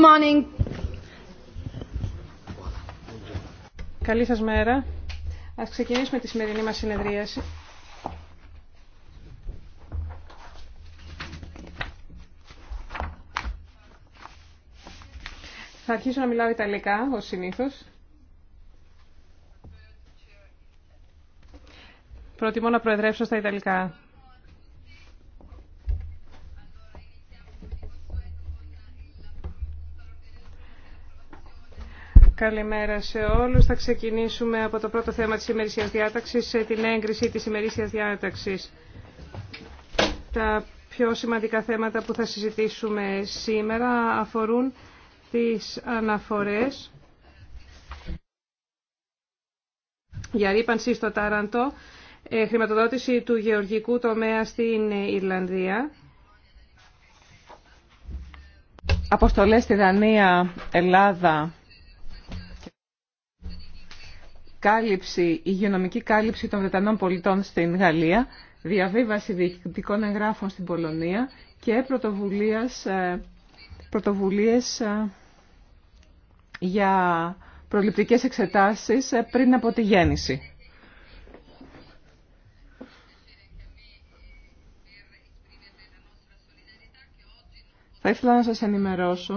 morning. Καλή σας μέρα. Ας ξεκινήσουμε τη σημερινή μας συνεδρίαση. Θα αρχίσω να μιλάω Ιταλικά, ως συνήθως. Προτιμώ να προεδρεύσω στα Ιταλικά. Καλημέρα σε όλους. Θα ξεκινήσουμε από το πρώτο θέμα της ημερησίας διάταξης, την έγκριση της ημερησίας διάταξης. Τα πιο σημαντικά θέματα που θα συζητήσουμε σήμερα αφορούν τις αναφορές για ρήπανση στο Τάραντο, ε, χρηματοδότηση του γεωργικού τομέα στην Ιρλανδία. Αποστολές στη Δανία, Ελλάδα, κάλυψη, υγειονομική κάλυψη των Βρετανών πολιτών στην Γαλλία, διαβίβαση διοικητικών εγγράφων στην Πολωνία και πρωτοβουλίες, ε, πρωτοβουλίες ε, για προληπτικές εξετάσεις ε, πριν από τη γέννηση. Θα ήθελα να σας ενημερώσω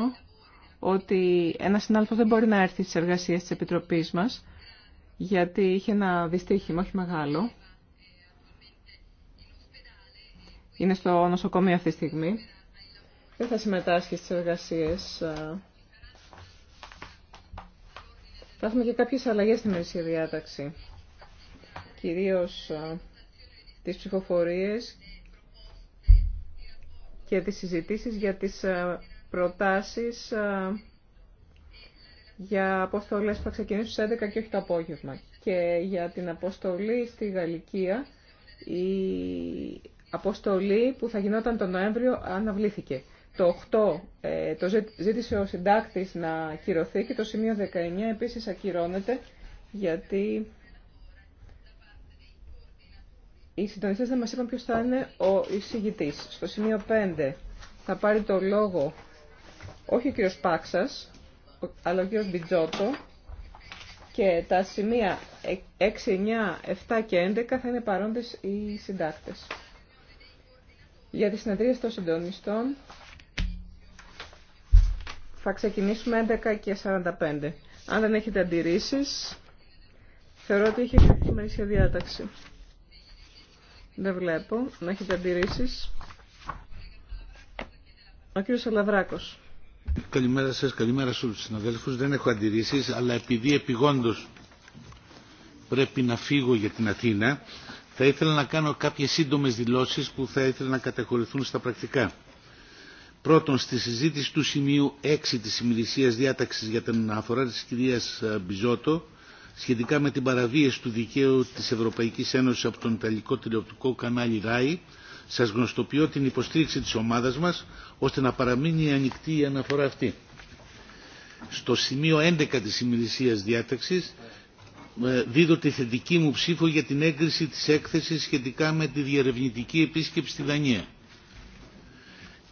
ότι ένας συναλφος δεν μπορεί να έρθει στις εργασίες της Επιτροπής μας γιατί είχε ένα δυστύχημα, όχι μεγάλο. Είναι στο νοσοκομείο αυτή τη στιγμή. Δεν θα συμμετάσχει στις εργασίες. Θα έχουμε και κάποιες αλλαγές στη μερική διάταξη. Κυρίως ε, τις ψηφοφορίες και τις συζητήσεις για τις ε, προτάσεις ε, για αποστολές που θα ξεκινήσουν στις 11 και όχι το απόγευμα. Και για την αποστολή στη Γαλλικία, η αποστολή που θα γινόταν τον Νοέμβριο αναβλήθηκε. Το 8 ε, το ζήτησε ο συντάκτης να ακυρωθεί και το σημείο 19 επίσης ακυρώνεται γιατί οι συντονιστές δεν μας είπαν ποιος θα είναι ο εισηγητής. Στο σημείο 5 θα πάρει το λόγο όχι ο κ. Πάξας, αλλά ο κύριος Μπιτζότο και τα σημεία 6, 9, 7 και 11 θα είναι παρόντες οι συντάκτες. Για τις συνεδρίες των συντονιστών θα ξεκινήσουμε 11 και 45. Αν δεν έχετε αντιρρήσεις, θεωρώ ότι έχει κάποια διάταξη. Δεν βλέπω να έχετε αντιρρήσεις. Ο κύριος Αλαβράκος. Καλημέρα σα, καλημέρα του συναδέλφου, Δεν έχω αντιρρήσει, αλλά επειδή επιγόντω πρέπει να φύγω για την Αθήνα, θα ήθελα να κάνω κάποιε σύντομε δηλώσει που θα ήθελα να κατεχωρηθούν στα πρακτικά. Πρώτον, στη συζήτηση του σημείου 6 της ημιλησία διάταξη για την αναφορά τη κυρία ε, Μπιζότο, σχετικά με την παραβίαση του δικαίου τη Ευρωπαϊκή Ένωση από τον Ιταλικό τηλεοπτικό κανάλι ΡΑΗ, σα γνωστοποιώ την υποστήριξη τη ομάδα μα ώστε να παραμείνει ανοιχτή η αναφορά αυτή. Στο σημείο 11 της ημιλησίας διάταξης ε, δίδω τη θετική μου ψήφο για την έγκριση της έκθεσης σχετικά με τη διερευνητική επίσκεψη στη Δανία.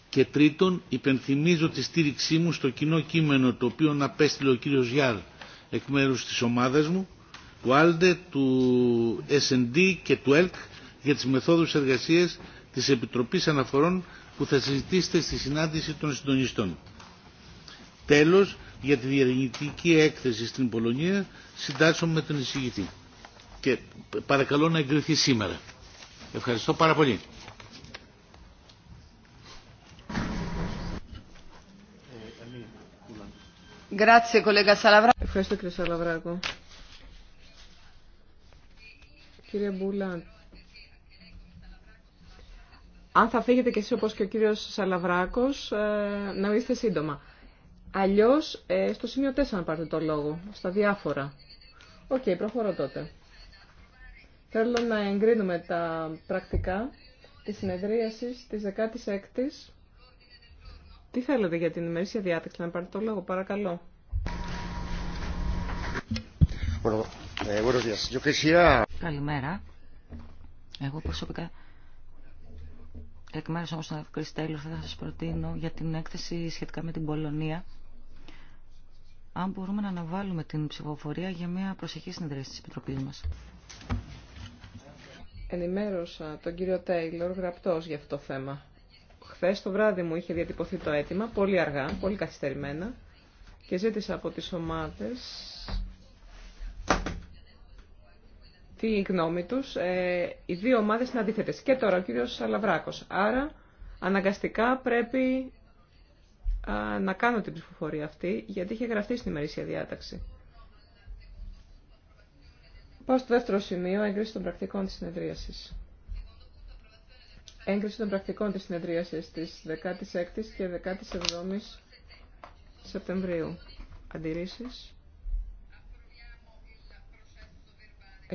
Και τρίτον, υπενθυμίζω τη στήριξή μου στο κοινό κείμενο το οποίο απέστειλε ο κύριος Γιάρ εκ μέρους της ομάδας μου, του Άλντε, του S&D και του ΕΛΚ για τις μεθόδους εργασίας της Επιτροπής Αναφορών που θα συζητήσετε στη συνάντηση των συντονιστών. Τέλος, για τη διερευνητική έκθεση στην Πολωνία συντάσσομαι με τον εισηγητή. Και παρακαλώ να εγκριθεί σήμερα. Ευχαριστώ πάρα πολύ. Ευχαριστώ κύριε Σαλαβράκο. Κύριε Μπούλαντ, αν θα φύγετε κι εσείς όπως και ο κύριος Σαλαβράκος, ε, να είστε σύντομα. Αλλιώς, ε, στο σημείο 4 να πάρετε το λόγο, στα διάφορα. Οκ, okay, προχωρώ τότε. Θέλω να εγκρίνουμε τα πρακτικά της συνεδρίασης της 16ης. Τι θέλετε για την ημερήσια διάταξη, να πάρετε το λόγο, παρακαλώ. Eh, Καλημέρα. Εγώ προσωπικά Εκ μέρους όμως του Κριστέλου θα σα προτείνω για την έκθεση σχετικά με την Πολωνία αν μπορούμε να αναβάλουμε την ψηφοφορία για μια προσεχή συνεδρία τη Επιτροπή μα. Ενημέρωσα τον κύριο Τέιλορ γραπτό για αυτό το θέμα. Χθε το βράδυ μου είχε διατυπωθεί το αίτημα, πολύ αργά, πολύ καθυστερημένα, και ζήτησα από τι ομάδε τη γνώμη του. ε, οι δύο ομάδε είναι αντίθετε. Και τώρα ο κύριο Αλαβράκος. Άρα αναγκαστικά πρέπει να κάνω την ψηφοφορία αυτή, γιατί είχε γραφτεί στην ημερήσια διάταξη. Πάω στο δεύτερο σημείο, έγκριση των πρακτικών της συνεδρίασης. Έγκριση των πρακτικών της συνεδρίασης της 16 η και 17 η Σεπτεμβρίου. Αντιρρήσεις.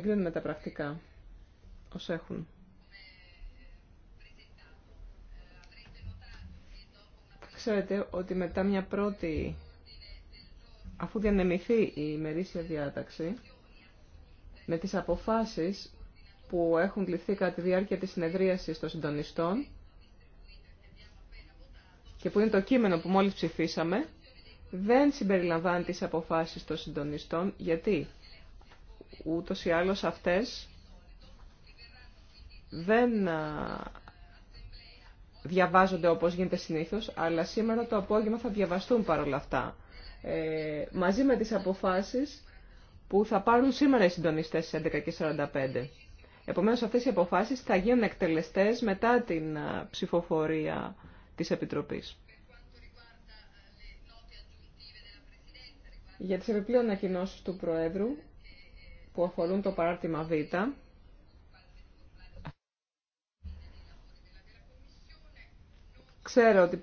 με τα πρακτικά όσο έχουν. Ξέρετε ότι μετά μια πρώτη, αφού διανεμηθεί η ημερήσια διάταξη, με τις αποφάσεις που έχουν κληθεί κατά τη διάρκεια της συνεδρίασης των συντονιστών και που είναι το κείμενο που μόλις ψηφίσαμε, δεν συμπεριλαμβάνει τις αποφάσεις των συντονιστών. Γιατί? ούτως ή άλλως αυτές δεν διαβάζονται όπως γίνεται συνήθως, αλλά σήμερα το απόγευμα θα διαβαστούν παρόλα αυτά. Ε, μαζί με τις αποφάσεις που θα πάρουν σήμερα οι συντονιστές στις 11.45. Επομένως αυτές οι αποφάσεις θα γίνουν εκτελεστές μετά την ψηφοφορία της Επιτροπής. Για τις επιπλέον ανακοινώσει του Προέδρου, που αφορούν το παράρτημα Β. Ξέρω ότι,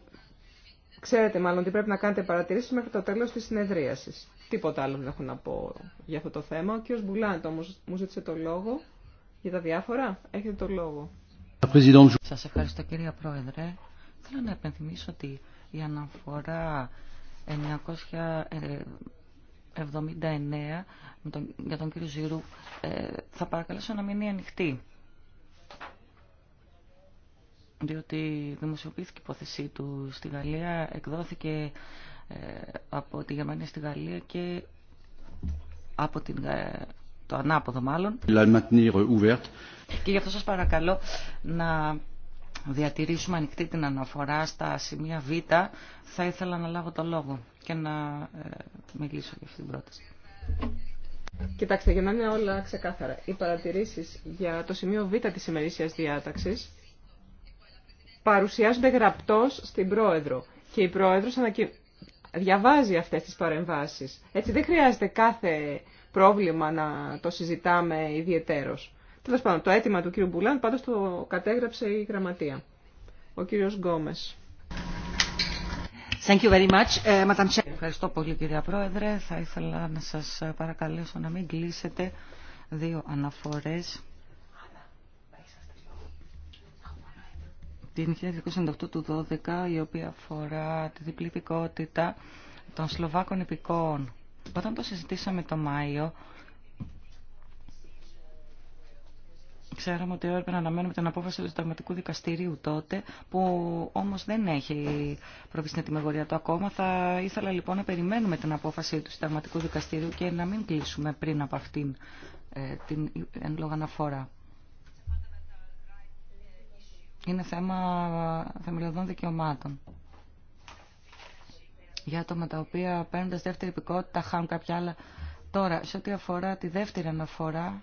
ξέρετε μάλλον ότι πρέπει να κάνετε παρατηρήσεις μέχρι το τέλος της συνεδρίασης. Τίποτα άλλο δεν έχω να πω για αυτό το θέμα. Ο κ. Μπουλάντ όμως μου ζήτησε το λόγο για τα διάφορα. Έχετε το λόγο. Σας ευχαριστώ κυρία Πρόεδρε. Θέλω να επενθυμίσω ότι η αναφορά 900 79 για τον κύριο Ζήρου ε, θα παρακαλέσω να μείνει ανοιχτή διότι δημοσιοποιήθηκε η υπόθεσή του στη Γαλλία, εκδόθηκε ε, από τη Γερμανία στη Γαλλία και από την, ε, το ανάποδο μάλλον. Και γι' αυτό σας παρακαλώ να διατηρήσουμε ανοιχτή την αναφορά στα σημεία Β, θα ήθελα να λάβω το λόγο και να ε, μιλήσω για αυτή την πρόταση. Κοιτάξτε, για να είναι όλα ξεκάθαρα, οι παρατηρήσεις για το σημείο Β της ημερήσιας διάταξης παρουσιάζονται γραπτός στην Πρόεδρο και η Πρόεδρος ανακοι... διαβάζει αυτές τις παρεμβάσεις. Έτσι δεν χρειάζεται κάθε πρόβλημα να το συζητάμε ιδιαιτέρως. Τέλο πάντων, το αίτημα του κύριου Μπουλάν πάντω το κατέγραψε η γραμματεία. Ο κύριο Γκόμε. Ε, Ευχαριστώ πολύ κυρία Πρόεδρε. Θα ήθελα να σα παρακαλέσω να μην κλείσετε δύο αναφορέ. Την 1998 του 12 η οποία αφορά τη διπλή των Σλοβάκων υπηκόων. Όταν το συζητήσαμε το Μάιο Ξέραμε ότι έπρεπε να αναμένουμε την απόφαση του Συνταγματικού Δικαστηρίου τότε, που όμως δεν έχει προβεί στην ετοιμιγωρία του ακόμα. Θα ήθελα λοιπόν να περιμένουμε την απόφαση του Συνταγματικού Δικαστηρίου και να μην κλείσουμε πριν από αυτήν ε, την εν λόγω αναφορά. Είναι θέμα θεμελιωδών δικαιωμάτων. Για άτομα τα οποία παίρνοντα δεύτερη υπηκότητα χάνουν κάποια άλλα. Τώρα, σε ό,τι αφορά τη δεύτερη αναφορά,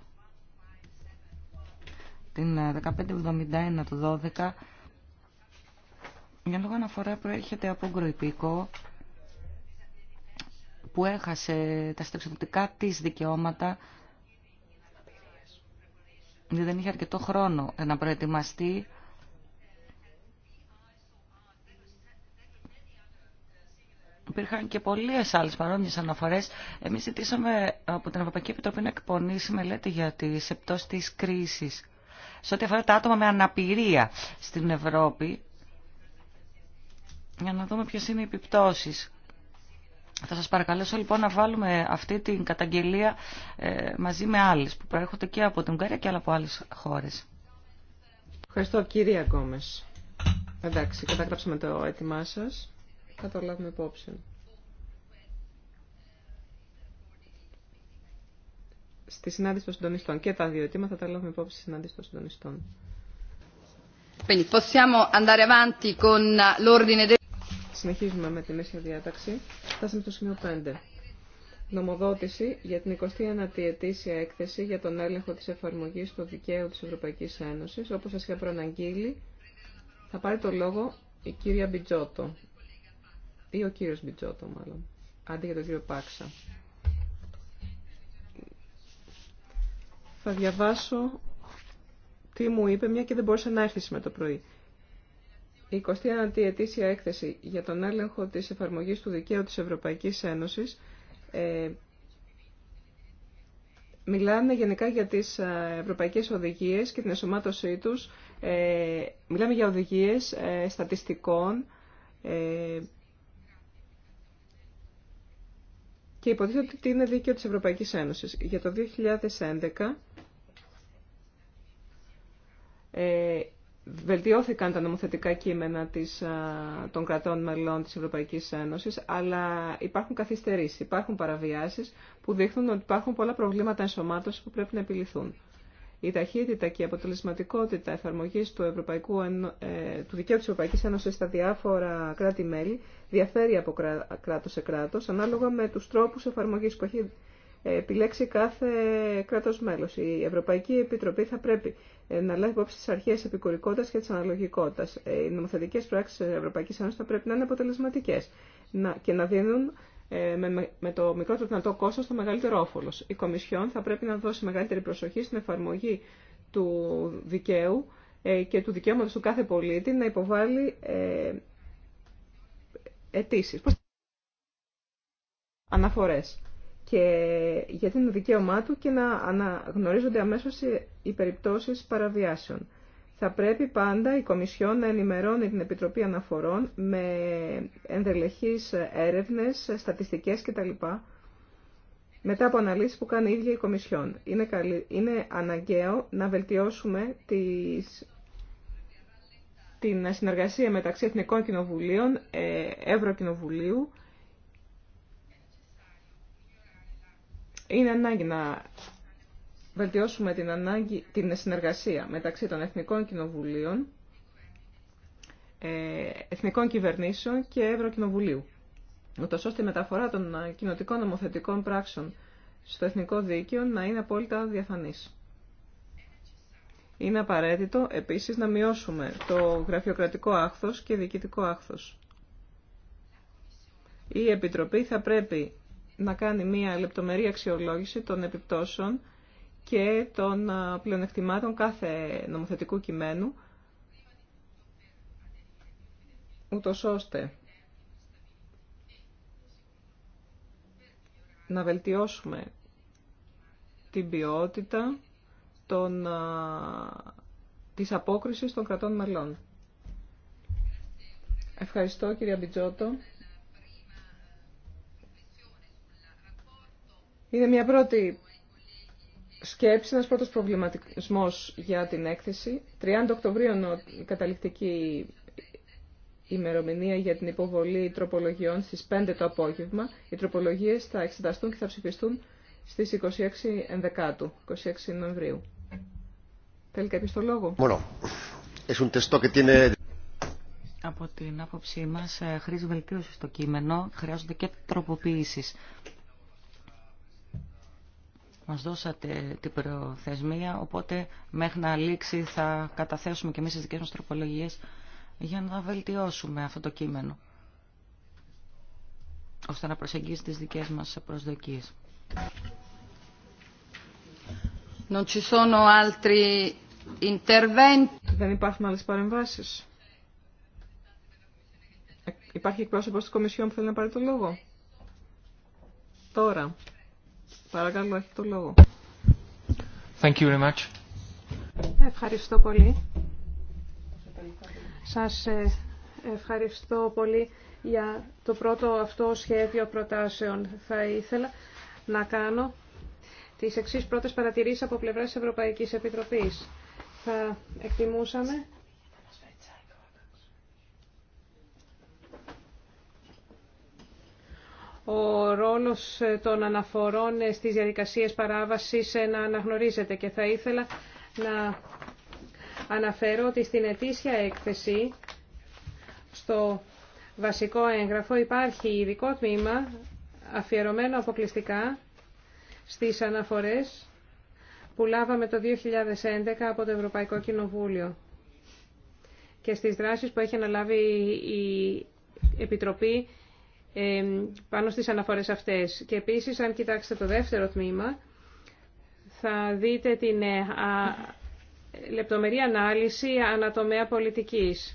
την 1571 του 12 για λόγω αναφορά προέρχεται από γκροϊπικό που έχασε τα στεξιδοτικά της δικαιώματα γιατί δεν είχε αρκετό χρόνο να προετοιμαστεί Υπήρχαν και πολλέ άλλε παρόμοιε αναφορέ. Εμεί ζητήσαμε από την Ευρωπαϊκή Επιτροπή να εκπονήσει μελέτη για τι επτώσει τη κρίση σε ό,τι αφορά τα άτομα με αναπηρία στην Ευρώπη, για να δούμε ποιες είναι οι επιπτώσεις. Θα σας παρακαλέσω λοιπόν να βάλουμε αυτή την καταγγελία ε, μαζί με άλλες που προέρχονται και από την Ουγγαρία και άλλα από άλλες χώρες. Ευχαριστώ κύριε Γκόμες. Εντάξει, κατάγραψαμε το έτοιμά σας. Θα το λάβουμε υπόψη. στη συνάντηση των συντονιστών. Και τα δύο αιτήματα θα τα λάβουμε υπόψη στη συνάντηση των συντονιστών. Συνεχίζουμε με την μέση διάταξη. Φτάσαμε στο σημείο 5. Νομοδότηση για την 29η ετήσια έκθεση για τον έλεγχο τη εφαρμογή του δικαίου τη Ευρωπαϊκή Ένωση, όπω σας είχα προαναγγείλει, θα πάρει το λόγο η κυρία Μπιτζότο. Ή ο κύριο Μπιτζότο μάλλον. Αντί για τον κύριο Πάξα. Θα διαβάσω τι μου είπε, μια και δεν μπορούσε να έρθει με το πρωί. Η 21 η ετήσια έκθεση για τον έλεγχο της εφαρμογής του δικαίου της Ευρωπαϊκής Ένωσης ε, μιλάνε γενικά για τις ε, ευρωπαϊκές οδηγίες και την εσωμάτωσή τους. Ε, μιλάμε για οδηγίες ε, στατιστικών ε, και υποτίθεται ότι είναι δίκαιο της Ευρωπαϊκής Ένωσης. Για το 2011 ε, βελτιώθηκαν τα νομοθετικά κείμενα της, των κρατών μελών της Ευρωπαϊκής Ένωσης, αλλά υπάρχουν καθυστερήσεις, υπάρχουν παραβιάσεις που δείχνουν ότι υπάρχουν πολλά προβλήματα ενσωμάτωσης που πρέπει να επιληθούν. Η ταχύτητα και η αποτελεσματικότητα εφαρμογής του, Ευρωπαϊκού, ε, του δικαίου της Ευρωπαϊκής Ένωσης στα διάφορα κράτη-μέλη διαφέρει από κράτος σε κράτος, ανάλογα με τους τρόπους εφαρμογής που έχει ε, επιλέξει κάθε κράτος μέλος. Η Ευρωπαϊκή Επιτροπή θα πρέπει ε, να λάβει υπόψη τι αρχέ τη επικουρικότητα και τη αναλογικότητα. Ε, οι νομοθετικέ πράξει τη Ευρωπαϊκή Ένωση θα πρέπει να είναι αποτελεσματικέ και να δίνουν ε, με το μικρότερο δυνατό κόστο το μεγαλύτερο όφελο. Η Κομισιόν θα πρέπει να δώσει μεγαλύτερη προσοχή στην εφαρμογή του δικαίου και του δικαιώματο του κάθε πολίτη να υποβάλει αιτήσει. Αναφορές και για την δικαίωμά του και να αναγνωρίζονται αμέσως οι περιπτώσεις παραβιάσεων. Θα πρέπει πάντα η Κομισιόν να ενημερώνει την Επιτροπή Αναφορών με ενδελεχείς έρευνες, στατιστικές κτλ. Μετά από αναλύσεις που κάνει η ίδια η Κομισιόν. Είναι, είναι αναγκαίο να βελτιώσουμε τις... την συνεργασία μεταξύ Εθνικών Κοινοβουλίων, ε, Ευρωκοινοβουλίου, Είναι ανάγκη να βελτιώσουμε την, ανάγκη, την συνεργασία μεταξύ των Εθνικών Κοινοβουλίων, ε, Εθνικών Κυβερνήσεων και Ευρωκοινοβουλίου. Ούτως ώστε η μεταφορά των κοινοτικών νομοθετικών πράξεων στο Εθνικό Δίκαιο να είναι απόλυτα διαφανής. Είναι απαραίτητο επίσης να μειώσουμε το γραφειοκρατικό άχθος και διοικητικό άχθος. Η Επιτροπή θα πρέπει να κάνει μία λεπτομερή αξιολόγηση των επιπτώσεων και των πλεονεκτημάτων κάθε νομοθετικού κειμένου, ούτω ώστε να βελτιώσουμε την ποιότητα των, της απόκρισης των κρατών μελών. Ευχαριστώ κύριε Μπιτζότο. Είναι μια πρώτη σκέψη, ένας πρώτος προβληματισμός για την έκθεση. 30 Οκτωβρίου είναι η καταληκτική ημερομηνία για την υποβολή τροπολογιών στις 5 το απόγευμα. Οι τροπολογίες θα εξεταστούν και θα ψηφιστούν στις 26 Ενδεκάτου, 26 Νοεμβρίου. Θέλει κάποιο το λόγο. Από την άποψή μας ε, χρήση βελτίωση στο κείμενο, χρειάζονται και τροποποίησει. Μας δώσατε την προθεσμία, οπότε μέχρι να λήξει θα καταθέσουμε και εμείς τις δικές μας τροπολογίες για να βελτιώσουμε αυτό το κείμενο, ώστε να προσεγγίσει τις δικές μας προσδοκίες. Δεν υπάρχουν άλλες παρεμβάσεις. Ε, υπάρχει εκπρόσωπος της Κομισιόν που θέλει να πάρει το λόγο. Τώρα. Παρακαλώ, έχει το λόγο. Ευχαριστώ πολύ. Σας ε, ευχαριστώ πολύ για το πρώτο αυτό σχέδιο προτάσεων. Θα ήθελα να κάνω τις εξής πρώτες παρατηρήσεις από πλευράς Ευρωπαϊκής Επιτροπής. Θα εκτιμούσαμε ο ρόλος ε, των αναφορών ε, στις διαδικασίες παράβασης ε, να αναγνωρίζεται και θα ήθελα να αναφέρω ότι στην ετήσια έκθεση στο βασικό έγγραφο υπάρχει ειδικό τμήμα αφιερωμένο αποκλειστικά στις αναφορές που λάβαμε το 2011 από το Ευρωπαϊκό Κοινοβούλιο και στις δράσεις που έχει αναλάβει η Επιτροπή πάνω στις αναφορές αυτές. Και επίσης, αν κοιτάξετε το δεύτερο τμήμα, θα δείτε την ε, λεπτομερή ανάλυση ανατομέα πολιτικής.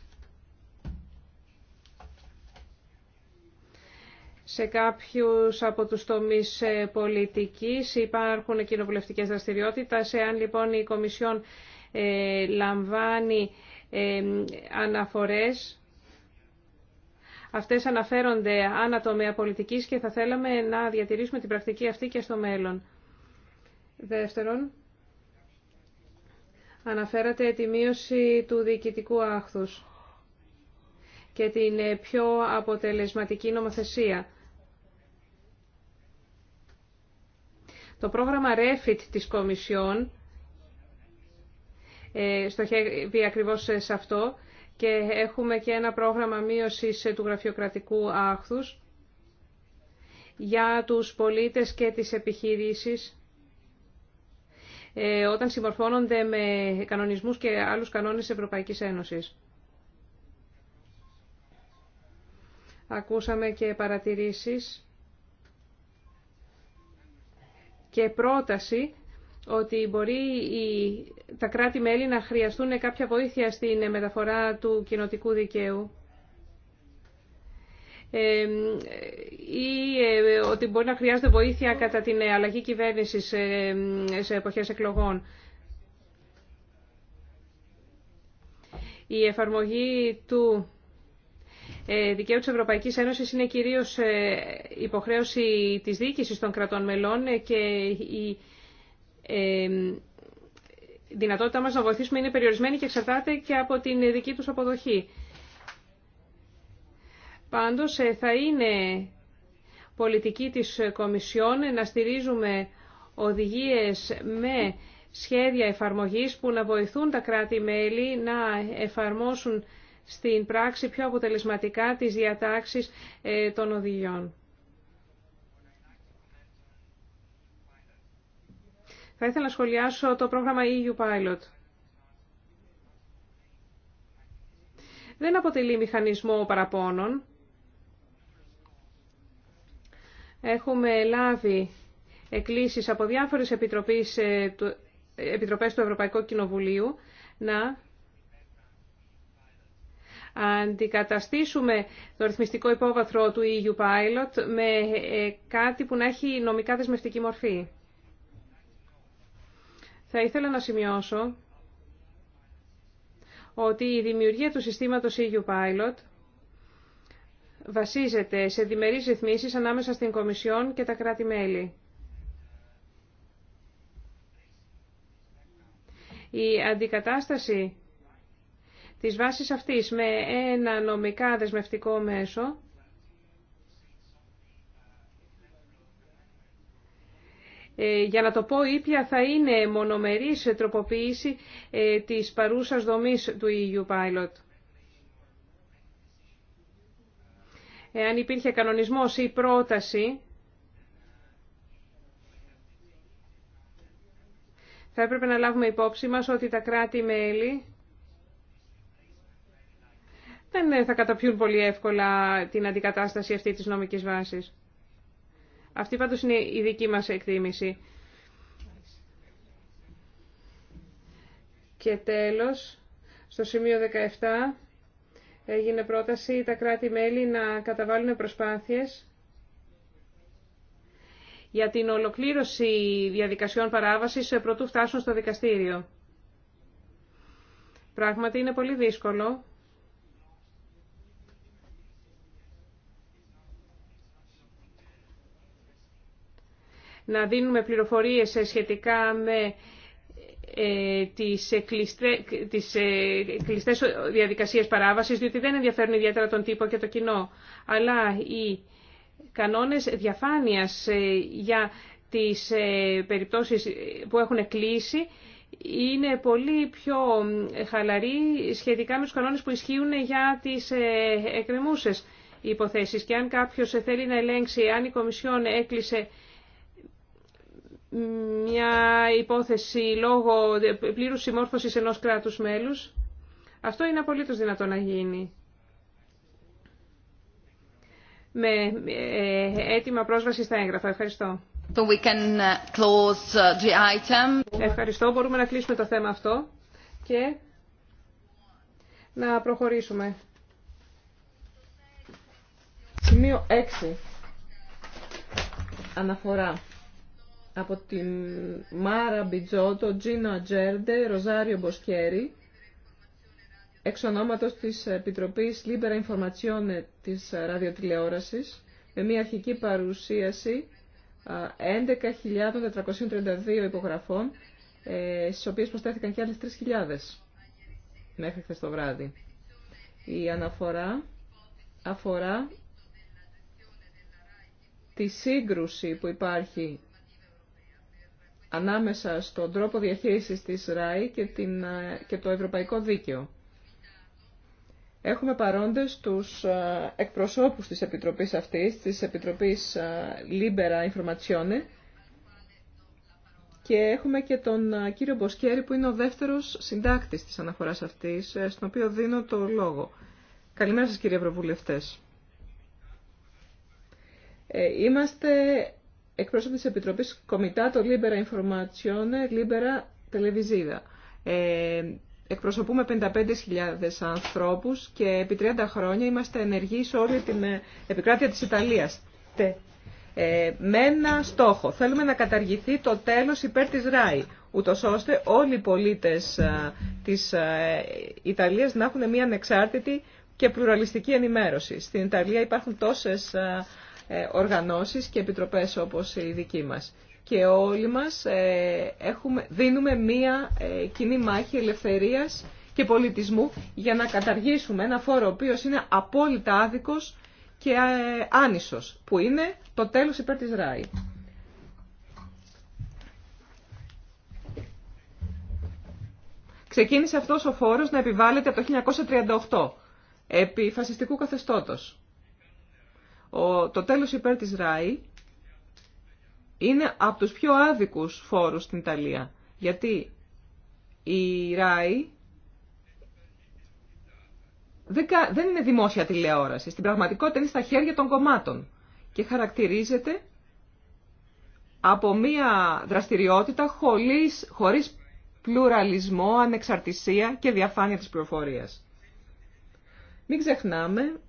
Σε κάποιους από τους τομείς ε, πολιτικής υπάρχουν κοινοβουλευτικές δραστηριότητες. Εάν λοιπόν η Κομισιόν ε, λαμβάνει αναφορές Αυτές αναφέρονται ανά τομέα πολιτικής και θα θέλαμε να διατηρήσουμε την πρακτική αυτή και στο μέλλον. Δεύτερον, αναφέρατε τη μείωση του διοικητικού άχθους και την ε, πιο αποτελεσματική νομοθεσία. Το πρόγραμμα REFIT της Κομισιόν ε, στοχεύει ακριβώς σε αυτό και έχουμε και ένα πρόγραμμα μείωσης του γραφειοκρατικού άχθους για τους πολίτες και τις επιχειρήσεις ε, όταν συμμορφώνονται με κανονισμούς και άλλους κανόνες Ευρωπαϊκής Ένωσης. Ακούσαμε και παρατηρήσεις και πρόταση ότι μπορεί τα κράτη-μέλη να χρειαστούν κάποια βοήθεια στην μεταφορά του κοινοτικού δικαίου ε, ή ε, ότι μπορεί να χρειάζεται βοήθεια κατά την αλλαγή κυβέρνησης σε εποχές εκλογών. Η εφαρμογή του ε, δικαίου της Ευρωπαϊκής Ένωσης είναι κυρίως υποχρέωση της διοίκησης των κρατών μελών και η δυνατότητά μας να βοηθήσουμε είναι περιορισμένη και εξαρτάται και από την δική τους αποδοχή. Πάντως ε, θα είναι πολιτική της Κομισιόν να στηρίζουμε οδηγίες με σχέδια εφαρμογής που να βοηθούν τα κράτη-μέλη να εφαρμόσουν στην πράξη πιο αποτελεσματικά τις διατάξεις ε, των οδηγιών. Θα ήθελα να σχολιάσω το πρόγραμμα EU Pilot. Δεν αποτελεί μηχανισμό παραπώνων. Έχουμε λάβει εκκλήσεις από διάφορες ε, επιτροπές, του Ευρωπαϊκού Κοινοβουλίου να αντικαταστήσουμε το ρυθμιστικό υπόβαθρο του EU Pilot με ε, κάτι που να έχει νομικά δεσμευτική μορφή. Θα ήθελα να σημειώσω ότι η δημιουργία του συστήματος EU Pilot βασίζεται σε διμερείς ρυθμίσεις ανάμεσα στην Κομισιόν και τα κράτη-μέλη. Η αντικατάσταση της βάσης αυτής με ένα νομικά δεσμευτικό μέσο Ε, για να το πω ήπια θα είναι μονομερής τροποποίηση ε, της παρούσας δομής του EU Pilot. Εάν υπήρχε κανονισμός ή πρόταση, θα έπρεπε να λάβουμε υπόψη μας ότι τα κράτη-μέλη δεν θα καταπιούν πολύ εύκολα την αντικατάσταση αυτή της νομικής βάσης. Αυτή πάντως είναι η δική μας εκτίμηση. Και τέλος, στο σημείο 17 έγινε πρόταση τα κράτη-μέλη να καταβάλουν προσπάθειες για την ολοκλήρωση διαδικασιών παράβασης προτού φτάσουν στο δικαστήριο. Πράγματι είναι πολύ δύσκολο να δίνουμε πληροφορίες σχετικά με ε, τις ε, ε, κλειστές διαδικασίες παράβασης, διότι δεν ενδιαφέρουν ιδιαίτερα τον τύπο και το κοινό. Αλλά οι κανόνες διαφάνειας για τις περιπτώσεις που έχουν κλείσει είναι πολύ πιο χαλαροί σχετικά με τους κανόνες που ισχύουν για τις εκκρεμούσες υποθέσεις. Και αν κάποιος θέλει να ελέγξει αν η Κομισιόν έκλεισε μια υπόθεση λόγω πλήρους συμμόρφωσης ενός κράτους μέλους. Αυτό είναι απολύτως δυνατό να γίνει. Με ε, έτοιμα πρόσβαση στα έγγραφα. Ευχαριστώ. So uh, uh, Ευχαριστώ. Μπορούμε να κλείσουμε το θέμα αυτό και να προχωρήσουμε. Σημείο 6. Αναφορά από την Μάρα Μπιτζότο, Τζίνο Ατζέρντε, Ροζάριο Μποσκέρι, εξ ονόματος της Επιτροπής Λίπερα Informazione της ραδιοτηλεόρασης, με μια αρχική παρουσίαση 11.432 υπογραφών, ε, στις οποίες προσθέθηκαν και άλλες 3.000 μέχρι χθες το βράδυ. Η αναφορά αφορά τη σύγκρουση που υπάρχει ανάμεσα στον τρόπο διαχείρισης της ΡΑΗ και, την, ε, το ευρωπαϊκό δίκαιο. Έχουμε παρόντες τους ε, εκπροσώπους της Επιτροπής αυτής, της Επιτροπής ε, Libera Informazione και έχουμε και τον κύριο Μποσκέρη που είναι ο δεύτερος συντάκτης της αναφοράς αυτής, στον οποίο δίνω το λόγο. Καλημέρα σας κύριε Ευρωβουλευτές. Είμαστε εκπρόσωποι της Επιτροπής Κομιτάτο Λίμπερα Informazione Λίμπερα Τελεβιζίδα. Ε, εκπροσωπούμε 55.000 ανθρώπους και επί 30 χρόνια είμαστε ενεργοί σε όλη την ε, επικράτεια της Ιταλίας. Ε, με ένα στόχο. Θέλουμε να καταργηθεί το τέλος υπέρ της ΡΑΗ, ούτως ώστε όλοι οι πολίτες ε, της ε, Ιταλίας να έχουν μια ανεξάρτητη και πλουραλιστική ενημέρωση. Στην Ιταλία υπάρχουν τόσες ε, οργανώσεις και επιτροπές όπως η δική μας. Και όλοι μας ε, έχουμε, δίνουμε μία ε, κοινή μάχη ελευθερίας και πολιτισμού για να καταργήσουμε ένα φόρο ο οποίος είναι απόλυτα άδικος και άνισος, που είναι το τέλος υπέρ της ΡΑΗ. Ξεκίνησε αυτός ο φόρος να επιβάλλεται από το 1938, επί φασιστικού καθεστώτος. Ο, το τέλος υπέρ της ΡΑΗ είναι από τους πιο άδικους φόρους στην Ιταλία. Γιατί η ΡΑΗ δεν είναι δημόσια τηλεόραση. Στην πραγματικότητα είναι στα χέρια των κομμάτων και χαρακτηρίζεται από μία δραστηριότητα χωρίς, χωρίς πλουραλισμό, ανεξαρτησία και διαφάνεια της πληροφορίας. Μην ξεχνάμε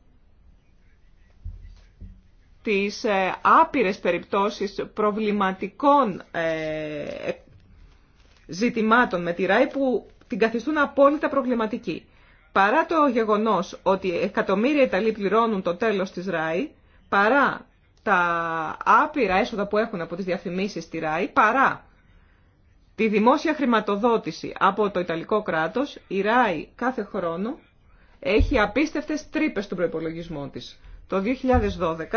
τις ε, άπειρες περιπτώσεις προβληματικών ε, ζητημάτων με τη ΡΑΗ που την καθιστούν απόλυτα προβληματική. Παρά το γεγονός ότι εκατομμύρια Ιταλοί πληρώνουν το τέλος της ΡΑΗ, παρά τα άπειρα έσοδα που έχουν από τις διαφημίσεις στη ΡΑΗ, παρά τη δημόσια χρηματοδότηση από το Ιταλικό κράτος, η ΡΑΗ κάθε χρόνο έχει απίστευτες τρύπες του προπολογισμό της. Το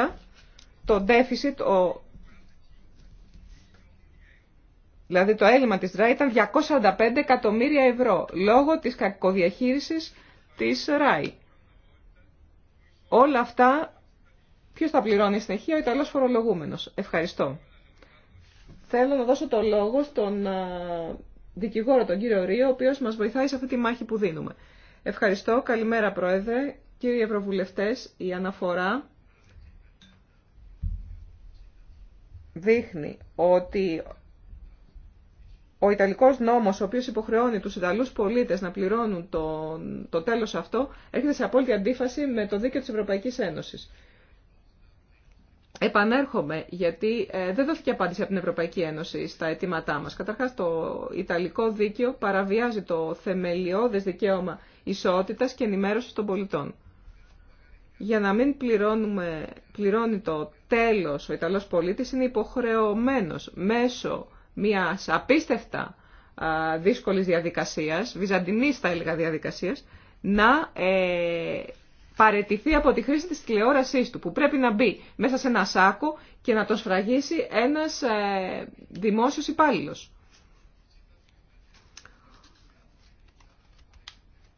2012 το deficit, ο... δηλαδή το έλλειμμα της ΡΑΗ ήταν 245 εκατομμύρια ευρώ λόγω της κακοδιαχείρισης της ΡΑΗ. Όλα αυτά ποιος θα πληρώνει συνεχεία, ο Ιταλός φορολογούμενος. Ευχαριστώ. Θέλω να δώσω το λόγο στον δικηγόρο τον κύριο Ρίο, ο οποίος μας βοηθάει σε αυτή τη μάχη που δίνουμε. Ευχαριστώ. Καλημέρα Πρόεδρε. Κύριοι Ευρωβουλευτές, η αναφορά δείχνει ότι ο Ιταλικός νόμος, ο οποίος υποχρεώνει τους Ιταλούς πολίτες να πληρώνουν το, το τέλος αυτό, έρχεται σε απόλυτη αντίφαση με το δίκαιο της Ευρωπαϊκής Ένωσης. Επανέρχομαι, γιατί ε, δεν δόθηκε απάντηση από την Ευρωπαϊκή Ένωση στα αιτήματά μας. Καταρχάς, το Ιταλικό δίκαιο παραβιάζει το θεμελιώδες δικαίωμα ισότητας και ενημέρωσης των πολιτών. Για να μην πληρώνουμε, πληρώνει το Τέλος, ο Ιταλός πολίτης είναι υποχρεωμένος μέσω μιας απίστευτα δύσκολης διαδικασίας, βυζαντινής θα έλεγα διαδικασίας, να ε, παρετηθεί από τη χρήση της τηλεόρασής του, που πρέπει να μπει μέσα σε ένα σάκο και να τον σφραγίσει ένας ε, δημόσιος υπάλληλος.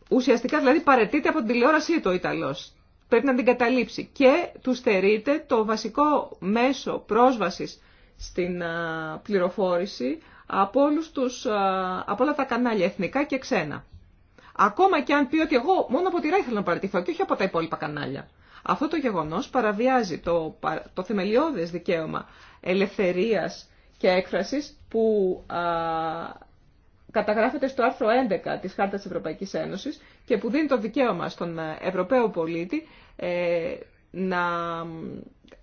Ουσιαστικά δηλαδή παρετείται από την τηλεόρασή του ο Ιταλός πρέπει να την καταλήψει και του στερείται το βασικό μέσο πρόσβασης στην πληροφόρηση από, όλους τους, από όλα τα κανάλια εθνικά και ξένα. Ακόμα και αν πει ότι εγώ μόνο από τη ΡΑΗ θέλω να παρατηθώ και όχι από τα υπόλοιπα κανάλια. Αυτό το γεγονός παραβιάζει το, το θεμελιώδες δικαίωμα ελευθερίας και έκφρασης που α, καταγράφεται στο άρθρο 11 της Χάρτας Ευρωπαϊκής Ένωσης και που δίνει το δικαίωμα στον ε, Ευρωπαίο πολίτη ε, να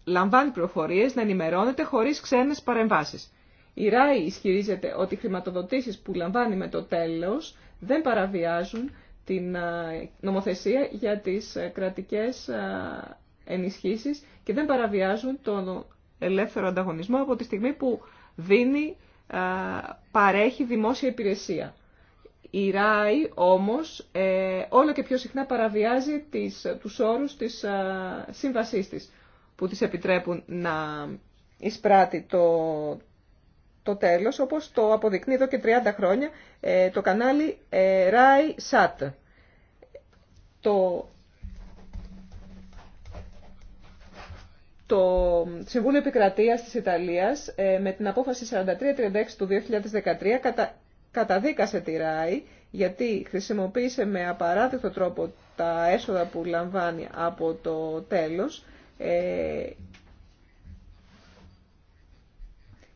λαμβάνει πληροφορίε, να ενημερώνεται χωρίς ξένες παρεμβάσεις. Η ΡΑΗ ισχυρίζεται ότι οι χρηματοδοτήσεις που λαμβάνει με το τέλος δεν παραβιάζουν την ε, νομοθεσία για τις κρατικές ενισχύσεις και δεν παραβιάζουν τον ελεύθερο ανταγωνισμό από τη στιγμή που δίνει ε, παρέχει δημόσια υπηρεσία. Η ΡΑΗ όμως ε, όλο και πιο συχνά παραβιάζει τις, τους όρους της ε, σύμβασής της που της επιτρέπουν να εισπράττει το, το τέλος όπως το αποδεικνύει εδώ και 30 χρόνια το κανάλι ΡΑΗ ΣΑΤ. Το το Συμβούλιο Επικρατείας της Ιταλίας ε, με την απόφαση 4336 του 2013 καταδίκασε τη ΡΑΗ γιατί χρησιμοποίησε με απαράδεκτο τρόπο τα έσοδα που λαμβάνει από το τέλος ε,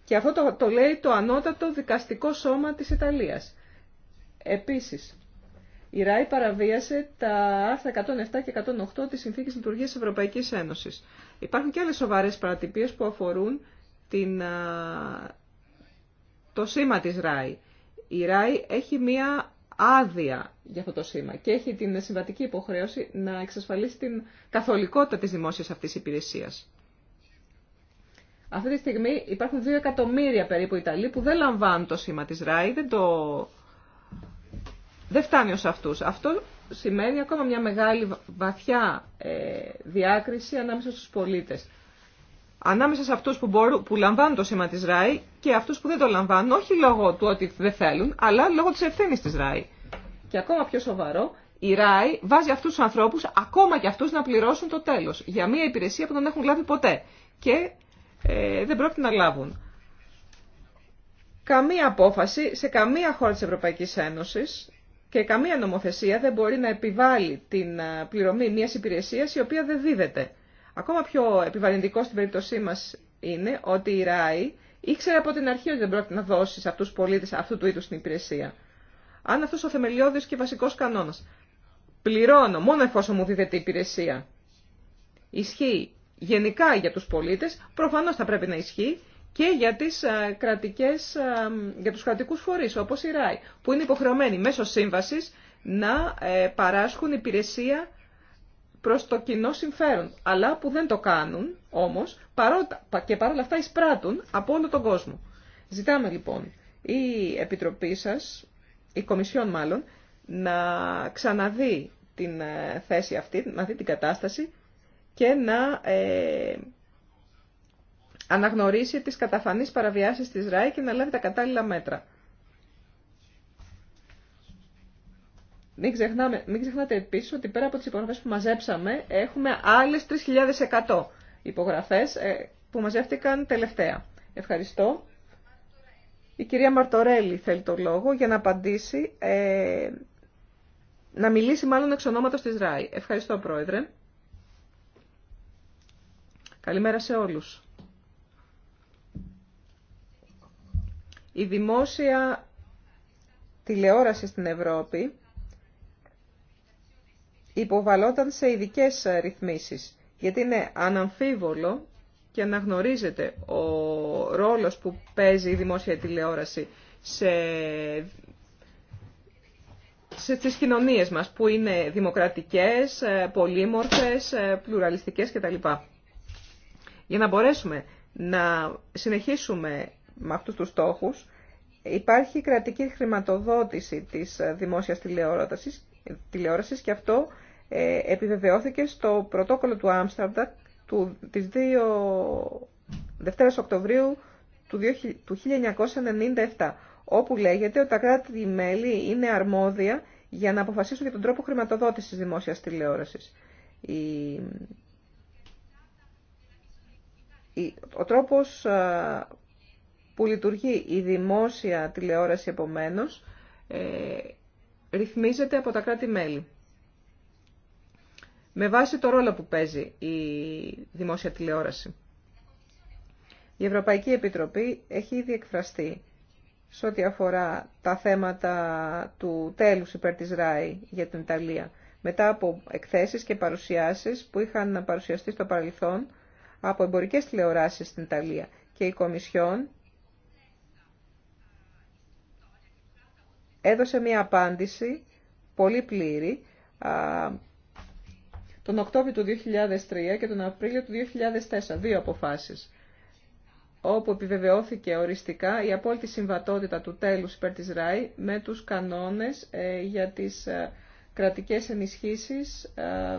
και αυτό το, λέει το ανώτατο δικαστικό σώμα της Ιταλίας. Επίσης, η ΡΑΗ παραβίασε τα άρθρα 107 και 108 της Συνθήκης Λειτουργίας Ευρωπαϊκής Ένωσης. Υπάρχουν και άλλες σοβαρές παρατυπίες που αφορούν την, το σήμα της ΡΑΗ. Η ΡΑΗ έχει μία άδεια για αυτό το σήμα και έχει την συμβατική υποχρέωση να εξασφαλίσει την καθολικότητα της δημόσιας αυτής υπηρεσίας. Αυτή τη στιγμή υπάρχουν 2 εκατομμύρια περίπου Ιταλοί που δεν λαμβάνουν το σήμα της ΡΑΗ, δεν, το... φτάνει ως αυτούς. Αυτό σημαίνει ακόμα μια μεγάλη βαθιά ε, διάκριση ανάμεσα στους πολίτες. Ανάμεσα σε αυτούς που, μπορούν, που λαμβάνουν το σήμα της ΡΑΗ και αυτούς που δεν το λαμβάνουν, όχι λόγω του ότι δεν θέλουν, αλλά λόγω της ευθύνη της ΡΑΗ. Και ακόμα πιο σοβαρό, η ΡΑΗ βάζει αυτούς τους ανθρώπους, ακόμα και αυτούς, να πληρώσουν το τέλος για μια υπηρεσία που δεν έχουν λάβει ποτέ και ε, δεν πρόκειται να λάβουν. Καμία απόφαση σε καμία χώρα της Ευρωπαϊκής Ένωσης και καμία νομοθεσία δεν μπορεί να επιβάλλει την ε, πληρωμή μιας υπηρεσίας η οποία δεν δίδεται. Ακόμα πιο επιβαρυντικό στην περίπτωσή μας είναι ότι η ΡΑΗ ήξερε από την αρχή ότι δεν πρόκειται να δώσει σε αυτούς τους πολίτες αυτού του είδους την υπηρεσία. Αν αυτός ο θεμελιώδης και βασικός κανόνας πληρώνω μόνο εφόσον μου δίδεται η υπηρεσία ισχύει γενικά για τους πολίτες, προφανώς θα πρέπει να ισχύει και για, τις, ε, κρατικές, ε, για τους κρατικούς φορείς, όπως η ΡΑΗ, που είναι υποχρεωμένοι μέσω σύμβασης να ε, παράσχουν υπηρεσία προς το κοινό συμφέρον, αλλά που δεν το κάνουν όμως και παρόλα αυτά εισπράττουν από όλο τον κόσμο. Ζητάμε λοιπόν η Επιτροπή σας, η Κομισιόν μάλλον, να ξαναδεί την θέση αυτή, να δει την κατάσταση και να αναγνωρίσει τις καταφανείς παραβιάσεις της ΡΑΗ και να λάβει τα κατάλληλα μέτρα. Μην, ξεχνάμε, μην ξεχνάτε επίσης ότι πέρα από τις υπογραφές που μαζέψαμε έχουμε άλλες 3.100 υπογραφές ε, που μαζεύτηκαν τελευταία. Ευχαριστώ. Η κυρία Μαρτορέλη θέλει το λόγο για να απαντήσει, ε, να μιλήσει μάλλον εξ ονόματος της ΡΑΗ. Ευχαριστώ πρόεδρε. Καλημέρα σε όλους. Η δημόσια τηλεόραση στην Ευρώπη υποβαλόταν σε ειδικέ ρυθμίσεις, γιατί είναι αναμφίβολο και αναγνωρίζεται ο ρόλος που παίζει η δημόσια τηλεόραση σε, σε τις κοινωνίες μας, που είναι δημοκρατικές, ε, πολύμορφες, ε, πλουραλιστικές κτλ. Για να μπορέσουμε να συνεχίσουμε με αυτούς τους στόχους. Υπάρχει κρατική χρηματοδότηση της ε, δημόσιας τηλεόρασης, τηλεόρασης και αυτό ε, επιβεβαιώθηκε στο πρωτόκολλο του Άμσταρντα του, της 2 Οκτωβρίου του, του 1997, όπου λέγεται ότι τα κράτη-μέλη είναι αρμόδια για να αποφασίσουν για τον τρόπο χρηματοδότησης της δημόσιας τηλεόρασης. Ο τρόπος ε, που λειτουργεί η δημόσια τηλεόραση επομένως, ε, ρυθμίζεται από τα κράτη-μέλη. Με βάση το ρόλο που παίζει η δημόσια τηλεόραση. Η Ευρωπαϊκή Επιτροπή έχει ήδη εκφραστεί σε ό,τι αφορά τα θέματα του τέλους υπέρ της ΡΑΗ για την Ιταλία, μετά από εκθέσεις και παρουσιάσεις που είχαν να παρουσιαστεί στο παρελθόν από εμπορικές τηλεοράσεις στην Ιταλία και η Κομισιόν έδωσε μία απάντηση πολύ πλήρη τον Οκτώβριο του 2003 και τον Απρίλιο του 2004, δύο αποφάσεις, όπου επιβεβαιώθηκε οριστικά η απόλυτη συμβατότητα του τέλους υπέρ της ΡΑΗ με τους κανόνες ε, για τις ε, κρατικές ενισχύσεις ε,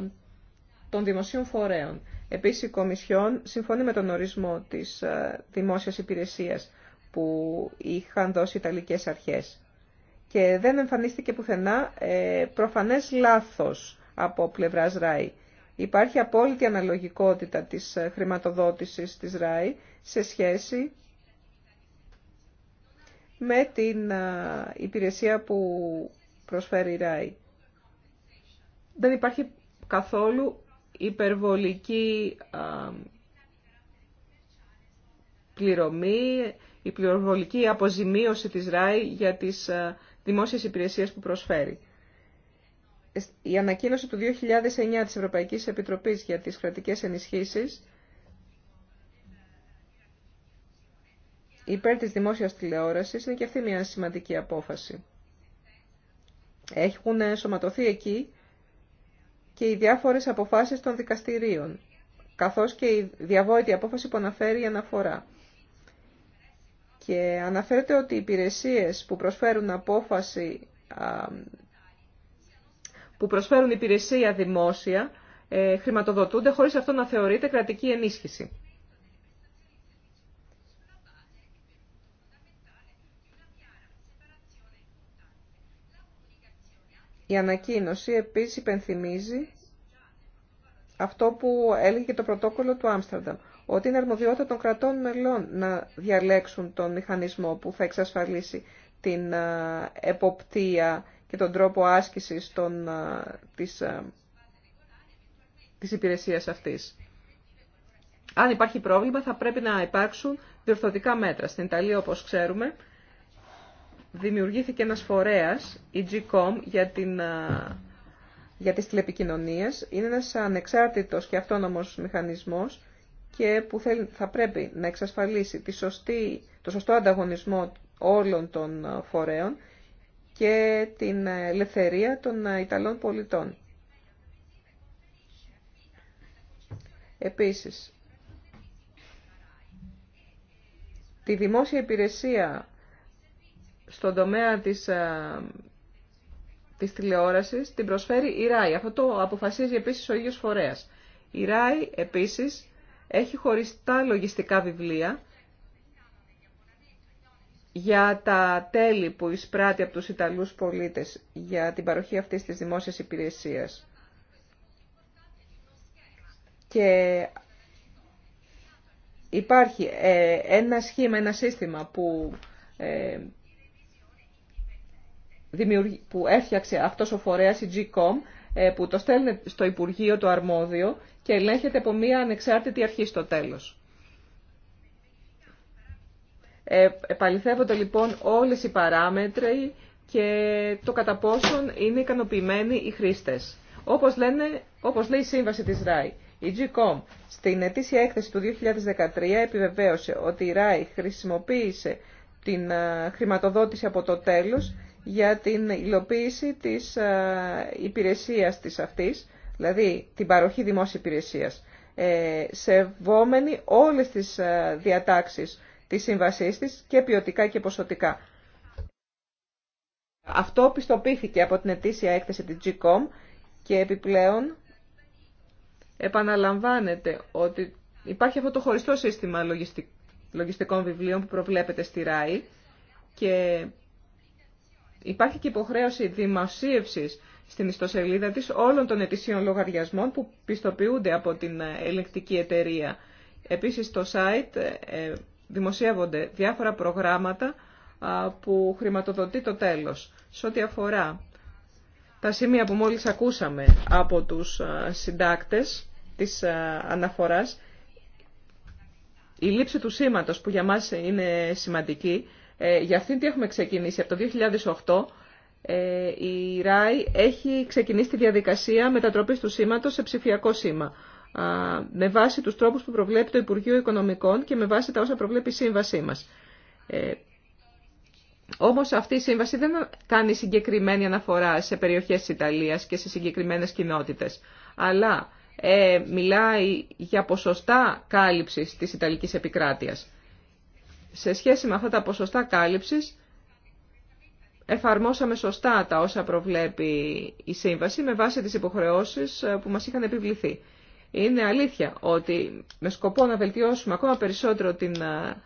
των δημοσίων φορέων. Επίσης, η Κομισιόν συμφωνεί με τον ορισμό της δημόσιας υπηρεσίας που είχαν δώσει οι Ιταλικές αρχές και δεν εμφανίστηκε πουθενά ε, προφανές λάθος από πλευράς ΡΑΗ. Υπάρχει απόλυτη αναλογικότητα της ε, χρηματοδότησης της ΡΑΗ σε σχέση με την ε, υπηρεσία που προσφέρει η ΡΑΗ. Δεν υπάρχει καθόλου υπερβολική ε, πληρωμή, η πληροβολική αποζημίωση της ΡΑΗ για τις δημόσια υπηρεσία που προσφέρει. Η ανακοίνωση του 2009 της Ευρωπαϊκής Επιτροπής για τις κρατικές ενισχύσεις υπέρ της δημόσιας τηλεόρασης είναι και αυτή μια σημαντική απόφαση. Έχουν ενσωματωθεί εκεί και οι διάφορες αποφάσεις των δικαστηρίων, καθώς και η διαβόητη απόφαση που αναφέρει η αναφορά και αναφέρεται ότι οι υπηρεσίες που προσφέρουν απόφαση, που προσφέρουν υπηρεσία δημόσια, ε, χρηματοδοτούνται χωρίς αυτό να θεωρείται κρατική ενίσχυση. Η ανακοίνωση επίσης υπενθυμίζει αυτό που έλεγε και το πρωτόκολλο του Άμστερνταμ, ότι είναι αρμοδιότητα των κρατών μελών να διαλέξουν τον μηχανισμό που θα εξασφαλίσει την ε, εποπτεία και τον τρόπο άσκησης των, ε, της, ε, της υπηρεσίας αυτής. Αν υπάρχει πρόβλημα θα πρέπει να υπάρξουν διορθωτικά μέτρα. Στην Ιταλία όπως ξέρουμε δημιουργήθηκε ένας φορέας, η GCOM, για την για τις τηλεπικοινωνίες. Είναι ένας ανεξάρτητος και αυτόνομος μηχανισμός και που θέλει, θα πρέπει να εξασφαλίσει τη σωστή, το σωστό ανταγωνισμό όλων των φορέων και την ελευθερία των Ιταλών πολιτών. Επίσης, τη δημόσια υπηρεσία στον τομέα της της τηλεόρασης την προσφέρει η ΡΑΗ. Αυτό το αποφασίζει επίσης ο ίδιος φορέας. Η ΡΑΗ επίσης έχει χωριστά λογιστικά βιβλία για τα τέλη που εισπράττει από τους Ιταλούς πολίτες για την παροχή αυτής της δημόσιας υπηρεσίας. Και υπάρχει ε, ένα σχήμα, ένα σύστημα που ε, που έφτιαξε αυτός ο φορέας, η GCOM, ε, που το στέλνει στο Υπουργείο το αρμόδιο και ελέγχεται από μία ανεξάρτητη αρχή στο τέλος. Ε, επαληθεύονται λοιπόν όλες οι παράμετροι και το κατά πόσον είναι ικανοποιημένοι οι χρήστες. Όπως, λένε, όπως λέει η σύμβαση της ΡΑΗ, η GCOM στην ετήσια έκθεση του 2013 επιβεβαίωσε ότι η ΡΑΗ χρησιμοποίησε την ε, χρηματοδότηση από το τέλος για την υλοποίηση της ε, υπηρεσίας της αυτής, δηλαδή την παροχή δημόσιας υπηρεσίας, ε, σεβόμενη όλες τις ε, διατάξεις της σύμβασής της και ποιοτικά και ποσοτικά. Αυτό πιστοποιήθηκε από την ετήσια έκθεση της GCOM και επιπλέον επαναλαμβάνεται ότι υπάρχει αυτό το χωριστό σύστημα λογιστικών βιβλίων που προβλέπεται στη ΡΑΗ και υπάρχει και υποχρέωση δημοσίευσης στην ιστοσελίδα της όλων των ετησίων λογαριασμών που πιστοποιούνται από την ε, ελεγκτική εταιρεία. Επίσης στο site ε, ε, δημοσιεύονται διάφορα προγράμματα που χρηματοδοτεί το τέλος. Σε ό,τι αφορά τα σημεία που μόλις ακούσαμε από τους συντάκτες της αναφοράς, η λήψη του σήματος που για μας είναι σημαντική, ε, για αυτήν τι έχουμε ξεκινήσει. Από το 2008 ε, η ΡΑΗ έχει ξεκινήσει τη διαδικασία μετατροπής του σήματος σε ψηφιακό σήμα με βάση τους τρόπους που προβλέπει το Υπουργείο Οικονομικών και με βάση τα όσα προβλέπει η σύμβασή μας. Ε, όμως αυτή η σύμβαση δεν κάνει συγκεκριμένη αναφορά σε περιοχές της Ιταλίας και σε συγκεκριμένες κοινότητες, αλλά ε, μιλάει για ποσοστά κάλυψης της Ιταλικής επικράτειας σε σχέση με αυτά τα ποσοστά κάλυψης, εφαρμόσαμε σωστά τα όσα προβλέπει η σύμβαση με βάση τις υποχρεώσεις ε, που μας είχαν επιβληθεί. Είναι αλήθεια ότι με σκοπό να βελτιώσουμε ακόμα περισσότερο την, ε,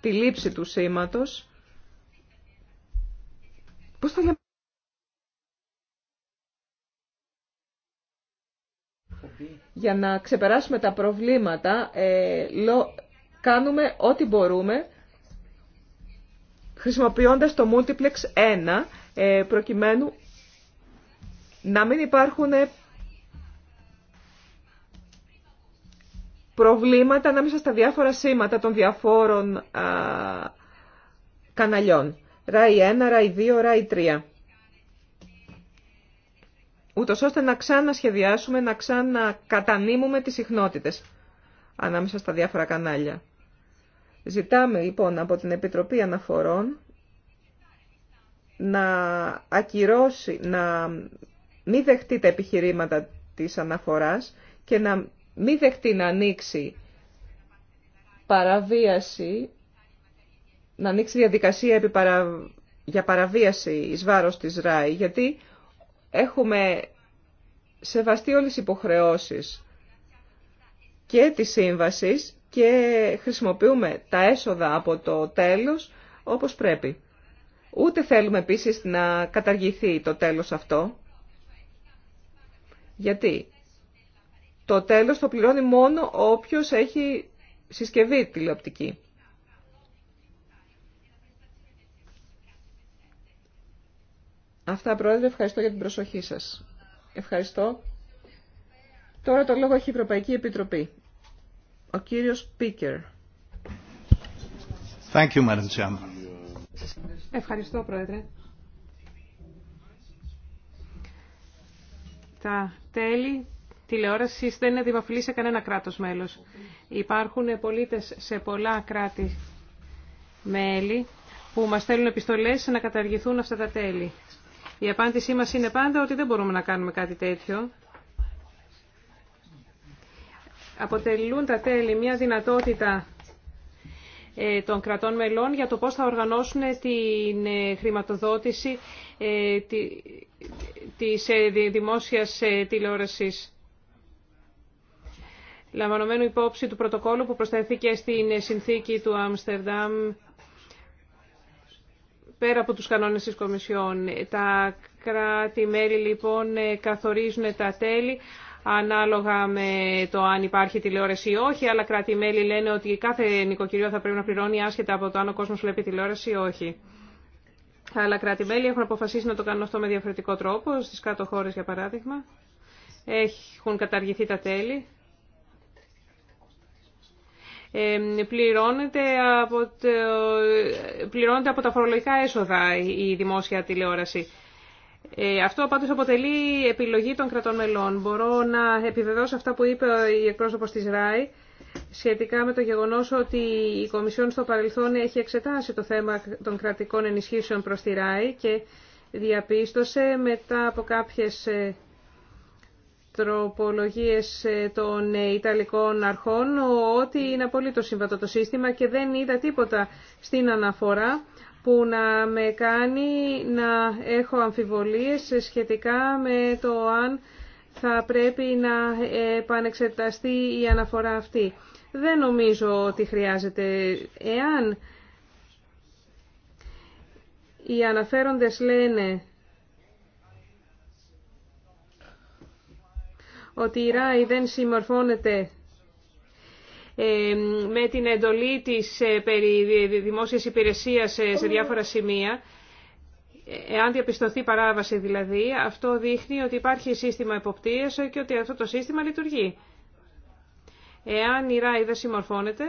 τη λήψη του σήματος, πώς θα για να ξεπεράσουμε τα προβλήματα ε, λο, κάνουμε ό,τι μπορούμε χρησιμοποιώντας το multiplex 1 ε, προκειμένου να μην υπάρχουν ε, προβλήματα ανάμεσα στα διάφορα σήματα των διαφόρων α, καναλιών. ΡΑΙ 1, ΡΑΙ 2, ΡΑΙ 3. Ούτως ώστε να ξανασχεδιάσουμε, να ξανακατανείμουμε τις συχνότητες ανάμεσα στα διάφορα κανάλια. Ζητάμε λοιπόν από την Επιτροπή Αναφορών να ακυρώσει, να μην δεχτεί τα επιχειρήματα της αναφοράς και να μη δεχτεί να ανοίξει παραβίαση, να ανοίξει διαδικασία για παραβίαση εις βάρος της ΡΑΗ, γιατί έχουμε σεβαστεί όλες τις υποχρεώσεις και τη σύμβασης και χρησιμοποιούμε τα έσοδα από το τέλος όπως πρέπει. Ούτε θέλουμε επίσης να καταργηθεί το τέλος αυτό, γιατί το τέλος το πληρώνει μόνο όποιος έχει συσκευή τηλεοπτική. Αυτά, Πρόεδρε, ευχαριστώ για την προσοχή σας. Ευχαριστώ. Τώρα το λόγο έχει η Ευρωπαϊκή Επιτροπή. Ο κύριος Πίκερ. Ευχαριστώ, Πρόεδρε. Τα τέλη τηλεόραση δεν είναι δημοφιλή σε κανένα κράτος μέλος. Υπάρχουν πολίτες σε πολλά κράτη μέλη που μας στέλνουν επιστολές να καταργηθούν αυτά τα τέλη. Η απάντησή μας είναι πάντα ότι δεν μπορούμε να κάνουμε κάτι τέτοιο αποτελούν τα τέλη μια δυνατότητα ε, των κρατών μελών για το πώς θα οργανώσουν την ε, χρηματοδότηση ε, της δημόσιας τηλεόρασης. Λαμβανωμένου υπόψη του πρωτοκόλλου που προσταθήκε στην συνθήκη του Άμστερνταμ πέρα από τους κανόνες της Κομισιόν. Τα κράτη-μέλη λοιπόν καθορίζουν τα τέλη ανάλογα με το αν υπάρχει τηλεόραση ή όχι, αλλά κράτη-μέλη λένε ότι κάθε νοικοκυριό θα πρέπει να πληρώνει άσχετα από το αν ο κόσμο βλεπει βλέπει τηλεόραση ή όχι. Αλλά κράτη-μέλη έχουν αποφασίσει να το κάνουν αυτό με διαφορετικό τρόπο, στις κάτω χώρε, για παράδειγμα. Έχουν καταργηθεί τα τέλη. Ε, πληρώνεται, από πληρώνεται από τα φορολογικά έσοδα η δημόσια τηλεόραση. Ε, αυτό πάντω αποτελεί επιλογή των κρατών μελών. Μπορώ να επιβεβαιώσω αυτά που είπε η εκπρόσωπο της ΡΑΗ σχετικά με το γεγονός ότι η Κομισιόν στο παρελθόν έχει εξετάσει το θέμα των κρατικών ενισχύσεων προ τη ΡΑΗ και διαπίστωσε μετά από κάποιες ε, τροπολογίες ε, των Ιταλικών αρχών ότι είναι απολύτως συμβατό το σύστημα και δεν είδα τίποτα στην αναφορά που να με κάνει να έχω αμφιβολίες σχετικά με το αν θα πρέπει να επανεξεταστεί η αναφορά αυτή. Δεν νομίζω ότι χρειάζεται. Εάν οι αναφέροντες λένε ότι η ΡΑΗ δεν συμμορφώνεται με την εντολή της ε, περί δημόσιας υπηρεσίας ε, σε διάφορα σημεία, ε, εάν διαπιστωθεί παράβαση δηλαδή, αυτό δείχνει ότι υπάρχει σύστημα εποπτείας και ότι αυτό το σύστημα λειτουργεί. Εάν η ΡΑΗ δεν συμμορφώνεται,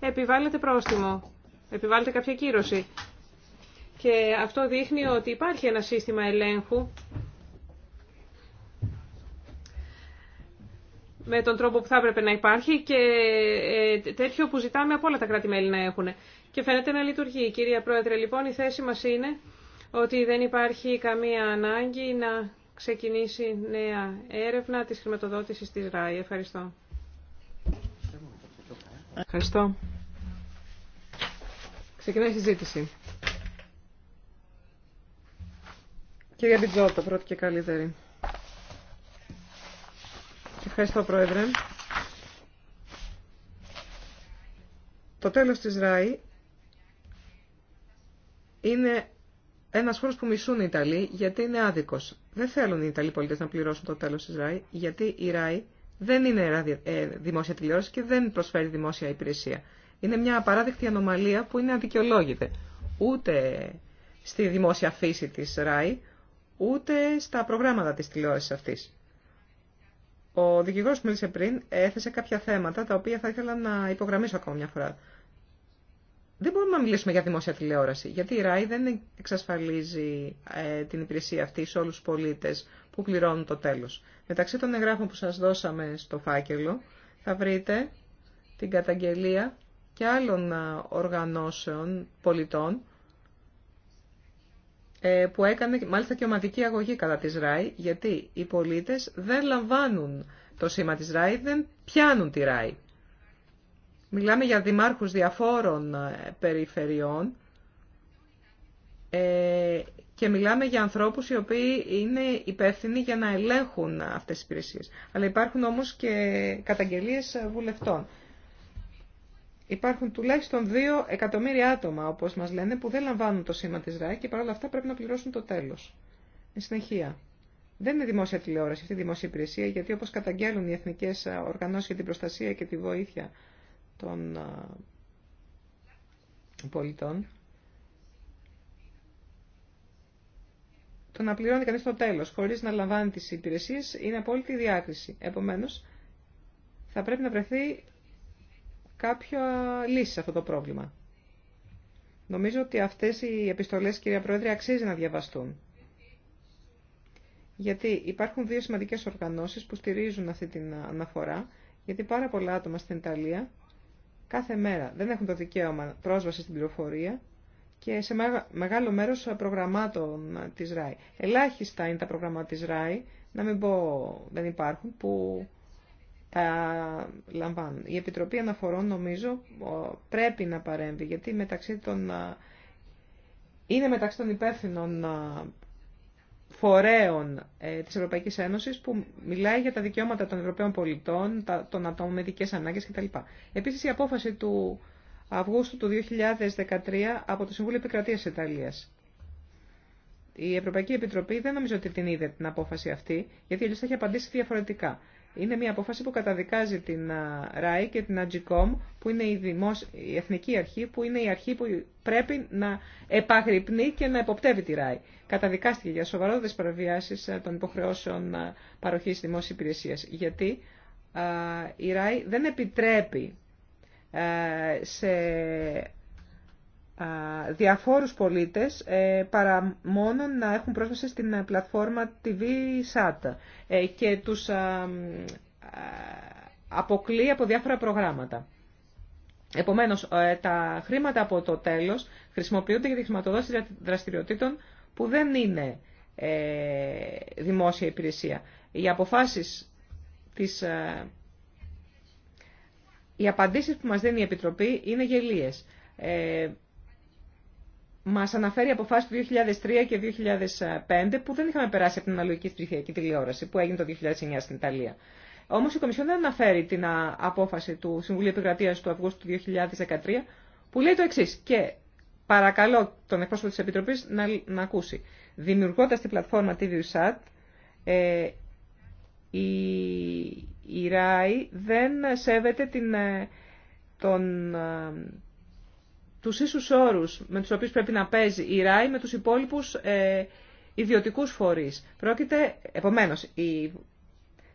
επιβάλλεται πρόστιμο, επιβάλλεται κάποια κύρωση. Και αυτό δείχνει ότι υπάρχει ένα σύστημα ελέγχου με τον τρόπο που θα έπρεπε να υπάρχει και ε, τέτοιο που ζητάμε από όλα τα κράτη-μέλη να έχουν. Και φαίνεται να λειτουργεί. Κυρία Πρόεδρε, λοιπόν, η θέση μας είναι ότι δεν υπάρχει καμία ανάγκη να ξεκινήσει νέα έρευνα της χρηματοδότησης της ΡΑΗ. Ευχαριστώ. Ευχαριστώ. Ξεκινάει η συζήτηση. Κυρία Μπιτζότα, πρώτη και καλύτερη. Ευχαριστώ, Πρόεδρε. Το τέλος της ΡΑΗ είναι ένας χώρος που μισούν οι Ιταλοί γιατί είναι άδικος. Δεν θέλουν οι Ιταλοί πολίτες να πληρώσουν το τέλος της ΡΑΗ γιατί η ΡΑΗ δεν είναι ε, δημόσια τηλεόραση και δεν προσφέρει δημόσια υπηρεσία. Είναι μια απαράδεκτη ανομαλία που είναι αδικαιολόγητη. Ούτε στη δημόσια φύση της ΡΑΗ, ούτε στα προγράμματα της τηλεόρασης αυτής. Ο δικηγόρος που μίλησε πριν έθεσε κάποια θέματα τα οποία θα ήθελα να υπογραμμίσω ακόμα μια φορά. Δεν μπορούμε να μιλήσουμε για δημόσια τηλεόραση, γιατί η ΡΑΗ δεν εξασφαλίζει ε, την υπηρεσία αυτή σε όλους τους πολίτες που πληρώνουν το τέλος. Μεταξύ των εγγράφων που σας δώσαμε στο φάκελο θα βρείτε την καταγγελία και άλλων ε, οργανώσεων πολιτών ε, που έκανε μάλιστα και ομαδική αγωγή κατά της ΡΑΗ, γιατί οι πολίτες δεν λαμβάνουν το σήμα της ΡΑΗ, δεν πιάνουν τη ΡΑΗ. Μιλάμε για δημάρχους διαφόρων ε, περιφερειών ε, και μιλάμε για ανθρώπους οι οποίοι είναι υπεύθυνοι για να ελέγχουν αυτές τις υπηρεσίες. Αλλά υπάρχουν όμως και καταγγελίες βουλευτών. Υπάρχουν τουλάχιστον 2 εκατομμύρια άτομα, όπως μας λένε, που δεν λαμβάνουν το σήμα της ΡΑΕ και παρόλα αυτά πρέπει να πληρώσουν το τέλος. Εν συνεχεία. Δεν είναι δημόσια τηλεόραση αυτή η δημόσια υπηρεσία, γιατί όπως καταγγέλουν οι εθνικές ε, οργανώσεις για την προστασία και τη βοήθεια των ε, πολιτών, το να πληρώνει κανείς το τέλος χωρίς να λαμβάνει τις υπηρεσίες είναι απόλυτη διάκριση. Επομένως, θα πρέπει να βρεθεί κάποια λύση σε αυτό το πρόβλημα. Νομίζω ότι αυτές οι επιστολές, κυρία Πρόεδρε, αξίζει να διαβαστούν. Γιατί υπάρχουν δύο σημαντικές οργανώσεις που στηρίζουν αυτή την αναφορά, γιατί πάρα πολλά άτομα στην Ιταλία κάθε μέρα δεν έχουν το δικαίωμα πρόσβαση στην πληροφορία και σε μεγάλο μέρος προγραμμάτων της ΡΑΗ. Ελάχιστα είναι τα προγραμμάτα της ΡΑΗ, να μην πω δεν υπάρχουν, που η Επιτροπή Αναφορών νομίζω πρέπει να παρέμβει γιατί μεταξύ των, είναι μεταξύ των υπεύθυνων φορέων ε, της Ευρωπαϊκής Ένωσης που μιλάει για τα δικαιώματα των Ευρωπαίων πολιτών, των ατόμων με ειδικές ανάγκες κτλ. Επίσης η απόφαση του Αυγούστου του 2013 από το Συμβούλιο Επικρατείας της Ιταλίας. Η Ευρωπαϊκή Επιτροπή δεν νομίζω ότι την είδε την απόφαση αυτή, γιατί αλλιώ θα έχει απαντήσει διαφορετικά. Είναι μια αποφάση που καταδικάζει την ΡΑΗ και την ΑΤΖΙΚΟΜ, που είναι η, δημόσ... εθνική αρχή, που είναι η αρχή που πρέπει να επαγρυπνεί και να εποπτεύει τη ΡΑΗ. Καταδικάστηκε για σοβαρότερε παραβιάσει των υποχρεώσεων παροχή δημόσιας υπηρεσία. γιατί η ΡΑΗ δεν επιτρέπει σε διαφόρους πολίτες ε, παρά μόνο να έχουν πρόσβαση στην ε, πλατφόρμα TV SAT ε, και τους αποκλεί από διάφορα προγράμματα. Επομένως, τα χρήματα από το τέλος χρησιμοποιούνται για τη χρηματοδότηση δραστηριοτήτων που δεν είναι δημόσια υπηρεσία. Οι αποφάσεις της... Οι απαντήσεις που μας δίνει η Επιτροπή είναι γελίες μας αναφέρει αποφάση του 2003 και 2005 που δεν είχαμε περάσει από την αναλογική ψηφιακή τηλεόραση που έγινε το 2009 στην Ιταλία. Όμως η Κομισιόν δεν αναφέρει την απόφαση του Συμβουλίου Επικρατείας του Αυγούστου του 2013 που λέει το εξή και παρακαλώ τον εκπρόσωπο της Επιτροπής να, να ακούσει. Δημιουργώντας την πλατφόρμα TVUSAT, ε, η, ΡΑΗ δεν σέβεται την, ε, τον, ε, τους ίσους όρου με τους οποίου πρέπει να παίζει η ΡΑΗ με τους υπόλοιπου ε, ιδιωτικούς φορείς. Πρόκειται, επομένως, η,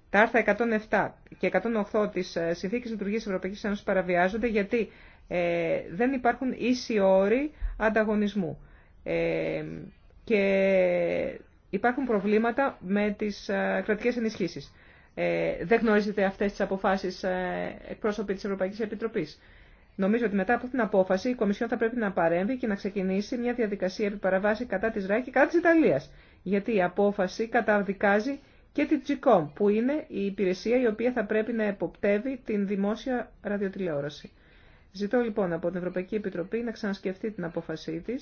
τα άρθρα 107 και 108 της ε, Συνθήκης λειτουργία Ευρωπαϊκής Ένωσης παραβιάζονται γιατί ε, δεν υπάρχουν ίσοι όροι ανταγωνισμού. Ε, και υπάρχουν προβλήματα με τις ε, κρατικές ενισχύσεις. Ε, δεν γνωρίζετε αυτές τις αποφάσεις ε, εκπρόσωποι της Ευρωπαϊκής Επιτροπής. Νομίζω ότι μετά από την απόφαση η Κομισιόν θα πρέπει να παρέμβει και να ξεκινήσει μια διαδικασία επιπαραβάση κατά τη ΡΑΙ και κατά τη Ιταλία. Γιατί η απόφαση καταδικάζει και την Τζικόμ, που είναι η υπηρεσία η οποία θα πρέπει να εποπτεύει την δημόσια ραδιοτηλεόραση. Ζητώ λοιπόν από την Ευρωπαϊκή Επιτροπή να ξανασκεφτεί την απόφασή τη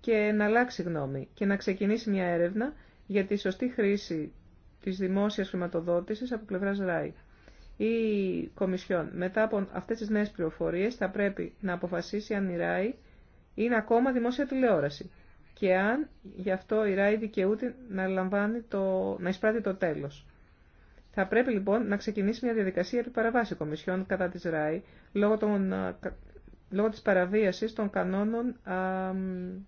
και να αλλάξει γνώμη και να ξεκινήσει μια έρευνα για τη σωστή χρήση τη δημόσια χρηματοδότηση από πλευρά ΡΑΙ η Κομισιόν μετά από αυτές τις νέες πληροφορίες θα πρέπει να αποφασίσει αν η ΡΑΗ είναι ακόμα δημόσια τηλεόραση και αν γι' αυτό η ΡΑΗ δικαιούται να, λαμβάνει το, να εισπράττει το τέλος. Θα πρέπει λοιπόν να ξεκινήσει μια διαδικασία επί παραβάση Κομισιόν κατά της ΡΑΗ λόγω, των, λόγω της παραβίασης των κανόνων α,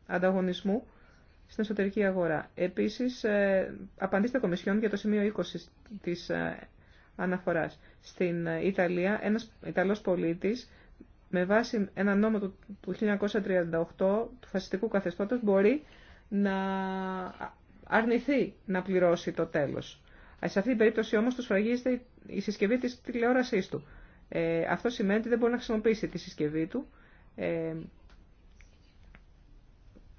ανταγωνισμού στην εσωτερική αγορά. Επίσης, ε, απαντήστε Κομισιόν για το σημείο 20 της ε, αναφοράς. Στην ε, Ιταλία, ένας Ιταλός πολίτης, με βάση ένα νόμο του 1938 του φασιστικού καθεστώτος, μπορεί να αρνηθεί να πληρώσει το τέλος. Ε, σε αυτή την περίπτωση όμως του σφραγίζεται η συσκευή της τηλεόρασής του. Ε, αυτό σημαίνει ότι δεν μπορεί να χρησιμοποιήσει τη συσκευή του. Ε,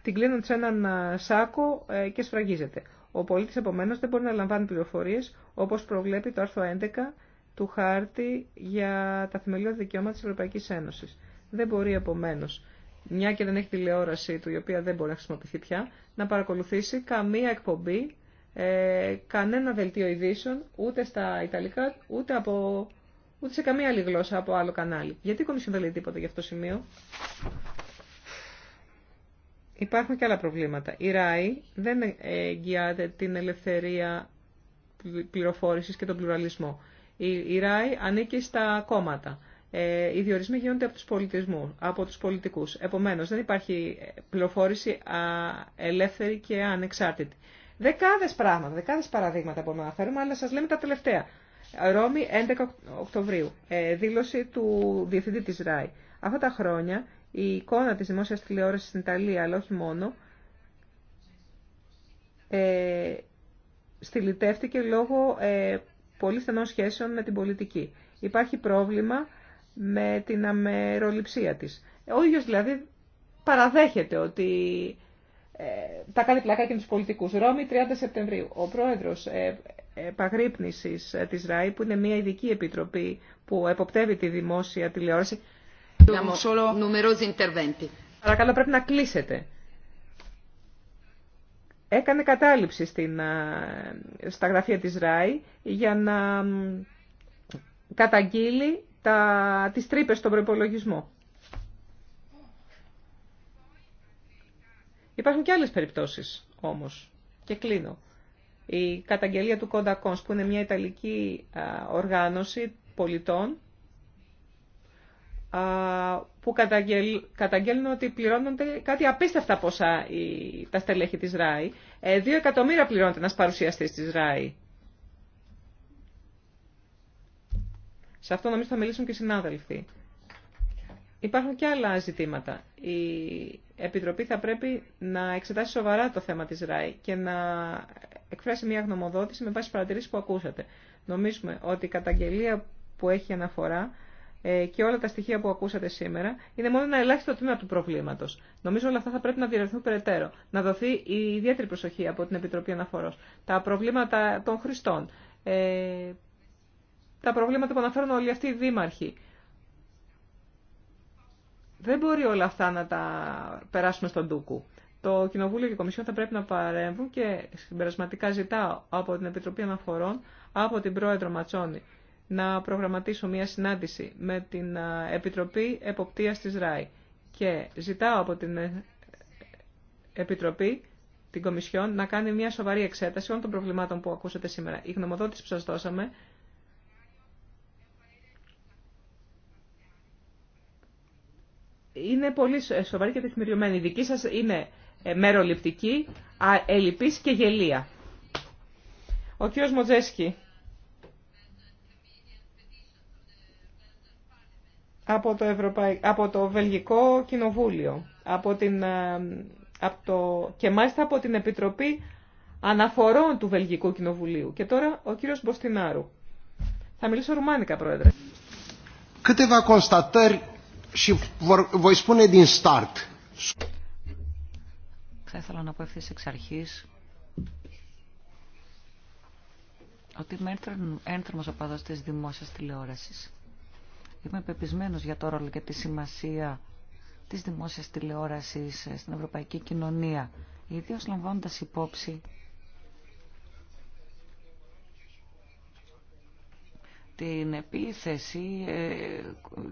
την κλείνουν σε έναν σάκο και σφραγίζεται. Ο πολίτης επομένω δεν μπορεί να λαμβάνει πληροφορίες όπως προβλέπει το άρθρο 11 του χάρτη για τα θεμελιώδη δικαιώματα της Ευρωπαϊκής Ένωση. Δεν μπορεί επομένω, μια και δεν έχει τηλεόραση του η οποία δεν μπορεί να χρησιμοποιηθεί πια, να παρακολουθήσει καμία εκπομπή, ε, κανένα δελτίο ειδήσεων, ούτε στα Ιταλικά, ούτε, από, ούτε σε καμία άλλη γλώσσα από άλλο κανάλι. Γιατί η Κομισιόν δεν λέει τίποτα για αυτό το σημείο. Υπάρχουν και άλλα προβλήματα. Η ΡΑΗ δεν εγγυάται την ελευθερία πληροφόρησης και τον πλουραλισμό. Η ΡΑΗ ανήκει στα κόμματα. Ε, οι διορισμοί γίνονται από τους πολιτικού. από τους πολιτικούς. Επομένως, δεν υπάρχει πληροφόρηση ελεύθερη και ανεξάρτητη. Δεκάδες πράγματα, δεκάδες παραδείγματα μπορούμε να φέρουμε, αλλά σας λέμε τα τελευταία. Ρώμη, 11 Οκτωβρίου, ε, δήλωση του Διευθυντή της ΡΑΗ. Αυτά τα χρόνια η εικόνα της δημόσιας τηλεόρασης στην Ιταλία, αλλά όχι μόνο, ε, στυλιτεύτηκε λόγω ε, πολύ στενών σχέσεων με την πολιτική. Υπάρχει πρόβλημα με την αμεροληψία της. Ο ίδιος δηλαδή παραδέχεται ότι ε, τα κάνει πλάκα και με τους πολιτικούς. Ρώμη 30 Σεπτεμβρίου. Ο πρόεδρος ε, επαγρύπνησης της ΡΑΗ, που είναι μια ειδική επιτροπή που εποπτεύει τη δημόσια τηλεόραση, Παρακαλώ πρέπει να κλείσετε. Έκανε κατάληψη στην, στα γραφεία της ΡΑΗ για να καταγγείλει τα, τις τρύπες στον προπολογισμό. Υπάρχουν και άλλες περιπτώσεις όμως. Και κλείνω. Η καταγγελία του Κόντα που είναι μια Ιταλική οργάνωση πολιτών, που καταγγέλνουν ότι πληρώνονται κάτι απίστευτα ποσά τα στελέχη της ΡΑΗ. Ε, δύο εκατομμύρια πληρώνεται ένας παρουσιαστής της ΡΑΗ. Σε αυτό νομίζω θα μιλήσουν και οι συνάδελφοι. Υπάρχουν και άλλα ζητήματα. Η Επιτροπή θα πρέπει να εξετάσει σοβαρά το θέμα της ΡΑΗ και να εκφράσει μια γνωμοδότηση με βάση παρατηρήσεις που ακούσατε. Νομίζουμε ότι η καταγγελία που έχει αναφορά ε, και όλα τα στοιχεία που ακούσατε σήμερα είναι μόνο ένα ελάχιστο τμήμα του προβλήματο. Νομίζω όλα αυτά θα πρέπει να διερευνηθούν περαιτέρω. Να δοθεί η ιδιαίτερη προσοχή από την Επιτροπή Αναφορών. Τα προβλήματα των χρηστών. Ε, τα προβλήματα που αναφέρουν όλοι αυτοί οι δήμαρχοι. Δεν μπορεί όλα αυτά να τα περάσουμε στον τούκου. Το Κοινοβούλιο και η Κομισιόν θα πρέπει να παρέμβουν και συμπερασματικά ζητάω από την Επιτροπή Αναφορών, από την Πρόεδρο Ματσόνη να προγραμματίσω μια συνάντηση με την Επιτροπή Εποπτείας της ΡΑΗ και ζητάω από την ε, Επιτροπή, την Κομισιόν, να κάνει μια σοβαρή εξέταση όλων των προβλημάτων που ακούσατε σήμερα. Η γνωμοδότηση που σας δώσαμε είναι πολύ σοβαρή και τεχνηριωμένη. Η δική σας είναι ε, μεροληπτική, ελλειπής και γελία. Ο κ. Μοτζέσκι. από το, Ευρωπαϊ... από το Βελγικό Κοινοβούλιο, από, την... Ε, από το... και μάλιστα από την Επιτροπή Αναφορών του Βελγικού Κοινοβουλίου. Και τώρα ο κύριος Μποστινάρου. Θα μιλήσω ρουμάνικα, Πρόεδρε. Câteva constatări și voi spune Θα ήθελα να πω ευθύς εξ αρχής ότι είμαι ένθρωμος οπαδός της δημόσιας τηλεόρασης. Είμαι πεπισμένος για το ρόλο και τη σημασία της δημόσιας τηλεόρασης στην ευρωπαϊκή κοινωνία, ιδίως λαμβάνοντας υπόψη την επίθεση ε,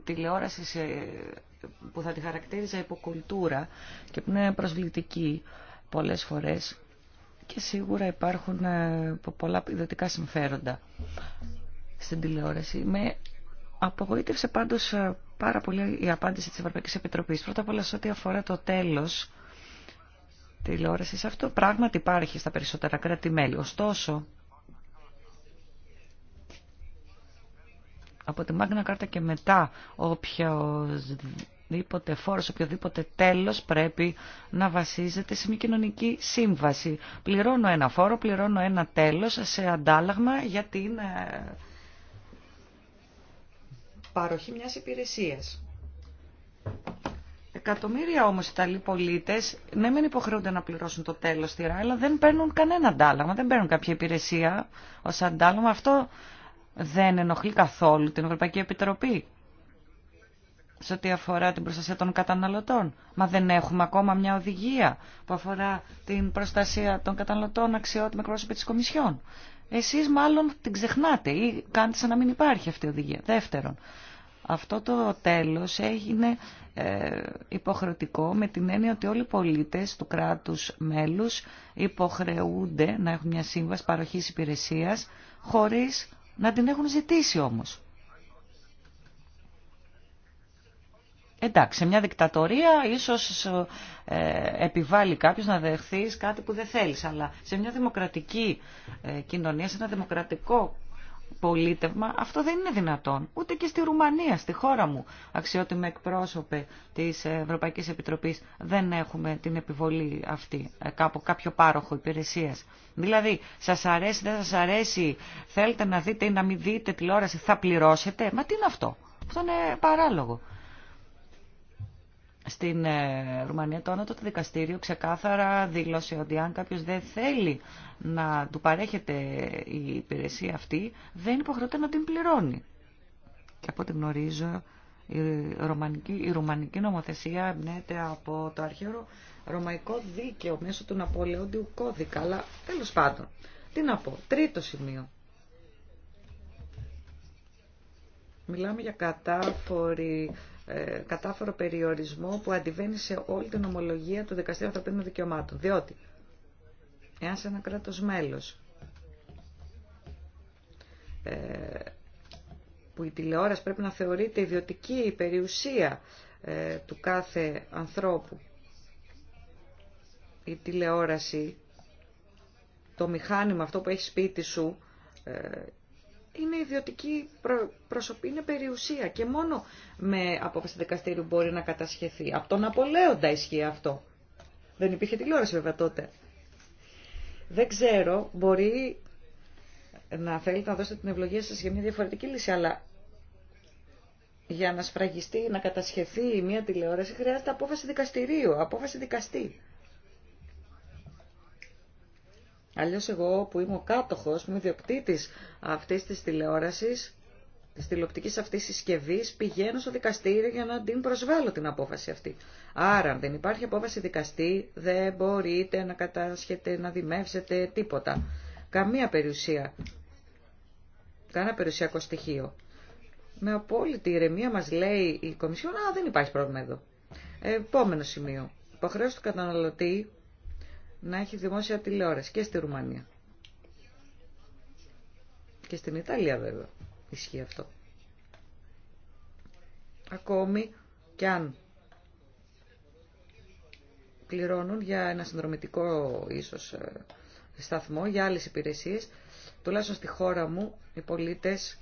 τηλεόρασης ε, που θα τη χαρακτήριζα υποκουλτούρα και που είναι προσβλητική πολλές φορές και σίγουρα υπάρχουν ε, πολλά ιδιωτικά συμφέροντα στην τηλεόραση με Απογοήτευσε πάντως ε, πάρα πολύ η απάντηση της Ευρωπαϊκής Επιτροπής. Πρώτα απ' όλα σε ό,τι αφορά το τέλος τηλεόρασης, αυτό πράγματι υπάρχει στα περισσότερα κράτη-μέλη. Ωστόσο, από τη Μάγνα Κάρτα και μετά οποιοδήποτε φόρος, οποιοδήποτε τέλος πρέπει να βασίζεται σε μια κοινωνική σύμβαση. Πληρώνω ένα φόρο, πληρώνω ένα τέλος σε αντάλλαγμα για την ε, παροχή μιας υπηρεσίας. Εκατομμύρια όμως Ιταλοί πολίτες, ναι μεν υποχρεούνται να πληρώσουν το τέλος στη ΡΑΕ, αλλά δεν παίρνουν κανένα αντάλλαγμα, δεν παίρνουν κάποια υπηρεσία ως αντάλλαγμα. Αυτό δεν ενοχλεί καθόλου την Ευρωπαϊκή Επιτροπή σε ό,τι αφορά την προστασία των καταναλωτών. Μα δεν έχουμε ακόμα μια οδηγία που αφορά την προστασία των καταναλωτών αξιότιμη εκπρόσωπη της Κομισιόν. Εσείς μάλλον την ξεχνάτε ή κάνετε σαν να μην υπάρχει αυτή η οδηγία. Δεύτερον, αυτό το τέλος έγινε ε, υποχρεωτικό με την έννοια ότι όλοι οι πολίτες του κράτους μέλους υποχρεούνται να έχουν μια σύμβαση παροχής υπηρεσίας χωρίς να την έχουν ζητήσει όμως. Εντάξει, σε μια δικτατορία ίσως ε, επιβάλλει κάποιος να δεχθείς κάτι που δεν θέλεις, αλλά σε μια δημοκρατική ε, κοινωνία, σε ένα δημοκρατικό πολίτευμα, αυτό δεν είναι δυνατόν. Ούτε και στη Ρουμανία, στη χώρα μου, Αξιότιμε εκπρόσωπε της Ευρωπαϊκής Επιτροπής, δεν έχουμε την επιβολή αυτή από ε, κάποιο πάροχο υπηρεσίας. Δηλαδή, σας αρέσει, δεν σας αρέσει, θέλετε να δείτε ή να μην δείτε τηλεόραση, θα πληρώσετε. Μα τι είναι αυτό. Αυτό είναι παράλογο στην ε, Ρουμανία το άνατο το δικαστήριο ξεκάθαρα δήλωσε ότι αν κάποιος δεν θέλει να του παρέχεται η υπηρεσία αυτή, δεν υποχρεώται να την πληρώνει. Και από ό,τι γνωρίζω, η ρουμανική, η ρουμανική νομοθεσία εμπνέεται από το αρχαίο ρωμαϊκό δίκαιο μέσω του Ναπολεόντιου κώδικα, αλλά τέλος πάντων. Τι να πω, τρίτο σημείο. Μιλάμε για κατάφορη ε, κατάφορο περιορισμό που αντιβαίνει σε όλη την ομολογία του Δικαστήριου Ανθρωπίνων Δικαιωμάτων. Διότι, εάν σε ένα κράτος μέλος ε, που η τηλεόραση πρέπει να θεωρείται ιδιωτική περιουσία ε, του κάθε ανθρώπου, η τηλεόραση, το μηχάνημα αυτό που έχει σπίτι σου, είναι ιδιωτική προσωπή, είναι περιουσία και μόνο με απόφαση δικαστήριου μπορεί να κατασχεθεί. Από τον Απολέοντα ισχύει αυτό. Δεν υπήρχε τηλεόραση βέβαια τότε. Δεν ξέρω, μπορεί να θέλετε να δώσετε την ευλογία σας για μια διαφορετική λύση, αλλά για να σφραγιστεί, να κατασχεθεί μια τηλεόραση χρειάζεται απόφαση δικαστηρίου, απόφαση δικαστή. Αλλιώς εγώ που είμαι ο κάτοχος, που είμαι διοκτήτης αυτής της τηλεόρασης, τη τηλεοπτική αυτή συσκευή πηγαίνω στο δικαστήριο για να την προσβάλλω την απόφαση αυτή. Άρα, αν δεν υπάρχει απόφαση δικαστή, δεν μπορείτε να κατάσχετε, να δημεύσετε τίποτα. Καμία περιουσία. Κανένα περιουσιακό στοιχείο. Με απόλυτη ηρεμία μας λέει η Κομισιόν, α, δεν υπάρχει πρόβλημα εδώ. Επόμενο σημείο. Υποχρέωση του καταναλωτή να έχει δημόσια τηλεόραση και στη Ρουμανία. Και στην Ιταλία βέβαια ισχύει αυτό. Ακόμη και αν πληρώνουν για ένα συνδρομητικό ίσως ε, σταθμό, για άλλες υπηρεσίες, τουλάχιστον στη χώρα μου οι πολίτες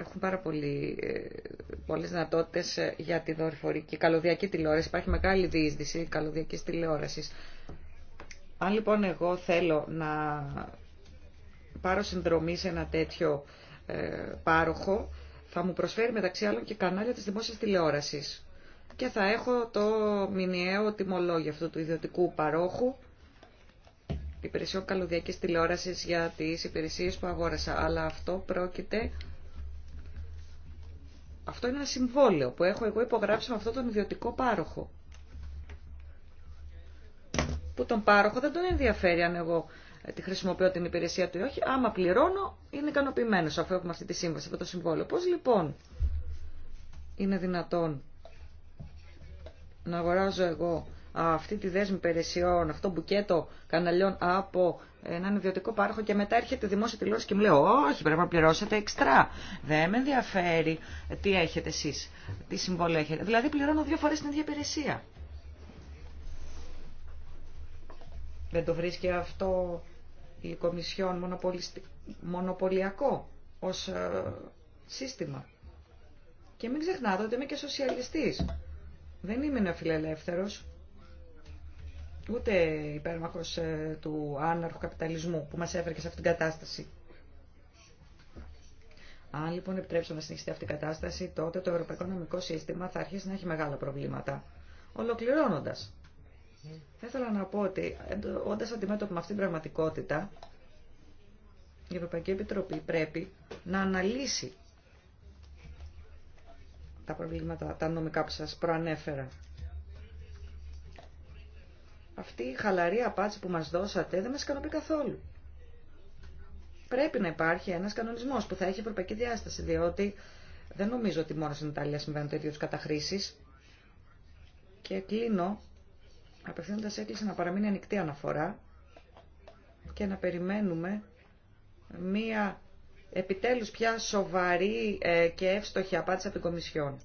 έχουν πάρα πολύ, ε, πολλές δυνατότητες ε, για τη δορυφορική καλωδιακή τηλεόραση. Υπάρχει μεγάλη διείσδυση καλωδιακής τηλεόρασης. Αν λοιπόν εγώ θέλω να πάρω συνδρομή σε ένα τέτοιο ε, πάροχο, θα μου προσφέρει μεταξύ άλλων και κανάλια της δημόσιας τηλεόρασης. Και θα έχω το μηνιαίο τιμολόγιο αυτού του ιδιωτικού παρόχου, υπηρεσιών καλωδιακής τηλεόρασης για τις υπηρεσίες που αγόρασα. Αλλά αυτό πρόκειται αυτό είναι ένα συμβόλαιο που έχω εγώ υπογράψει με αυτόν τον ιδιωτικό πάροχο. Που τον πάροχο δεν τον ενδιαφέρει αν εγώ ε, τη χρησιμοποιώ την υπηρεσία του ή όχι. Άμα πληρώνω, είναι ικανοποιημένο αφού έχουμε αυτή τη σύμβαση, αυτό το συμβόλαιο. Πώ λοιπόν είναι δυνατόν να αγοράζω εγώ αυτή τη δέσμη υπηρεσιών, αυτό μπουκέτο καναλιών από έναν ιδιωτικό πάροχο και μετά έρχεται δημόσια τηλεόραση και μου λέει όχι πρέπει να πληρώσετε εξτρά. Δεν με ενδιαφέρει τι έχετε εσείς, τι συμβόλαιο έχετε. Δηλαδή πληρώνω δύο φορές την ίδια υπηρεσία. Δεν το βρίσκει αυτό η Κομισιόν μονοπωλιακό ως ε, σύστημα. Και μην ξεχνάτε ότι είμαι και σοσιαλιστής. Δεν είμαι νεοφιλελεύθερος ούτε υπέρμαχος ε, του άναρχου καπιταλισμού που μας έφερε και σε αυτήν την κατάσταση. Αν λοιπόν επιτρέψουμε να συνεχιστεί αυτή η κατάσταση, τότε το ευρωπαϊκό νομικό σύστημα θα αρχίσει να έχει μεγάλα προβλήματα. Ολοκληρώνοντα, θα ήθελα να πω ότι όντα αντιμέτωποι με αυτήν την πραγματικότητα, η Ευρωπαϊκή Επιτροπή πρέπει να αναλύσει τα προβλήματα, τα νομικά που σα προανέφερα. Αυτή η χαλαρή απάτη που μας δώσατε δεν μας ικανοποιεί καθόλου. Πρέπει να υπάρχει ένας κανονισμός που θα έχει ευρωπαϊκή διάσταση, διότι δεν νομίζω ότι μόνο στην Ιταλία συμβαίνουν τέτοιου καταχρήσεις. Και κλείνω απευθύνοντας έκκληση να παραμείνει ανοιχτή αναφορά και να περιμένουμε μία επιτέλους πια σοβαρή ε, και εύστοχη απάντηση από την Κομισιόν.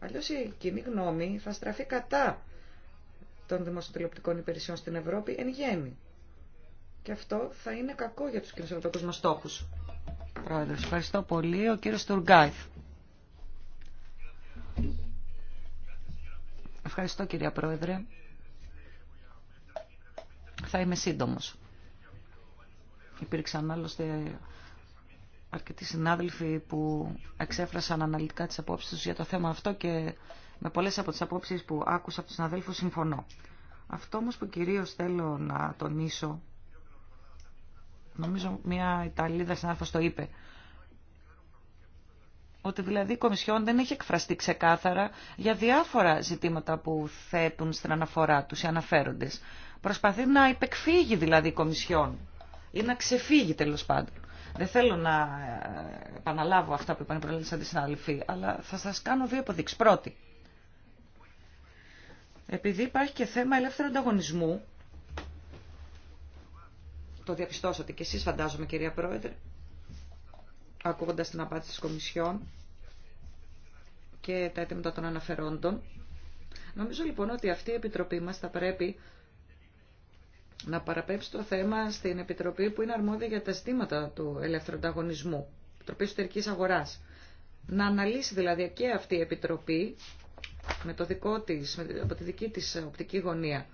Αλλιώς η κοινή γνώμη θα στραφεί κατά των δημοσιοτηλεοπτικών υπηρεσιών στην Ευρώπη εν γέννη. Και αυτό θα είναι κακό για τους κοινωνικούς μας στόχους. Πρόεδρος, ευχαριστώ πολύ. Ο κύριος Τουργκάιθ. Ευχαριστώ κυρία Πρόεδρε. Θα είμαι σύντομος. Υπήρξαν άλλωστε αρκετοί συνάδελφοι που εξέφρασαν αναλυτικά τις απόψεις τους για το θέμα αυτό και με πολλέ από τι απόψει που άκουσα από του συναδέλφου συμφωνώ. Αυτό όμω που κυρίω θέλω να τονίσω, νομίζω μια Ιταλίδα συνάδελφο το είπε, ότι δηλαδή η Κομισιόν δεν έχει εκφραστεί ξεκάθαρα για διάφορα ζητήματα που θέτουν στην αναφορά τους οι αναφέροντες. Προσπαθεί να υπεκφύγει δηλαδή η Κομισιόν ή να ξεφύγει τέλος πάντων. Δεν θέλω να ε, επαναλάβω αυτά που είπαν οι συναδελφοί, αλλά θα σας κάνω δύο αποδείξει. Πρώτη, επειδή υπάρχει και θέμα ελεύθερου ανταγωνισμού, το διαπιστώσατε και εσείς φαντάζομαι κυρία Πρόεδρε, ακούγοντας την απάντηση της Κομισιόν και τα αιτήματα των αναφερόντων. Νομίζω λοιπόν ότι αυτή η Επιτροπή μας θα πρέπει να παραπέψει το θέμα στην Επιτροπή που είναι αρμόδια για τα ζητήματα του ελεύθερου ανταγωνισμού, Επιτροπή Εσωτερικής Αγοράς. Να αναλύσει δηλαδή και αυτή η Επιτροπή με το δικό της, από τη δική της οπτική γωνία.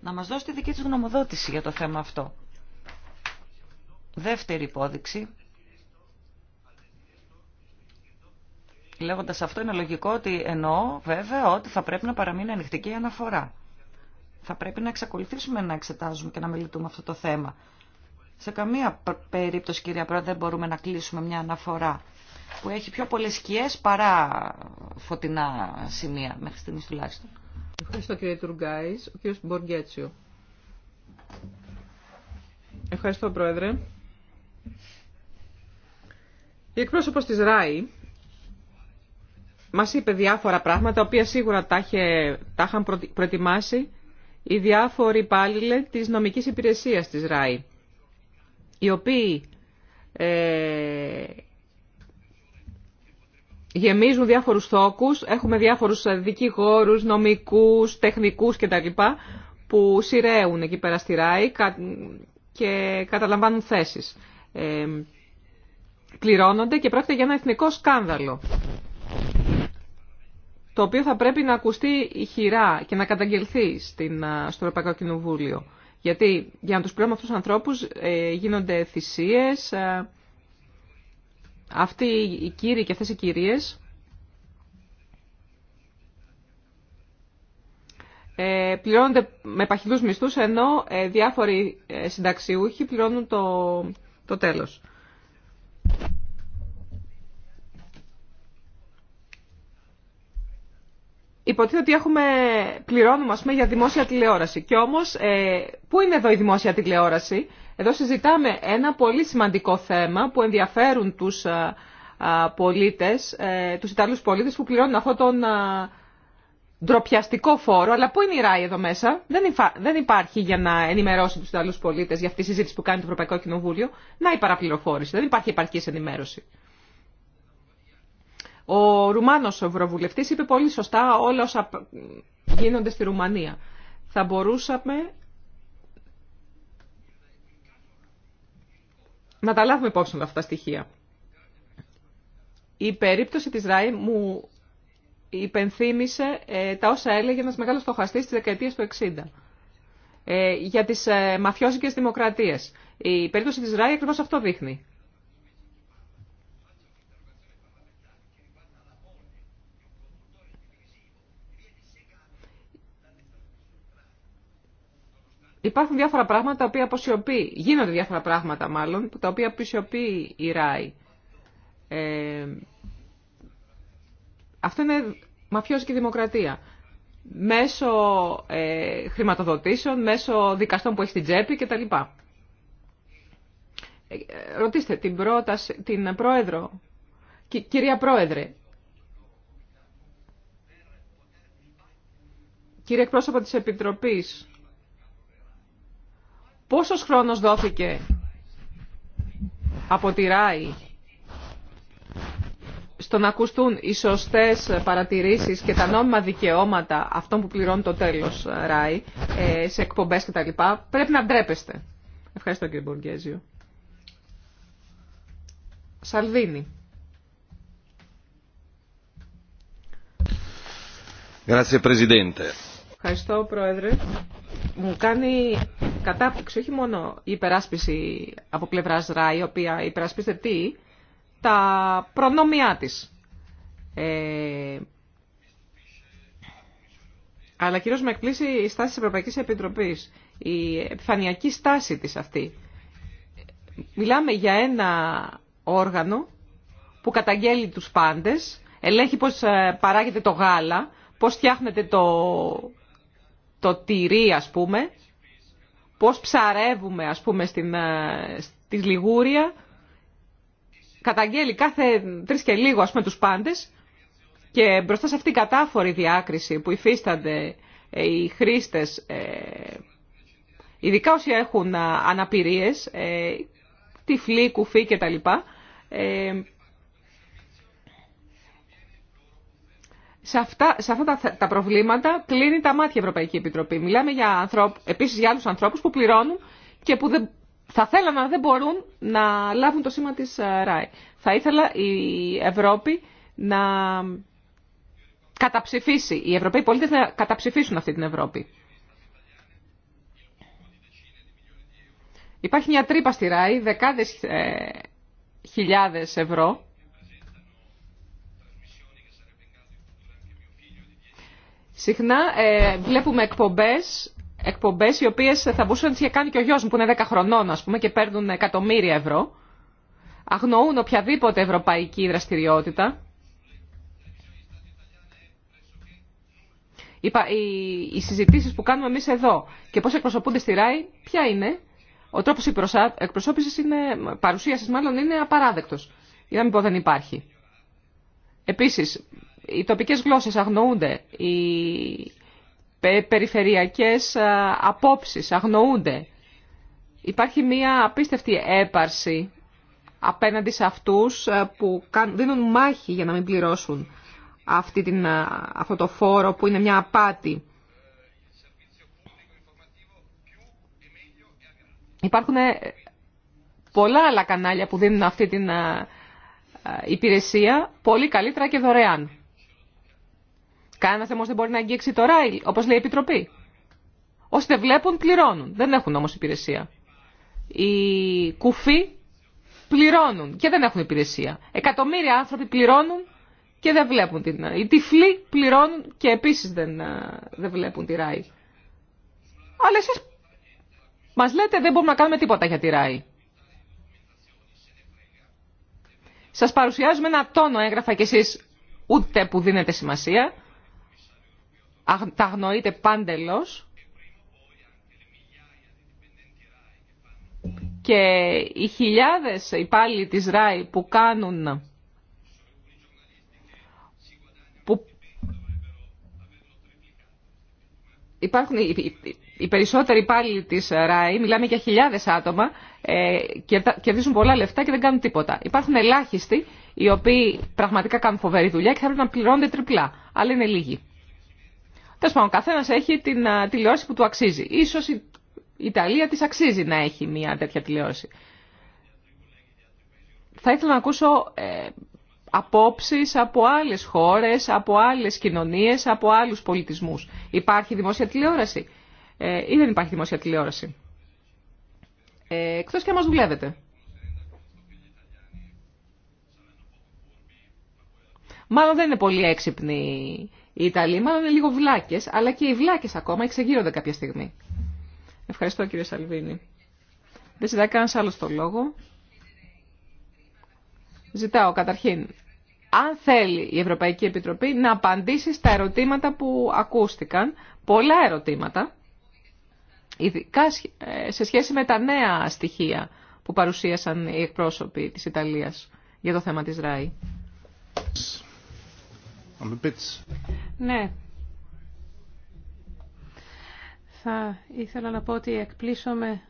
Να μας δώσει τη δική της γνωμοδότηση για το θέμα αυτό. Δεύτερη υπόδειξη. Λέγοντας αυτό είναι λογικό ότι εννοώ βέβαια ότι θα πρέπει να παραμείνει ανοιχτή η αναφορά. Θα πρέπει να εξακολουθήσουμε να εξετάζουμε και να μελετούμε αυτό το θέμα. Σε καμία περίπτωση, κυρία Πρόεδρε, δεν μπορούμε να κλείσουμε μια αναφορά που έχει πιο πολλέ σκιέ παρά φωτεινά σημεία μέχρι στιγμής τουλάχιστον. Ευχαριστώ κύριε Τουργκάης. Ο κύριος Μποργέτσιο. Ευχαριστώ πρόεδρε. Η εκπρόσωπος της ΡΑΗ μα είπε διάφορα πράγματα, τα οποία σίγουρα τα, είχαν προετοιμάσει οι διάφοροι υπάλληλοι τη νομική υπηρεσία της ΡΑΗ, οι οποίοι ε, γεμίζουν διάφορους θόκους, έχουμε διάφορους δικηγόρους, νομικούς, τεχνικούς κτλ. που σειραίουν εκεί πέρα στη ΡΑΗ και καταλαμβάνουν θέσεις. Ε, και πρόκειται για ένα εθνικό σκάνδαλο το οποίο θα πρέπει να ακουστεί χειρά και να καταγγελθεί στην, στο Ευρωπαϊκό Κοινοβούλιο. Γιατί για να τους πληρώνουμε αυτούς τους ανθρώπους ε, γίνονται θυσίες, ε, αυτοί οι κύριοι και αυτές οι κυρίες ε, πληρώνονται με παχυδούς μισθούς, ενώ ε, διάφοροι ε, συνταξιούχοι πληρώνουν το, το τέλος. Υποτίθεται ότι έχουμε, πληρώνουμε πούμε, για δημόσια τηλεόραση. Και όμως, πού είναι εδώ η δημόσια τηλεόραση, εδώ συζητάμε ένα πολύ σημαντικό θέμα που ενδιαφέρουν τους ε, ε, πολίτες, ε, τους Ιταλούς πολίτες που πληρώνουν αυτόν τον ντροπιαστικό φόρο. Αλλά πού είναι η ΡΑΗ εδώ μέσα. Δεν υπάρχει για να ενημερώσει τους Ιταλούς πολίτες για αυτή τη συζήτηση που κάνει το Ευρωπαϊκό Κοινοβούλιο. Να η παραπληροφόρηση. Δεν υπάρχει επαρκή ενημέρωση. Ο Ρουμάνος Ευρωβουλευτής είπε πολύ σωστά όλα όσα γίνονται στη Ρουμανία. Θα μπορούσαμε να τα λάβουμε υπόψη αυτά τα στοιχεία. Η περίπτωση της ΡΑΗ μου υπενθύμησε ε, τα όσα έλεγε ένας μεγάλος στοχαστής της δεκαετίας του 60 ε, για τις ε, μαφιόζικες δημοκρατίες. Η περίπτωση της ΡΑΗ ακριβώς αυτό δείχνει. Υπάρχουν διάφορα πράγματα τα οποία αποσιωπεί, γίνονται διάφορα πράγματα μάλλον, τα οποία αποσιωπεί η ΡΑΗ. Ε, αυτό είναι μαφιός και δημοκρατία. Μέσω ε, χρηματοδοτήσεων, μέσω δικαστών που έχει στην τσέπη κτλ. Ε, ρωτήστε την, πρόταση, την πρόεδρο, κυρία πρόεδρε, κύριε εκπρόσωπο της Επιτροπής, Πόσος χρόνος δόθηκε από τη ΡΑΗ στο να ακουστούν οι σωστές παρατηρήσεις και τα νόμιμα δικαιώματα αυτών που πληρώνουν το τέλος ε, ΡΑΗ ε, σε εκπομπές κτλ. Πρέπει να ντρέπεστε. Ευχαριστώ κύριε Μποργέζιο. Σαλβίνη. Grazie Presidente. Ευχαριστώ, Πρόεδρε. Μου κάνει κατάπτυξη, όχι μόνο η υπεράσπιση από πλευρά ΡΑΗ, η οποία υπερασπίζεται τι, τα προνόμια της. Ε, αλλά κυρίως με εκπλήσει η στάση της Ευρωπαϊκής Επιτροπής, η επιφανειακή στάση της αυτή. Μιλάμε για ένα όργανο που καταγγέλει τους πάντες, ελέγχει πώς ε, παράγεται το γάλα, πώς φτιάχνεται το το τυρί ας πούμε, πώς ψαρεύουμε ας πούμε στην, ε, στη Λιγούρια, καταγγέλει κάθε τρεις και λίγο ας πούμε τους πάντες και μπροστά σε αυτή την κατάφορη διάκριση που υφίστανται ε, οι χρήστες, ε, ειδικά όσοι έχουν αναπηρίες, τυφλοί, κουφοί κτλ. Ε, σε αυτά, σε αυτά τα, τα, προβλήματα κλείνει τα μάτια η Ευρωπαϊκή Επιτροπή. Μιλάμε για ανθρώπ, επίσης για άλλους ανθρώπους που πληρώνουν και που δεν, θα θέλανε να δεν μπορούν να λάβουν το σήμα της ε, ΡΑΕ. Θα ήθελα η Ευρώπη να καταψηφίσει, οι Ευρωπαίοι πολίτες να καταψηφίσουν αυτή την Ευρώπη. Υπάρχει μια τρύπα στη ΡΑΗ, δεκάδες ε, χιλιάδες ευρώ, Συχνά ε, βλέπουμε εκπομπές, εκπομπές οι οποίες θα μπορούσαν να τις κάνει και ο γιος μου που είναι 10 χρονών ας πούμε και παίρνουν εκατομμύρια ευρώ. Αγνοούν οποιαδήποτε ευρωπαϊκή δραστηριότητα. Οι, οι, συζητήσεις που κάνουμε εμείς εδώ και πώς εκπροσωπούνται στη ΡΑΗ, ποια είναι. Ο τρόπος εκπροσώπησης είναι, παρουσίασης μάλλον είναι απαράδεκτος. Για να μην πω δεν υπάρχει. Επίσης, οι τοπικές γλώσσες αγνοούνται, οι περιφερειακές απόψεις αγνοούνται. Υπάρχει μια απίστευτη έπαρση απέναντι σε αυτούς που δίνουν μάχη για να μην πληρώσουν αυτή την, αυτό το φόρο που είναι μια απάτη. Υπάρχουν ε, πολλά άλλα κανάλια που δίνουν αυτή την υπηρεσία πολύ καλύτερα και δωρεάν. Κανένα όμω δεν μπορεί να αγγίξει το ράιλ, όπω λέει η Επιτροπή. Όσοι δεν βλέπουν, πληρώνουν. Δεν έχουν όμω υπηρεσία. Οι κουφοί πληρώνουν και δεν έχουν υπηρεσία. Εκατομμύρια άνθρωποι πληρώνουν και δεν βλέπουν την. Ε, οι τυφλοί πληρώνουν και επίση δεν, ε, δεν βλέπουν τη ράιλ. Αλλά εσεί μα λέτε δεν μπορούμε να κάνουμε τίποτα για τη ράιλ. Σας παρουσιάζουμε ένα τόνο έγγραφα και εσείς ούτε που δίνετε σημασία τα αγνοείται πάντελος και οι χιλιάδες υπάλληλοι της ΡΑΗ που κάνουν που υπάρχουν οι περισσότεροι υπάλληλοι της ΡΑΗ, μιλάμε για χιλιάδες άτομα, ε, κερδίζουν πολλά λεφτά και δεν κάνουν τίποτα. Υπάρχουν ελάχιστοι οι οποίοι πραγματικά κάνουν φοβερή δουλειά και θα πρέπει να πληρώνονται τριπλά, αλλά είναι λίγοι. Τέλο πάντων, καθένα έχει την τηλεόραση που του αξίζει. Ίσως η Ιταλία τη αξίζει να έχει μια τέτοια τηλεόραση. Θα ήθελα να ακούσω ε, απόψεις από άλλες χώρες, από άλλες κοινωνίες, από άλλους πολιτισμούς. Υπάρχει δημόσια τηλεόραση ε, ή δεν υπάρχει δημόσια τηλεόραση. Ε, εκτός και αν μας δουλεύετε. Μάλλον δεν είναι πολύ έξυπνη οι Ιταλοί μάλλον είναι λίγο βλάκε, αλλά και οι βλάκε ακόμα εξεγείρονται κάποια στιγμή. Ευχαριστώ κύριε Σαλβίνη. Δεν ζητάει κανένα άλλο το λόγο. Ζητάω καταρχήν, αν θέλει η Ευρωπαϊκή Επιτροπή να απαντήσει στα ερωτήματα που ακούστηκαν, πολλά ερωτήματα, ειδικά ε, σε σχέση με τα νέα στοιχεία που παρουσίασαν οι εκπρόσωποι της Ιταλίας για το θέμα της ΡΑΗ. Ναι. Θα ήθελα να πω ότι εκπλήσωμε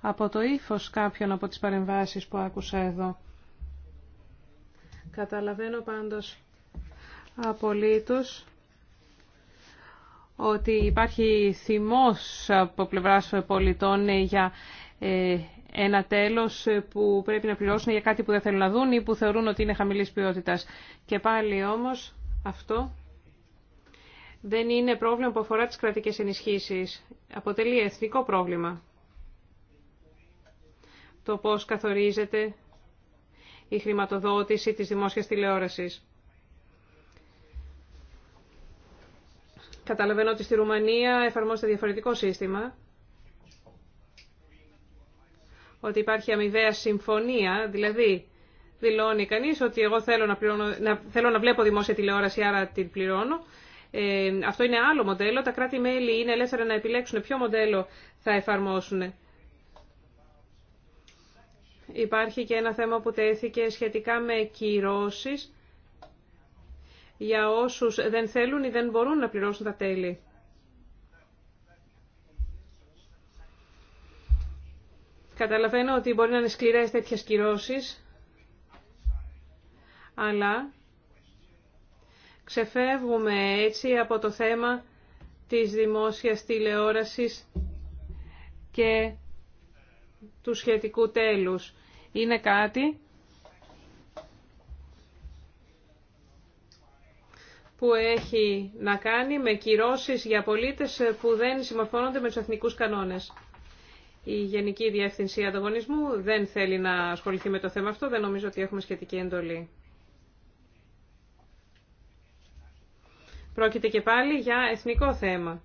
από το ύφος κάποιων από τις παρεμβάσεις που άκουσα εδώ. Καταλαβαίνω πάντως απολύτως ότι υπάρχει θυμός από πλευράς πολιτών ε, για ε, ένα τέλος ε, που πρέπει να πληρώσουν για κάτι που δεν θέλουν να δουν ή που θεωρούν ότι είναι χαμηλής ποιότητας. Και πάλι όμως αυτό δεν είναι πρόβλημα που αφορά τις κρατικές ενισχύσεις. Αποτελεί εθνικό πρόβλημα. Το πώς καθορίζεται η χρηματοδότηση της δημόσιας τηλεόρασης. Καταλαβαίνω ότι στη Ρουμανία εφαρμόζεται διαφορετικό σύστημα. Ότι υπάρχει αμοιβαία συμφωνία, δηλαδή δηλώνει κανείς ότι εγώ θέλω να, πληρώνω, να, θέλω να βλέπω δημόσια τηλεόραση, άρα την πληρώνω. Ε, αυτό είναι άλλο μοντέλο. Τα κράτη-μέλη είναι ελεύθερα να επιλέξουν ποιο μοντέλο θα εφαρμόσουν. Υπάρχει και ένα θέμα που τέθηκε σχετικά με κυρώσεις για όσους δεν θέλουν ή δεν μπορούν να πληρώσουν τα τέλη. Καταλαβαίνω ότι μπορεί να είναι σκληρές τέτοιες κυρώσεις, αλλά ξεφεύγουμε έτσι από το θέμα της δημόσιας τηλεόρασης και του σχετικού τέλους. Είναι κάτι που έχει να κάνει με κυρώσεις για πολίτες που δεν συμμορφώνονται με τους εθνικούς κανόνες. Η Γενική Διεύθυνση Ανταγωνισμού δεν θέλει να ασχοληθεί με το θέμα αυτό, δεν νομίζω ότι έχουμε σχετική εντολή. Πρόκειται και πάλι για εθνικό θέμα.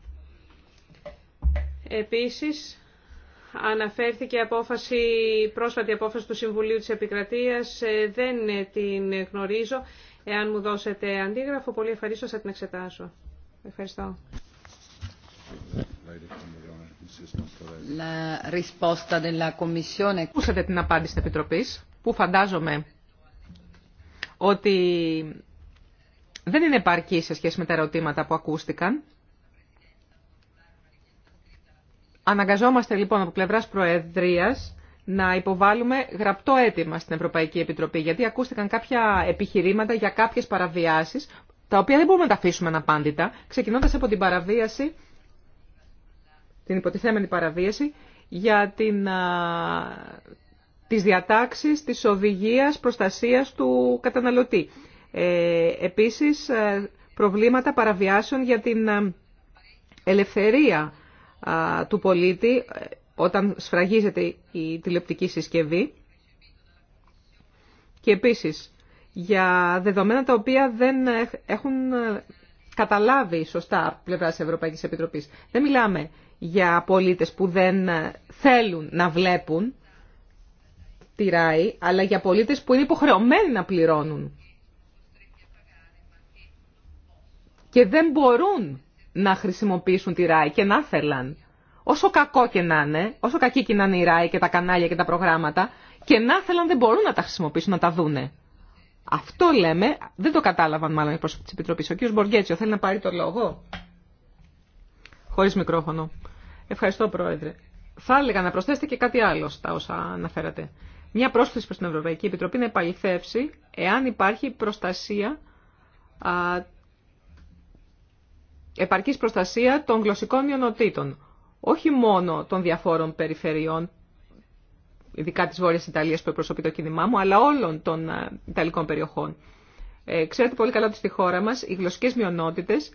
Επίσης, αναφέρθηκε απόφαση, πρόσφατη απόφαση του Συμβουλίου της Επικρατείας. Ε, δεν την γνωρίζω. Εάν μου δώσετε αντίγραφο, πολύ ευχαρίστω θα την εξετάσω. Ευχαριστώ. Ακούσατε την απάντηση της Επιτροπής, που φαντάζομαι ότι δεν είναι επαρκή σε σχέση με τα ερωτήματα που ακούστηκαν. Αναγκαζόμαστε λοιπόν από πλευρά Προεδρία να υποβάλουμε γραπτό αίτημα στην Ευρωπαϊκή Επιτροπή, γιατί ακούστηκαν κάποια επιχειρήματα για κάποιες παραβιάσεις, τα οποία δεν μπορούμε να τα αφήσουμε αναπάντητα, ξεκινώντας από την παραβίαση, την υποτιθέμενη παραβίαση, για την, α, τις διατάξεις της οδηγίας προστασίας του καταναλωτή. Ε, επίσης, ε, προβλήματα παραβιάσεων για την ε, ελευθερία του πολίτη όταν σφραγίζεται η τηλεοπτική συσκευή. Και επίσης, για δεδομένα τα οποία δεν έχουν καταλάβει σωστά από πλευρά της Ευρωπαϊκής Επιτροπής. Δεν μιλάμε για πολίτες που δεν θέλουν να βλέπουν τη ΡΑΗ, αλλά για πολίτες που είναι υποχρεωμένοι να πληρώνουν και δεν μπορούν να χρησιμοποιήσουν τη ΡΑΗ και να θέλαν. Όσο κακό και να είναι, όσο κακή και να είναι η ΡΑΗ και τα κανάλια και τα προγράμματα, και να θέλαν δεν μπορούν να τα χρησιμοποιήσουν, να τα δούνε. Αυτό λέμε, δεν το κατάλαβαν μάλλον οι πρόσωποι τη Επιτροπή. Ο κ. Μποργέτσιο θέλει να πάρει το λόγο. Χωρί μικρόφωνο. Ευχαριστώ, Πρόεδρε. Θα έλεγα να προσθέσετε και κάτι άλλο στα όσα αναφέρατε. Μια πρόσκληση προ την Ευρωπαϊκή Επιτροπή να επαληθεύσει εάν υπάρχει προστασία επαρκής προστασία των γλωσσικών μειονοτήτων, όχι μόνο των διαφόρων περιφερειών, ειδικά της Βόρειας Ιταλίας που εκπροσωπεί το κίνημά μου, αλλά όλων των ε, Ιταλικών περιοχών. Ε, ξέρετε πολύ καλά ότι στη χώρα μας οι γλωσσικές μειονότητες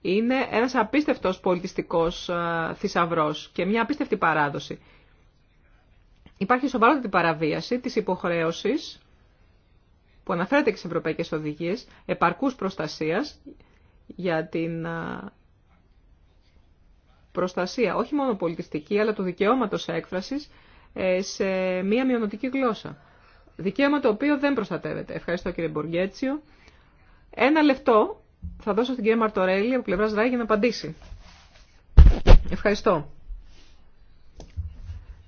είναι ένας απίστευτος πολιτιστικός ε, θησαυρός και μια απίστευτη παράδοση. Υπάρχει σοβαρότητη παραβίαση της υποχρέωσης που αναφέρεται και στις ευρωπαϊκές οδηγίες επαρκούς προστασίας για την προστασία, όχι μόνο πολιτιστική, αλλά του δικαιώματος έκφρασης ε, σε μία μειονοτική γλώσσα. Δικαίωμα το οποίο δεν προστατεύεται. Ευχαριστώ κύριε Μποργέτσιο. Ένα λεπτό θα δώσω στην κυρία Μαρτορέλη από πλευράς ΡΑΗ για να απαντήσει. Ευχαριστώ.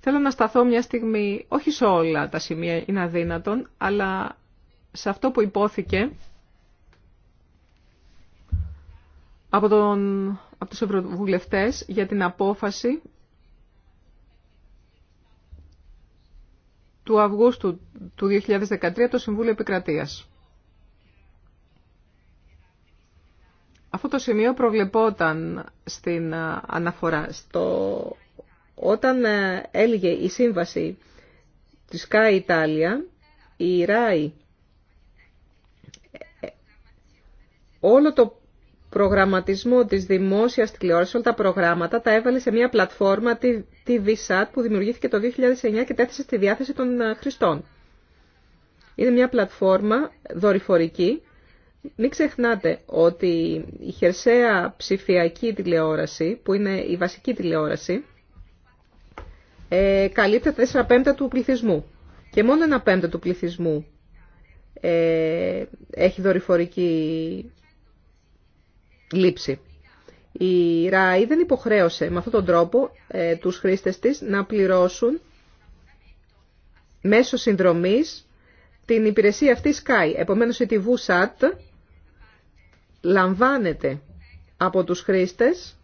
Θέλω να σταθώ μια στιγμή, όχι σε όλα τα σημεία είναι αδύνατον, αλλά σε αυτό που υπόθηκε από, τον, από τους ευρωβουλευτές για την απόφαση του Αυγούστου του 2013 το Συμβούλιο Επικρατείας. Αυτό το σημείο προβλεπόταν στην ε, αναφορά. Στο... Όταν ε, έλεγε η σύμβαση της ΚΑΙ Ιτάλια, η ΡΑΙ ε, όλο το προγραμματισμό της δημόσιας τηλεόρασης, όλα τα προγράμματα, τα έβαλε σε μια πλατφόρμα τη που δημιουργήθηκε το 2009 και τέθησε στη διάθεση των ε, χρηστών. Είναι μια πλατφόρμα δορυφορική. Μην ξεχνάτε ότι η χερσαία ψηφιακή τηλεόραση, που είναι η βασική τηλεόραση, ε, καλύπτει τα 4 πέμπτα του πληθυσμού. Και μόνο ένα πέμπτο του πληθυσμού ε, έχει δορυφορική λήψη. Η ΡΑΗ δεν υποχρέωσε με αυτόν τον τρόπο ε, τους χρήστες της να πληρώσουν μέσω συνδρομής την υπηρεσία αυτή Sky. Επομένως η TV SAT λαμβάνεται από τους χρήστες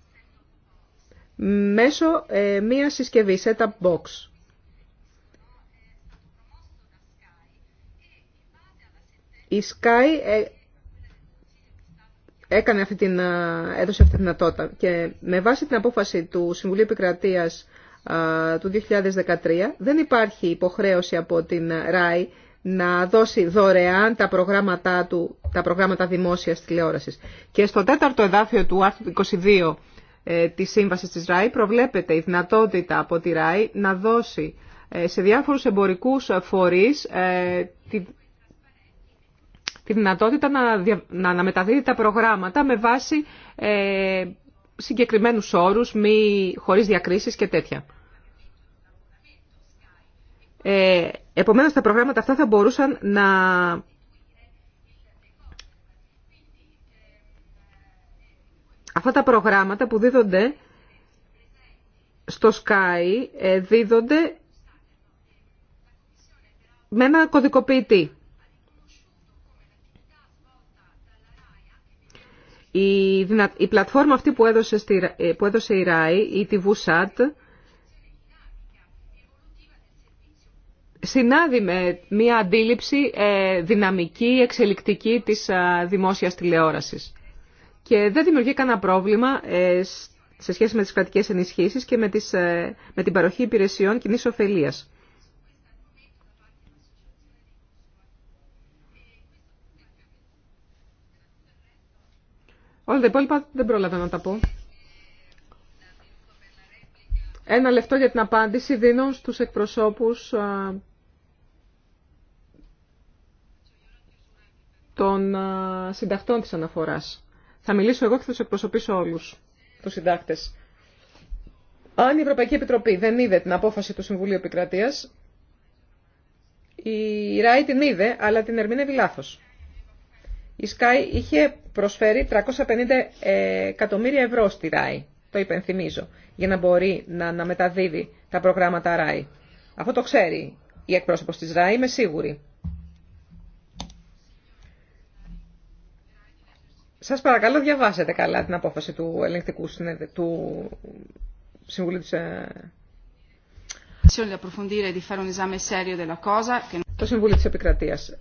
μέσω ε, μια συσκευή setup box. Η Sky ε, έκανε αυτή την, έδωσε αυτή τη δυνατότητα. Και με βάση την απόφαση του Συμβουλίου Επικρατείας του 2013 δεν υπάρχει υποχρέωση από την ΡΑΗ να δώσει δωρεάν τα προγράμματα, του, τα προγράμματα δημόσιας τηλεόρασης. Και στο τέταρτο εδάφιο του άρθρου 22 ε, της σύμβασης της ΡΑΗ προβλέπεται η δυνατότητα από τη ΡΑΗ να δώσει ε, σε διάφορους εμπορικούς φορείς ε, τη δυνατότητα να, να αναμεταδίδει τα προγράμματα με βάση ε, συγκεκριμένους όρους, μη, χωρίς διακρίσεις και τέτοια. Ε, επομένως τα προγράμματα αυτά θα μπορούσαν να Αυτά τα προγράμματα που δίδονται στο Sky ε, δίδονται με ένα κωδικοποιητή. Η, πλατφόρμα αυτή που έδωσε, στη, ε, που η ΡΑΗ, η TVSAT, συνάδει με μια αντίληψη ε, δυναμική, εξελικτική της δημόσιας τηλεόρασης. Και δεν δημιουργεί κανένα πρόβλημα ε, σε σχέση με τις κρατικές ενισχύσεις και με, τις, με την παροχή υπηρεσιών κοινή ωφελίας. Όλα τα υπόλοιπα δεν πρόλαβα να τα πω. Ένα λεπτό για την απάντηση δίνω στους εκπροσώπους των συνταχτών της αναφοράς. Θα μιλήσω εγώ και θα τους εκπροσωπήσω όλους τους συντάκτες. Αν η Ευρωπαϊκή Επιτροπή δεν είδε την απόφαση του Συμβουλίου Επικρατείας, η ΡΑΗ την είδε, αλλά την ερμηνεύει λάθος. Η Sky είχε προσφέρει 350 ε, εκατομμύρια ευρώ στη ΡΑΗ, το υπενθυμίζω, για να μπορεί να, να μεταδίδει τα προγράμματα ΡΑΗ. Αυτό το ξέρει η εκπρόσωπος της ΡΑΗ, είμαι σίγουρη. Σας παρακαλώ διαβάσετε καλά την απόφαση του ελεγκτικού του Συμβουλίου της... Ε, e το Συμβούλιο της Επικρατείας.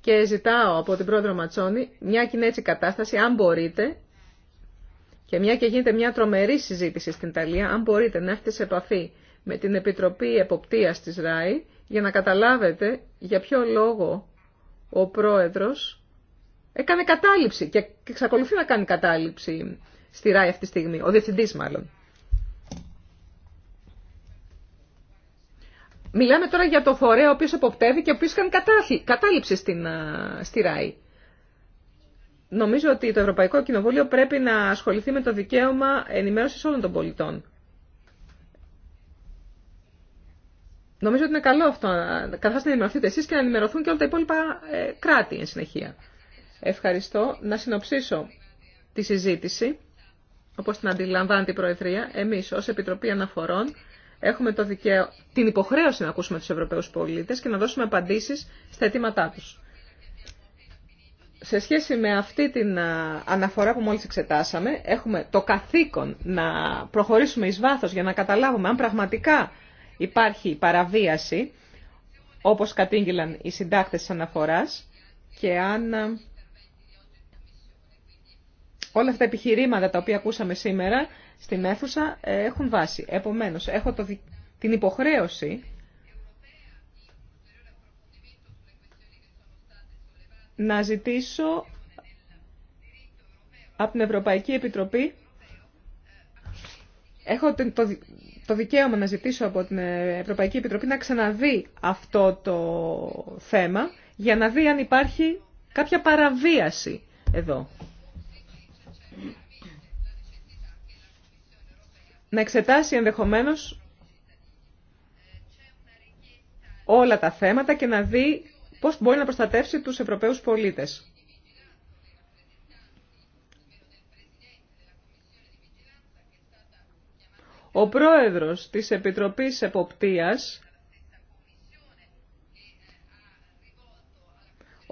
Και ζητάω από την πρόεδρο Ματσόνη, μια και είναι έτσι κατάσταση, αν μπορείτε, και μια και γίνεται μια τρομερή συζήτηση στην Ιταλία, αν μπορείτε να έχετε σε επαφή με την Επιτροπή Εποπτείας της ΡΑΗ, για να καταλάβετε για ποιο λόγο ο πρόεδρος έκανε κατάληψη και εξακολουθεί να κάνει κατάληψη στη ΡΑΗ αυτή τη στιγμή, ο διευθυντής μάλλον. Μιλάμε τώρα για το φορέα ο οποίος αποπτεύει και ο οποίος κάνει κατάληψη στην, στη ΡΑΗ. Νομίζω ότι το Ευρωπαϊκό Κοινοβούλιο πρέπει να ασχοληθεί με το δικαίωμα ενημέρωσης όλων των πολιτών. Νομίζω ότι είναι καλό αυτό, καθάστε να ενημερωθείτε εσείς και να ενημερωθούν και όλα τα υπόλοιπα ε, κράτη εν συνεχεία. Ευχαριστώ. Να συνοψίσω τη συζήτηση, όπως την αντιλαμβάνει η Προεδρία, εμείς ως Επιτροπή Αναφορών έχουμε το δικαίω... την υποχρέωση να ακούσουμε τους Ευρωπαίους πολίτες και να δώσουμε απαντήσεις στα αιτήματά τους. Σε σχέση με αυτή την αναφορά που μόλις εξετάσαμε, έχουμε το καθήκον να προχωρήσουμε εις βάθος για να καταλάβουμε αν πραγματικά υπάρχει παραβίαση, όπως κατήγγειλαν οι συντάκτες της αναφοράς, και αν όλα αυτά τα επιχειρήματα τα οποία ακούσαμε σήμερα στην αίθουσα ε, έχουν βάση. Επομένως, έχω το, την υποχρέωση να ζητήσω από την Ευρωπαϊκή Επιτροπή έχω το, το δικαίωμα να ζητήσω από την Ευρωπαϊκή Επιτροπή να ξαναδεί αυτό το θέμα για να δει αν υπάρχει κάποια παραβίαση εδώ. να εξετάσει ενδεχομένως όλα τα θέματα και να δει πώς μπορεί να προστατεύσει τους Ευρωπαίους πολίτες. Ο πρόεδρος της Επιτροπής Εποπτείας,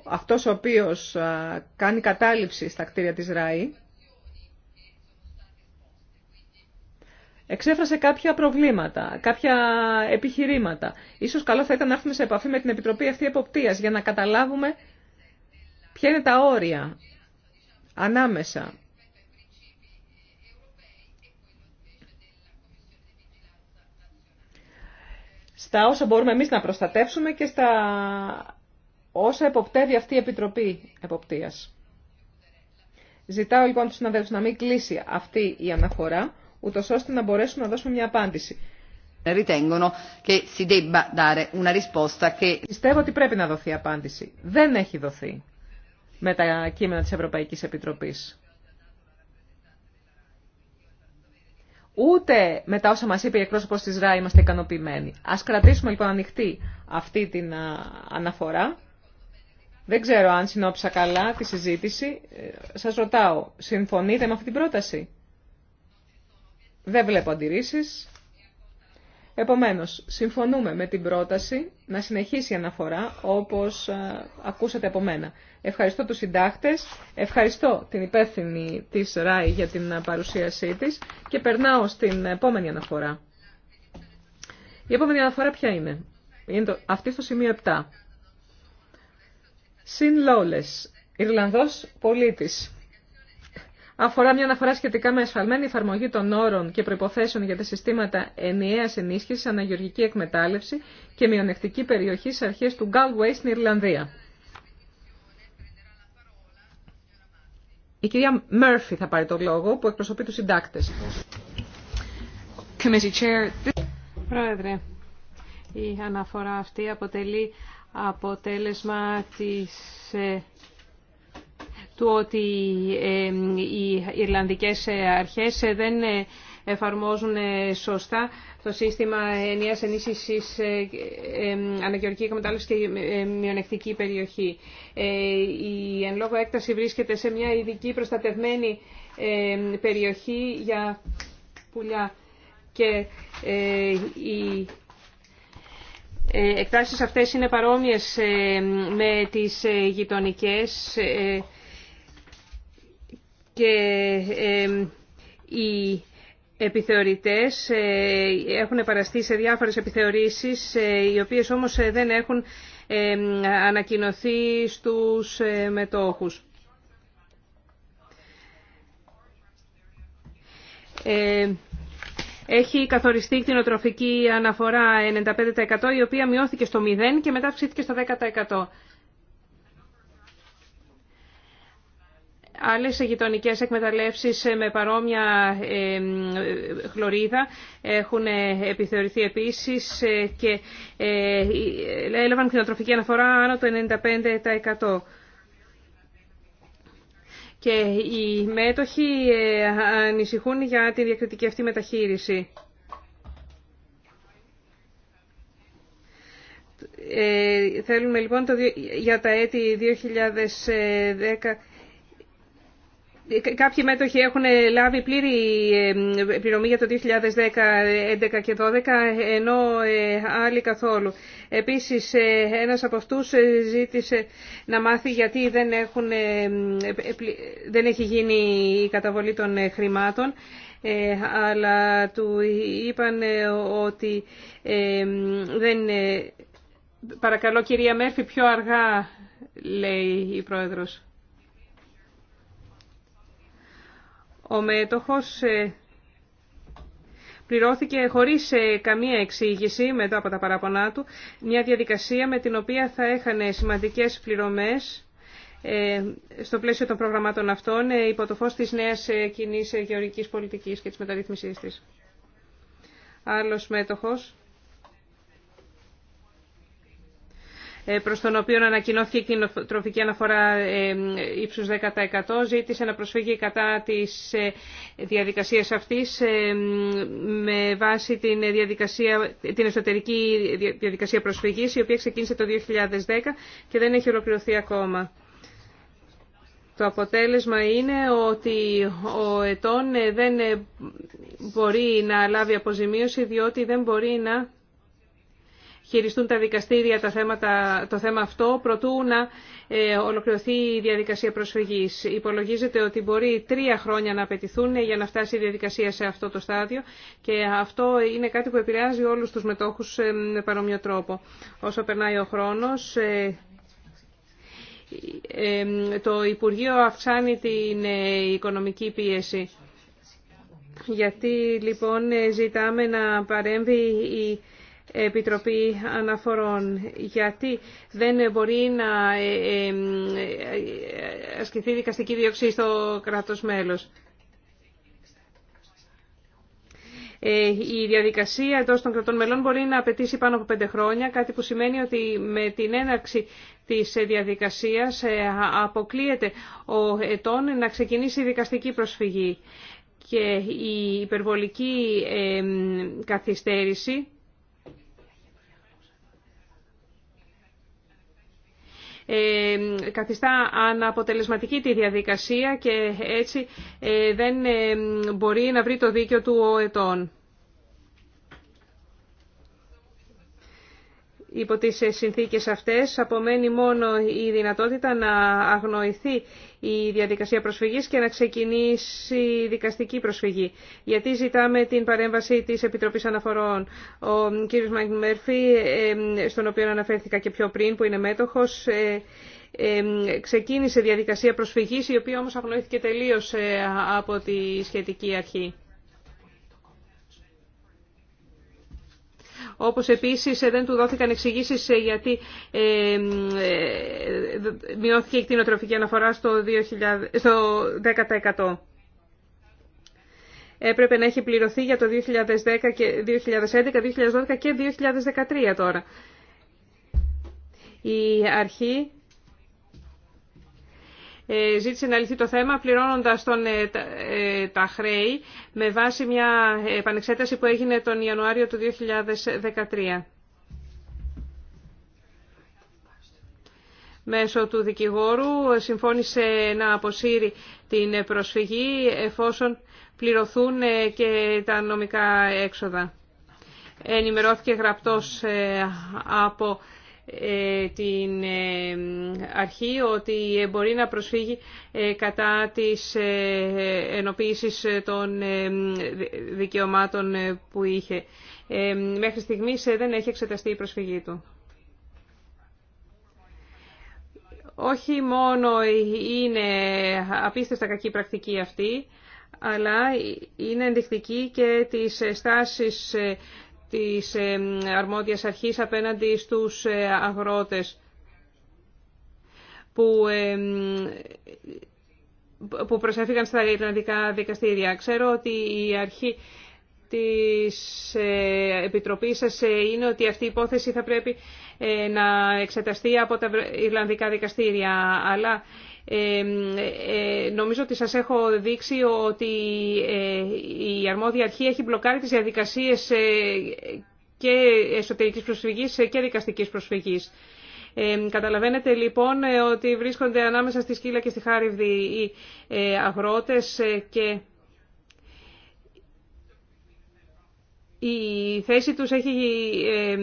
αυτός ο οποίος κάνει κατάληψη στα κτίρια της ΡΑΗ, εξέφρασε κάποια προβλήματα, κάποια επιχειρήματα. Ίσως καλό θα ήταν να έρθουμε σε επαφή με την Επιτροπή αυτή εποπτείας για να καταλάβουμε ποια είναι τα όρια ανάμεσα στα όσα μπορούμε εμείς να προστατεύσουμε και στα όσα εποπτεύει αυτή η Επιτροπή Εποπτείας. Ζητάω λοιπόν τους συναδέλφους να μην κλείσει αυτή η αναφορά, ούτω ώστε να μπορέσουν να δώσουν μια απάντηση. Πιστεύω ότι πρέπει να δοθεί απάντηση. Δεν έχει δοθεί με τα κείμενα της Ευρωπαϊκής Επιτροπής. Ούτε μετά όσα μας είπε η εκπρόσωπος της ΡΑΗ είμαστε ικανοποιημένοι. Ας κρατήσουμε λοιπόν ανοιχτή αυτή την αναφορά. Δεν ξέρω αν συνόψα καλά τη συζήτηση. Ε, σας ρωτάω, συμφωνείτε με αυτή την πρόταση. Δεν βλέπω αντιρρήσεις. Επομένως, συμφωνούμε με την πρόταση να συνεχίσει η αναφορά όπως ε, ακούσατε από μένα. Ευχαριστώ τους συντάχτες, ευχαριστώ την υπεύθυνη της ΡΑΗ για την παρουσίασή της και περνάω στην επόμενη αναφορά. Η επόμενη αναφορά ποια είναι. Είναι το, αυτή στο σημείο 7. Συν Λόλες, Ιρλανδός πολίτης, αφορά μια αναφορά σχετικά με ασφαλμένη εφαρμογή των όρων και προποθέσεων για τα συστήματα ενιαία ενίσχυσης, αναγεωργική εκμετάλλευση και μειονεκτική περιοχή στι αρχέ του Galway στην Ιρλανδία. Η κυρία Μέρφυ θα πάρει το λόγο που εκπροσωπεί του συντάκτες. Πρόεδρε, η αναφορά αυτή αποτελεί αποτέλεσμα της ε, του ότι ε, οι Ιρλανδικές ε, αρχές ε, δεν εφαρμόζουν σωστά το σύστημα ενιαίας ενίσχυσης αναγκαιορική εκμετάλλευση και μειονεκτική περιοχή. Η εν λόγω έκταση βρίσκεται σε μια ειδική προστατευμένη περιοχή για πουλιά και η οι εκτάσεις αυτές είναι παρόμοιες με τις γειτονικές και οι επιθεωρητές ε, έχουν παραστεί σε διάφορες επιθεωρήσεις ε, οι οποίες όμως ε, δεν έχουν ανακοινωθεί στους μετόχους. Έχει καθοριστεί η κτηνοτροφική αναφορά 95% η οποία μειώθηκε στο 0% και μετά αυξήθηκε στο 10%. Άλλες γειτονικέ εκμεταλλεύσεις με παρόμοια χλωρίδα έχουν επιθεωρηθεί επίσης και ε, έλαβαν κοινοτροφική αναφορά άνω το 95%. Και οι μέτοχοι ε, ανησυχούν για τη διακριτική αυτή μεταχείριση. Ε, θέλουμε λοιπόν το, για τα έτη 2010 Κάποιοι μέτοχοι έχουν λάβει πλήρη πληρωμή για το 2010, 2011 και 2012, ενώ ε, άλλοι καθόλου. Επίσης, ε, ένας από αυτούς ε, ζήτησε να μάθει γιατί δεν, δεν έχει γίνει η καταβολή των χρημάτων. αλλά του είπαν ότι δεν... Παρακαλώ κυρία Μέρφη, πιο αργά λέει η πρόεδρος. Ο μέτοχος ε, πληρώθηκε χωρίς ε, καμία εξήγηση μετά από τα παραπονά του, μια διαδικασία με την οποία θα έχανε σημαντικές πληρωμές ε, στο πλαίσιο των προγραμμάτων αυτών υπό το φως της νέας κοινής γεωργικής πολιτικής και της μεταρρύθμισής της. Άλλος μέτοχος Ε, προς τον οποίο ανακοινώθηκε η κοινοτροφική αναφορά ε, ύψους 10% ζήτησε να προσφύγει κατά της ε, διαδικασίας αυτής με βάση την, διαδικασία, την εσωτερική διαδικασία προσφυγής η οποία ξεκίνησε το 2010 και δεν έχει ολοκληρωθεί ακόμα. Το αποτέλεσμα είναι ότι ο ετών δεν μπορεί να λάβει αποζημίωση διότι δεν μπορεί να χειριστούν τα δικαστήρια τα θέματα, το θέμα αυτό προτού να ε, ολοκληρωθεί η διαδικασία προσφυγής. Υπολογίζεται ότι μπορεί τρία χρόνια να απαιτηθούν για να φτάσει η διαδικασία σε αυτό το στάδιο και αυτό είναι κάτι που επηρεάζει όλους τους μετόχους ε, με παρόμοιο τρόπο. Όσο περνάει ο χρόνος, ε, το Υπουργείο αυξάνει την οικονομική πίεση. Γιατί λοιπόν ζητάμε να παρέμβει η Επιτροπή Αναφορών. Γιατί δεν μπορεί να ε, ε, ε, ασκηθεί δικαστική δίωξη στο κράτος μέλος. Η διαδικασία εντό των κρατών μελών μπορεί να απαιτήσει πάνω από πέντε χρόνια, κάτι που σημαίνει ότι με την έναρξη της διαδικασίας αποκλείεται ο ετών να ξεκινήσει η δικαστική προσφυγή. Και η υπερβολική καθυστέρηση καθιστά αναποτελεσματική τη διαδικασία και έτσι ε, δεν μπορεί να βρει το δίκαιο του ο ετών. Υπό τις ε, συνθήκες αυτές απομένει μόνο η δυνατότητα να αγνοηθεί η διαδικασία προσφυγής και να ξεκινήσει η δικαστική προσφυγή. Γιατί ζητάμε την παρέμβαση της Επιτροπής Αναφορών. Ο κ. Μάικ Μέρφυ, στον οποίο αναφέρθηκα και πιο πριν, που είναι μέτοχος, ε, ξεκίνησε διαδικασία προσφυγής, η οποία όμως αγνοήθηκε τελείως ε, από τη σχετική αρχή. όπως επίσης ε, δεν του δόθηκαν εξηγήσεις ε, γιατί ε, μειώθηκε η κτηνοτροφική αναφορά στο 10%. Έπρεπε να έχει πληρωθεί για το 2010 και 2011, 2012 και 2013 τώρα. Η αρχή ε, ζήτησε να λυθεί το θέμα πληρώνοντας τον, ε, ε, τα χρέη με βάση μια επανεξέταση που έγινε τον Ιανουάριο του 2013. Μέσω του δικηγόρου συμφώνησε να αποσύρει την προσφυγή εφόσον πληρωθούν και τα νομικά έξοδα. Ενημερώθηκε γραπτός από ε, την ε, αρχή ότι μπορεί να προσφύγει ε, κατά της ενοποίησης των δικαιωμάτων που είχε. Μέχρι στιγμής δεν έχει εξεταστεί η προσφυγή του. Όχι μόνο είναι απίστευτα κακή πρακτική αυτή, αλλά είναι ενδεικτική και της στάσης της ε, αρμόδιας αρχής απέναντι στους ε, αγρότες που ε, που προσέφηκαν στα Ιρλανδικά δικαστήρια. Ξέρω ότι η αρχή της Επιτροπής σας είναι ότι αυτή η υπόθεση θα πρέπει να εξεταστεί από τα Ιρλανδικά δικαστήρια. Αλλά ε, νομίζω ότι σας έχω δείξει ότι ε, η αρμόδια αρχή έχει μπλοκάρει τις διαδικασίες ε, και εσωτερικής προσφυγής και δικαστικής προσφυγής. Ε, καταλαβαίνετε λοιπόν ότι βρίσκονται ανάμεσα στη σκύλα και στη χάριβδη οι αγρότες και Η θέση τους έχει ε,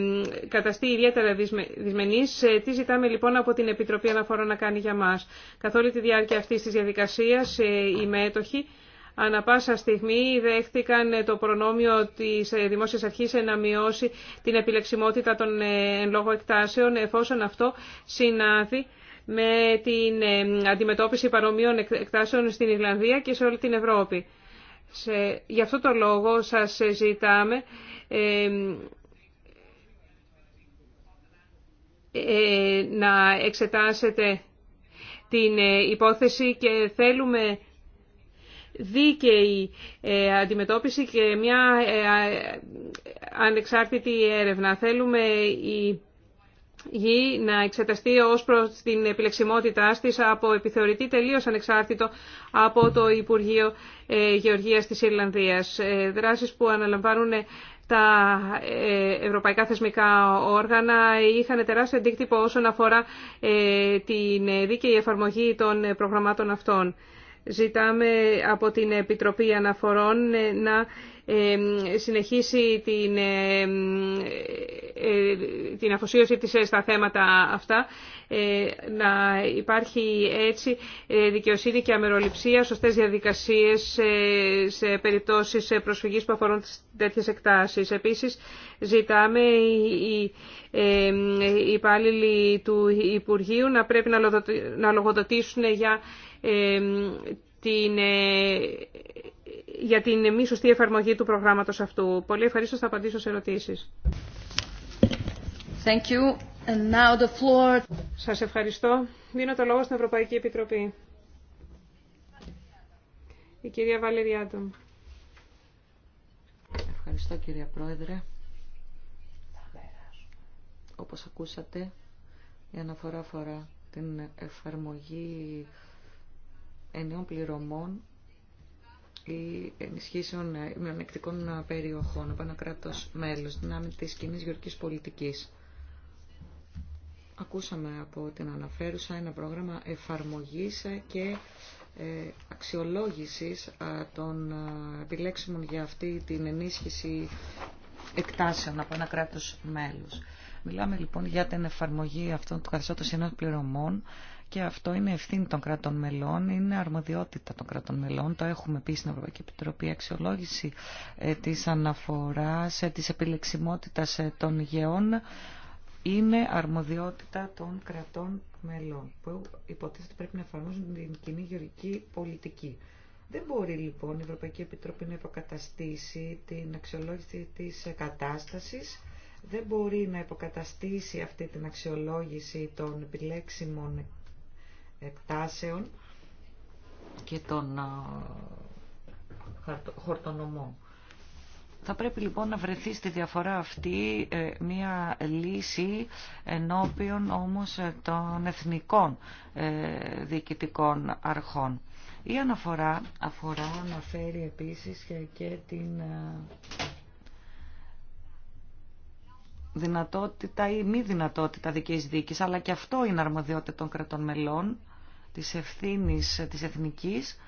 καταστεί ιδιαίτερα δυσμενής. Ε, τι ζητάμε λοιπόν από την Επιτροπή Αναφορών να κάνει για μας. Καθ' όλη τη διάρκεια αυτής της διαδικασίας ε, οι μέτοχοι ανα πάσα στιγμή δέχτηκαν το προνόμιο της Δημόσιας Αρχής να μειώσει την επιλεξιμότητα των εν λόγω εκτάσεων εφόσον αυτό συνάδει με την αντιμετώπιση παρομοίων εκτάσεων στην Ιρλανδία και σε όλη την Ευρώπη. Σε, γι' αυτό το λόγο σας ζητάμε ε, να εξετάσετε την ε, υπόθεση και θέλουμε δίκαιη ε, αντιμετώπιση και μια ανεξάρτητη έρευνα. Θέλουμε η γη να εξεταστεί ως προς την επιλεξιμότητά της από επιθεωρητή τελείως ανεξάρτητο από το Υπουργείο ε, Γεωργίας της Ιρλανδίας. Ε, δράσεις που αναλαμβάνουν τα ε, ευρωπαϊκά θεσμικά όργανα είχαν τεράστιο αντίκτυπο όσον αφορά την δίκαιη εφαρμογή των προγραμμάτων αυτών. Ζητάμε από την Επιτροπή Αναφορών ε, να ε, συνεχίσει την, ε, την αφοσίωση της στα θέματα αυτά, να υπάρχει έτσι δικαιοσύνη και αμεροληψία, σωστές διαδικασίες σε περιπτώσεις προσφυγής που αφορούν τέτοιες εκτάσεις. Επίσης, ζητάμε οι υπάλληλοι του Υπουργείου να πρέπει να λογοδοτήσουν για την, ε, για την μη σωστή εφαρμογή του προγράμματος αυτού. Πολύ ευχαρίστω θα απαντήσω σε ερωτήσεις. Thank you. now the floor... Σας ευχαριστώ. Δίνω το λόγο στην Ευρωπαϊκή Επιτροπή. Η κυρία Βαλεριάτου. Ευχαριστώ κυρία Πρόεδρε. Όπως ακούσατε, η αναφορά αφορά την εφαρμογή ενιών πληρωμών ή ενισχύσεων ε, μειονεκτικών ε, περιοχών από ένα κράτο μέλο δυνάμει τη κοινή γεωργική πολιτική. Ακούσαμε από την αναφέρουσα ένα πρόγραμμα εφαρμογής ε, και αξιολόγησης των επιλέξιμων για αυτή την ενίσχυση εκτάσεων από ένα κράτος μέλος. Μιλάμε λοιπόν για την εφαρμογή αυτών του καθεστώτος ενός πληρωμών και αυτό είναι ευθύνη των κρατών μελών, είναι αρμοδιότητα των κρατών μελών. Το έχουμε πει στην Ευρωπαϊκή Επιτροπή. Αξιολόγηση ε, της αναφοράς, ε, της επιλεξιμότητας ε, των γεών είναι αρμοδιότητα των κρατών μελών που υποτίθεται πρέπει να εφαρμόζουν την κοινή γεωργική πολιτική. Δεν μπορεί λοιπόν η Ευρωπαϊκή Επιτροπή να υποκαταστήσει την αξιολόγηση της κατάστασης δεν μπορεί να υποκαταστήσει αυτή την αξιολόγηση των επιλέξιμων εκτάσεων και των χορτονομών. Θα πρέπει λοιπόν να βρεθεί στη διαφορά αυτή ε, μία λύση ενώπιον όμως ε, των εθνικών ε, διοικητικών αρχών. Η αναφορά αφορά, να αναφέρει επίσης και την δυνατότητα ή μη δυνατότητα δικής δίκης, αλλά και αυτό είναι αρμοδιότητα των κρατών μελών της ευθύνης της εθνικής,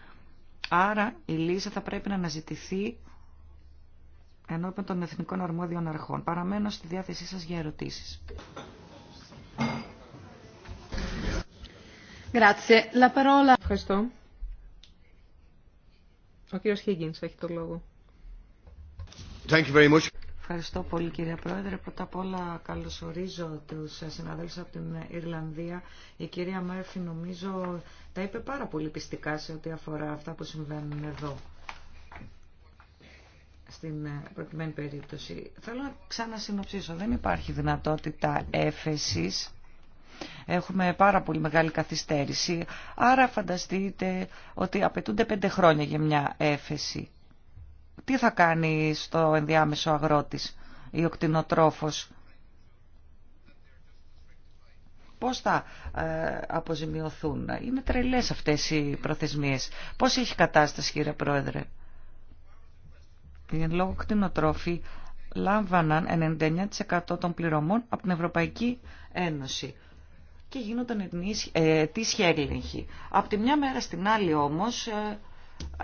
άρα η λύση θα πρέπει να αναζητηθεί ενώπιον των εθνικών αρμόδιων αρχών. Παραμένω στη διάθεσή σας για ερωτήσεις. Ευχαριστώ. Ο κύριος Χίγγινς έχει το λόγο. Thank you very much. Ευχαριστώ πολύ κυρία Πρόεδρε. Πρώτα απ' όλα καλωσορίζω τους συναδέλφους από την Ιρλανδία. Η κυρία Μέρφη νομίζω τα είπε πάρα πολύ πιστικά σε ό,τι αφορά αυτά που συμβαίνουν εδώ στην προκειμένη περίπτωση. Θέλω να ξανασυνοψίσω. Δεν υπάρχει δυνατότητα έφεσης. Έχουμε πάρα πολύ μεγάλη καθυστέρηση. Άρα φανταστείτε ότι απαιτούνται πέντε χρόνια για μια έφεση τι θα κάνει στο ενδιάμεσο αγρότης ή ο κτηνοτρόφος. Πώς θα ε, αποζημιωθούν. Είναι τρελές αυτές οι προθεσμίες. Πώς έχει κατάσταση κύριε Πρόεδρε. Εν λόγω κτηνοτρόφοι λάμβαναν 99% των πληρωμών από την Ευρωπαϊκή Ένωση και γίνονταν ετήσια ε, έλεγχοι. Από τη μια μέρα στην άλλη όμως ε,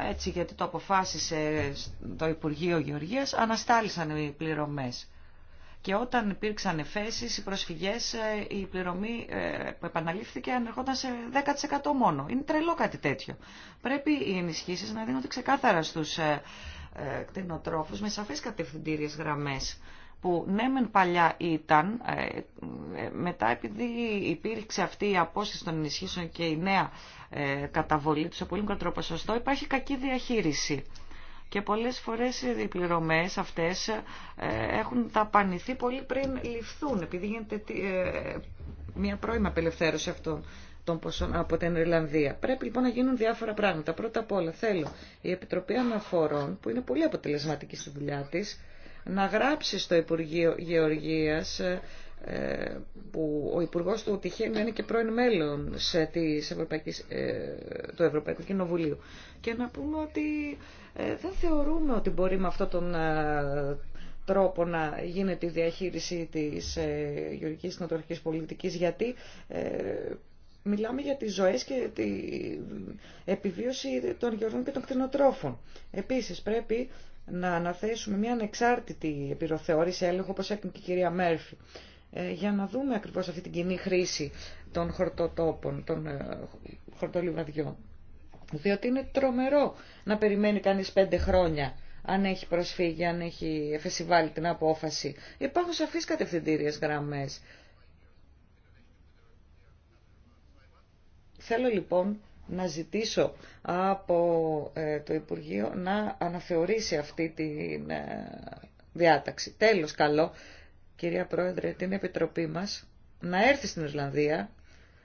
έτσι γιατί το αποφάσισε το Υπουργείο Γεωργίας, αναστάλησαν οι πληρωμές. Και όταν υπήρξαν εφέσεις, οι προσφυγές, ε, η πληρωμή ε, που επαναλήφθηκε ανερχόταν σε 10% μόνο. Είναι τρελό κάτι τέτοιο. Πρέπει οι ενισχύσεις να δίνονται ξεκάθαρα στους ε, κτηνοτρόφους με σαφές κατευθυντήριες γραμμές που ναι μεν παλιά ήταν, ε, ε, μετά επειδή υπήρξε αυτή η απόσταση των ενισχύσεων και η νέα ε, καταβολή του σε πολύ μικρό τρόπο σωστό υπάρχει κακή διαχείριση. Και πολλές φορές οι πληρωμές αυτές έχουν ταπανηθεί πολύ πριν ληφθούν, επειδή γίνεται μια πρώιμη απελευθέρωση αυτών των ποσών από την Ιρλανδία. Πρέπει λοιπόν να γίνουν διάφορα πράγματα. Πρώτα απ' όλα θέλω η Επιτροπή Αναφορών, που είναι πολύ αποτελεσματική στη δουλειά της, να γράψει στο Υπουργείο Γεωργίας ε, που ο Υπουργός του τυχαίνει να είναι και πρώην μέλλον σε της ε, του Ευρωπαϊκού Κοινοβουλίου και να πούμε ότι ε, δεν θεωρούμε ότι μπορεί με αυτόν τον τρόπο να γίνεται η διαχείριση της γεωργικής πολιτικής γιατί μιλάμε για τις ζωές και την επιβίωση των γεωργών και των κτηνοτρόφων. Επίσης πρέπει να αναθέσουμε μια ανεξάρτητη επιροθεώρηση έλεγχο, όπως έκανε και η κυρία Μέρφη, ε, για να δούμε ακριβώς αυτή την κοινή χρήση των χορτοτόπων, των ε, χορτολιβαδιών. Διότι είναι τρομερό να περιμένει κανείς πέντε χρόνια αν έχει προσφύγει, αν έχει εφεσιβάλει την απόφαση. Υπάρχουν σαφείς κατευθυντήριες γραμμές. Θέλω λοιπόν να ζητήσω από ε, το Υπουργείο να αναθεωρήσει αυτή τη ε, διάταξη. Τέλος, καλό, κυρία Πρόεδρε, την Επιτροπή μας να έρθει στην οπότε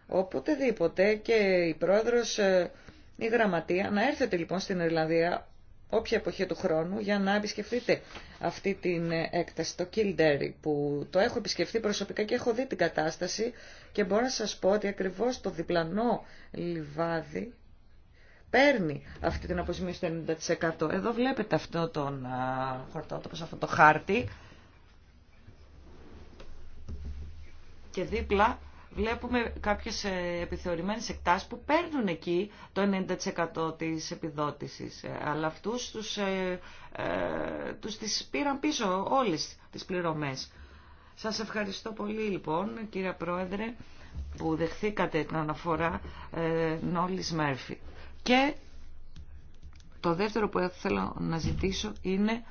οποτεδήποτε και η Πρόεδρος ε, η Γραμματεία, να έρθετε λοιπόν στην Ιρλανδία όποια εποχή του χρόνου για να επισκεφτείτε αυτή την ε, έκταση, το Kildare, που το έχω επισκεφτεί προσωπικά και έχω δει την κατάσταση και μπορώ να σας πω ότι ακριβώς το διπλανό λιβάδι παίρνει αυτή την αποζημίωση του 90%. Εδώ βλέπετε αυτό τον χορτότοπο, αυτό το χάρτη. Και δίπλα βλέπουμε κάποιες ε, επιθεωρημένες εκτάσεις που παίρνουν εκεί το 90% της επιδότησης. Ε, αλλά αυτούς τους, ε, ε, τους τις πήραν πίσω όλες τις πληρωμές. Σας ευχαριστώ πολύ λοιπόν κύριε Πρόεδρε που δεχθήκατε την αναφορά ε, Νόλης Μέρφη. Και το δεύτερο που θέλω να ζητήσω είναι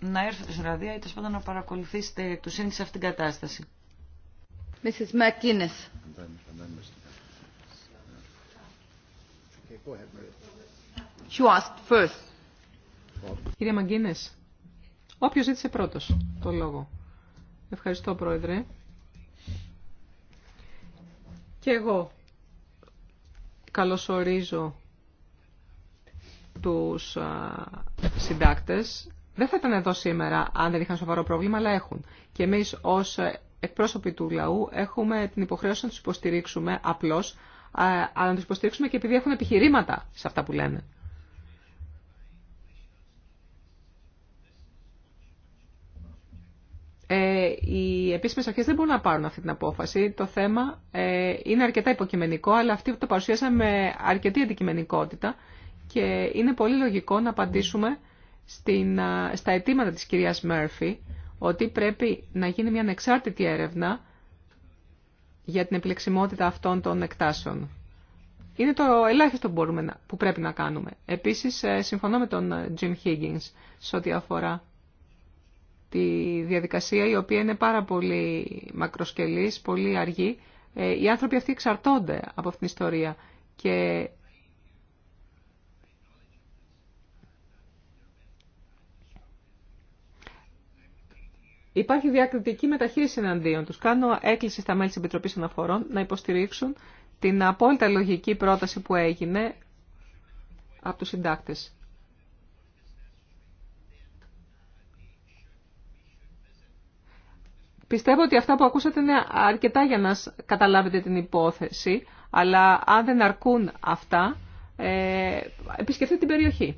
να έρθετε στην Ραδία ή τέλο πάντων να παρακολουθήσετε εκ του σε αυτήν την κατάσταση. Mrs. McInnes. You asked first. Κύριε Μαγκίνε, όποιος ζήτησε πρώτος το λόγο. Ευχαριστώ, Πρόεδρε. Και εγώ καλωσορίζω τους συντάκτες δεν θα ήταν εδώ σήμερα αν δεν είχαν σοβαρό πρόβλημα, αλλά έχουν. Και εμείς ως εκπρόσωποι του λαού έχουμε την υποχρέωση να τους υποστηρίξουμε απλώς, αλλά να τους υποστηρίξουμε και επειδή έχουν επιχειρήματα σε αυτά που λένε. Ε, οι επίσημες αρχές δεν μπορούν να πάρουν αυτή την απόφαση. Το θέμα ε, είναι αρκετά υποκειμενικό, αλλά αυτή το παρουσίασαμε με αρκετή αντικειμενικότητα και είναι πολύ λογικό να απαντήσουμε στην, στα αιτήματα της κυρίας Μέρφυ ότι πρέπει να γίνει μια ανεξάρτητη έρευνα για την επιλεξιμότητα αυτών των εκτάσεων. Είναι το ελάχιστο που, μπορούμε που πρέπει να κάνουμε. Επίσης, ε, συμφωνώ με τον ε, Jim Higgins σε ό,τι αφορά τη διαδικασία η οποία είναι πάρα πολύ μακροσκελής, πολύ αργή. Ε, οι άνθρωποι αυτοί εξαρτώνται από αυτήν την ιστορία και Υπάρχει διακριτική μεταχείριση εναντίον τους. Κάνω έκκληση στα μέλη της Επιτροπής Αναφορών να υποστηρίξουν την απόλυτα λογική πρόταση που έγινε από τους συντάκτες. Πιστεύω ότι αυτά που ακούσατε είναι αρκετά για να καταλάβετε την υπόθεση, αλλά αν δεν αρκούν αυτά, ε, επισκεφτείτε την περιοχή.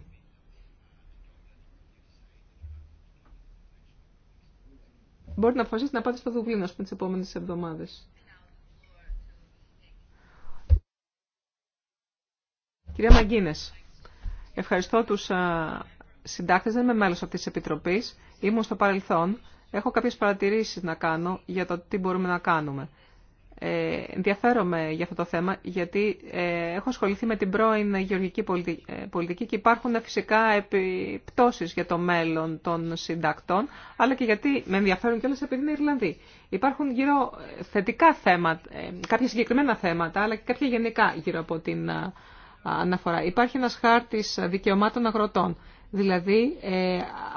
μπορείτε να αποφασίσετε να πάτε στο Δουβλίνο, ας πούμε, τις επόμενες εβδομάδες. Κυρία Μαγκίνες, ευχαριστώ τους συντάκτες, δεν είμαι μέλος αυτής της Επιτροπής, ήμουν στο παρελθόν. Έχω κάποιες παρατηρήσεις να κάνω για το τι μπορούμε να κάνουμε. Ε, ενδιαφέρομαι για αυτό το θέμα, γιατί ε, έχω ασχοληθεί με την πρώην γεωργική ε, πολιτική και υπάρχουν φυσικά επιπτώσεις για το μέλλον των συντακτών, αλλά και γιατί με ενδιαφέρουν κιόλας επειδή είναι Ιρλανδοί. Υπάρχουν γύρω ε, θετικά θέματα, ε, κάποια συγκεκριμένα θέματα, αλλά και κάποια γενικά γύρω από την αναφορά. Υπάρχει ένας χάρτης δικαιωμάτων αγροτών. Δηλαδή,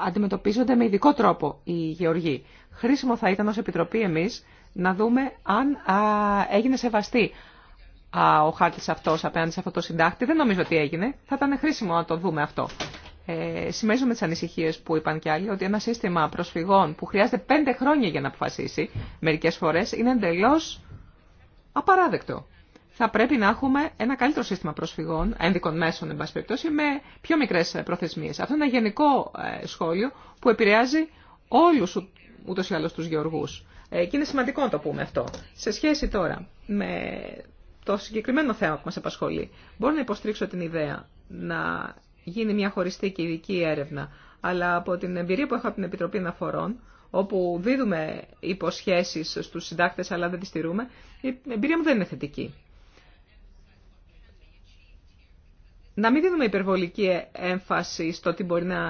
αντιμετωπίζονται με ειδικό τρόπο οι γεωργοί. Χρήσιμο θα ήταν ως Επιτροπή εμείς να δούμε αν έγινε σεβαστή ο χάρτη αυτό απέναντι σε αυτό το συντάκτη. Δεν νομίζω ότι έγινε. Θα ήταν χρήσιμο να το δούμε αυτό. Ε, με τι ανησυχίε που είπαν κι άλλοι ότι ένα σύστημα προσφυγών που χρειάζεται πέντε χρόνια για να αποφασίσει μερικέ φορέ είναι εντελώ απαράδεκτο. Θα πρέπει να έχουμε ένα καλύτερο σύστημα προσφυγών, ένδικων μέσων, εν πάση με πιο μικρέ προθεσμίε. Αυτό είναι ένα γενικό ε, σχόλιο που επηρεάζει όλου ούτω ή άλλω του γεωργού. Ε, και είναι σημαντικό να το πούμε αυτό. Σε σχέση τώρα με το συγκεκριμένο θέμα που μας απασχολεί, μπορώ να υποστρίξω την ιδέα να γίνει μια χωριστή και ειδική έρευνα, αλλά από την εμπειρία που έχω από την Επιτροπή Αναφορών, όπου δίδουμε υποσχέσεις στους συντάκτες αλλά δεν τις στηρούμε, η εμπειρία μου δεν είναι θετική. Να μην δίνουμε υπερβολική έμφαση στο τι μπορεί να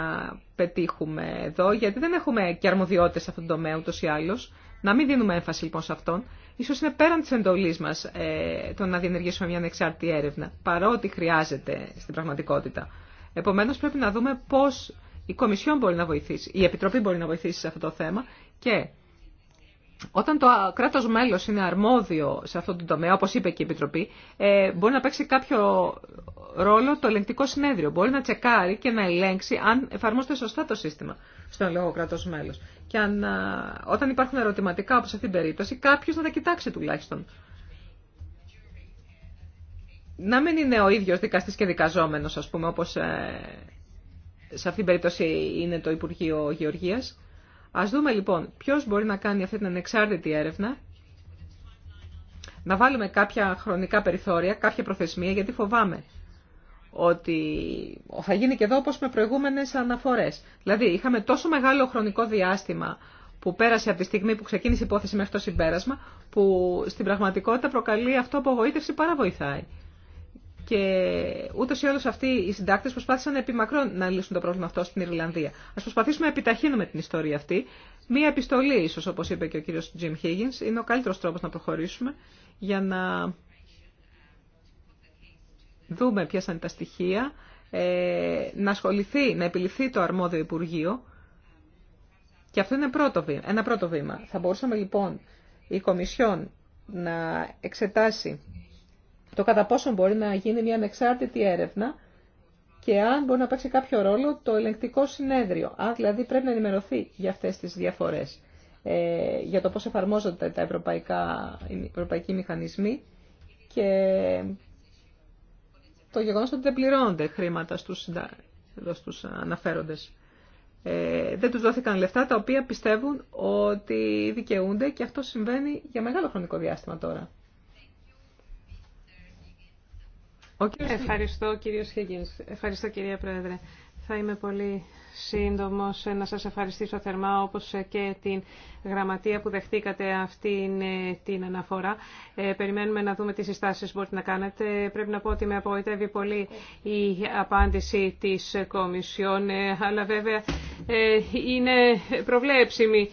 πετύχουμε εδώ, γιατί δεν έχουμε και αρμοδιότητες σε αυτόν τον τομέα ούτως ή άλλως. Να μην δίνουμε έμφαση λοιπόν σε αυτόν. Ίσως είναι πέραν της εντολής μας ε, το να διενεργήσουμε μια ανεξάρτητη έρευνα, παρότι χρειάζεται στην πραγματικότητα. Επομένως πρέπει να δούμε πώς η Κομισιόν μπορεί να βοηθήσει, η Επιτροπή μπορεί να βοηθήσει σε αυτό το θέμα και όταν το κράτο μέλο είναι αρμόδιο σε αυτό το τομέα, όπως είπε και η Επιτροπή, ε, μπορεί να παίξει κάποιο ρόλο το ελεγκτικό συνέδριο. Μπορεί να τσεκάρει και να ελέγξει αν εφαρμόζεται σωστά το σύστημα στον λόγο κράτο μέλο. Και αν, όταν υπάρχουν ερωτηματικά, όπως σε αυτήν την περίπτωση, κάποιο να τα κοιτάξει τουλάχιστον. Να μην είναι ο ίδιο δικαστή και δικαζόμενο, α πούμε, όπως ε, σε αυτήν την περίπτωση είναι το Υπουργείο Γεωργίας. Ας δούμε λοιπόν ποιος μπορεί να κάνει αυτή την ανεξάρτητη έρευνα, να βάλουμε κάποια χρονικά περιθώρια, κάποια προθεσμία, γιατί φοβάμαι ότι θα γίνει και εδώ όπως με προηγούμενες αναφορές. Δηλαδή είχαμε τόσο μεγάλο χρονικό διάστημα που πέρασε από τη στιγμή που ξεκίνησε η υπόθεση μέχρι το συμπέρασμα, που στην πραγματικότητα προκαλεί αυτό απογοήτευση παρά βοηθάει. Και ούτω ή άλλω αυτοί οι συντάκτε προσπάθησαν επιμακρών να λύσουν το πρόβλημα αυτό στην Ιρλανδία. Α προσπαθήσουμε να επιταχύνουμε την ιστορία αυτή. Μία επιστολή, ίσω, όπω είπε και ο κύριο Τζιμ Higgins, είναι ο καλύτερο τρόπο να προχωρήσουμε για να δούμε ποια είναι τα στοιχεία, ε, να ασχοληθεί, να επιληθεί το αρμόδιο Υπουργείο. Και αυτό είναι πρώτο βήμα, ένα πρώτο βήμα. Θα μπορούσαμε λοιπόν η Κομισιόν να εξετάσει το κατά πόσο μπορεί να γίνει μια ανεξάρτητη έρευνα και αν μπορεί να παίξει κάποιο ρόλο το ελεγκτικό συνέδριο. Αν δηλαδή πρέπει να ενημερωθεί για αυτές τις διαφορές, ε, για το πώς εφαρμόζονται τα ευρωπαϊκά, ευρωπαϊκοί μηχανισμοί και το γεγονός ότι δεν πληρώνονται χρήματα στους, στους αναφέροντες. Ε, δεν τους δόθηκαν λεφτά τα οποία πιστεύουν ότι δικαιούνται και αυτό συμβαίνει για μεγάλο χρονικό διάστημα τώρα. Ευχαριστώ κύριε Σχεγγίνς. Ευχαριστώ κυρία Πρόεδρε. Θα είμαι πολύ σύντομος να σας ευχαριστήσω θερμά όπως και την γραμματεία που δεχτήκατε αυτή ε, την αναφορά. Ε, περιμένουμε να δούμε τι συστάσεις που μπορείτε να κάνετε. Πρέπει να πω ότι με απογοητεύει πολύ η απάντηση της Κομισιόν, ε, αλλά βέβαια είναι προβλέψιμη.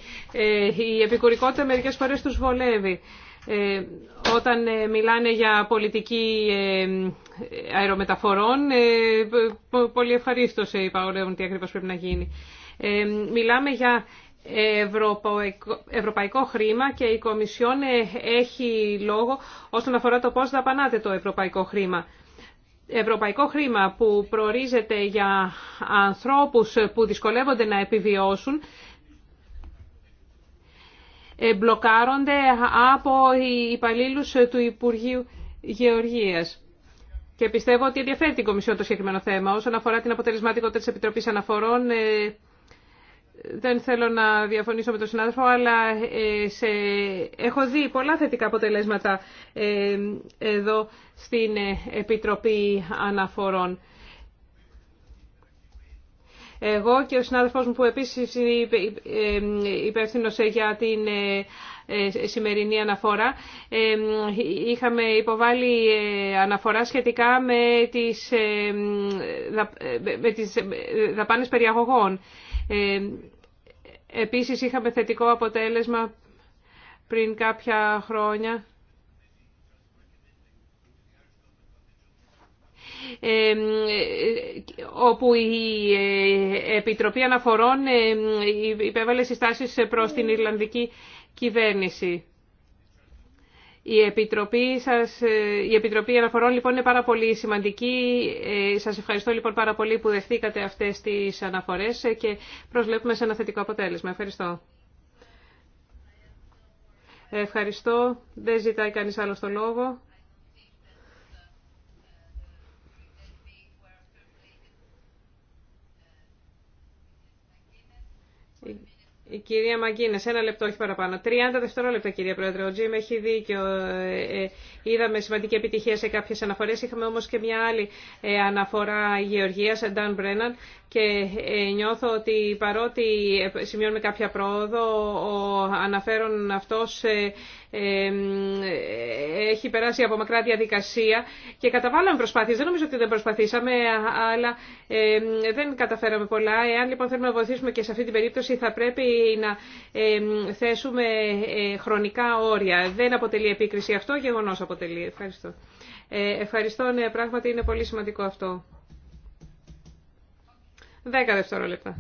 η επικουρικότητα μερικές φορές τους βολεύει. όταν μιλάνε για πολιτική αερομεταφορών, ε, πολύ σε είπα τι ακριβώς πρέπει να γίνει. Ε, μιλάμε για Ευρωπαϊκό, ευρωπαϊκό χρήμα και η Κομισιόν ε, έχει λόγο όσον αφορά το πώς δαπανάτε το ευρωπαϊκό χρήμα. Ευρωπαϊκό χρήμα που προορίζεται για ανθρώπους που δυσκολεύονται να επιβιώσουν μπλοκάρονται από υπαλλήλους του Υπουργείου Γεωργίας και πιστεύω ότι ενδιαφέρει την Κομισιόν το συγκεκριμένο θέμα. Όσον αφορά την αποτελεσματικότητα τη Επιτροπής Αναφορών, ε, δεν θέλω να διαφωνήσω με τον συνάδελφο, αλλά ε, σε... έχω δει πολλά θετικά αποτελέσματα ε, εδώ στην Επιτροπή Αναφορών. Εγώ και ο συνάδελφός μου που επίσης είναι υπεύθυνο για την ε, σημερινή αναφορά. Ε, είχαμε υποβάλει ε, αναφορά σχετικά με τις, με τις δαπάνες περιαγωγών. Επίσης είχαμε θετικό αποτέλεσμα πριν κάποια χρόνια. όπου η Επιτροπή Αναφορών υπέβαλε συστάσεις προς την Ιρλανδική κυβέρνηση. Η Επιτροπή, σας, ε, η Επιτροπή Αναφορών λοιπόν είναι πάρα πολύ σημαντική. Ε, σας ευχαριστώ λοιπόν πάρα πολύ που δεχτήκατε αυτές τις αναφορές ε, και προσλέπουμε σε ένα θετικό αποτέλεσμα. Ευχαριστώ. Ευχαριστώ. Δεν ζητάει κανείς άλλο το λόγο. Η κυρία Μαγκίνε, ένα λεπτό, όχι παραπάνω. 30 δευτερόλεπτα, κυρία Πρόεδρε. Ο Τζιμ έχει δίκιο. Ε, ε, είδαμε σημαντική επιτυχία σε κάποιε αναφορέ. Είχαμε όμω και μια άλλη ε, αναφορά γεωργία, Νταν Μπρέναν, και νιώθω ότι παρότι σημειώνουμε κάποια πρόοδο, ο αναφέρον σε έχει περάσει από μακρά διαδικασία και καταβάλαμε προσπάθειες. Δεν νομίζω ότι δεν προσπαθήσαμε, αλλά δεν καταφέραμε πολλά. Εάν λοιπόν θέλουμε να βοηθήσουμε και σε αυτή την περίπτωση θα πρέπει να θέσουμε ε, χρονικά όρια. Δεν αποτελεί επίκριση αυτό, γεγονός αποτελεί. Ευχαριστώ. Ε, ευχαριστώ, ναι, πράγματι είναι πολύ σημαντικό αυτό. Δέκα δευτερόλεπτα.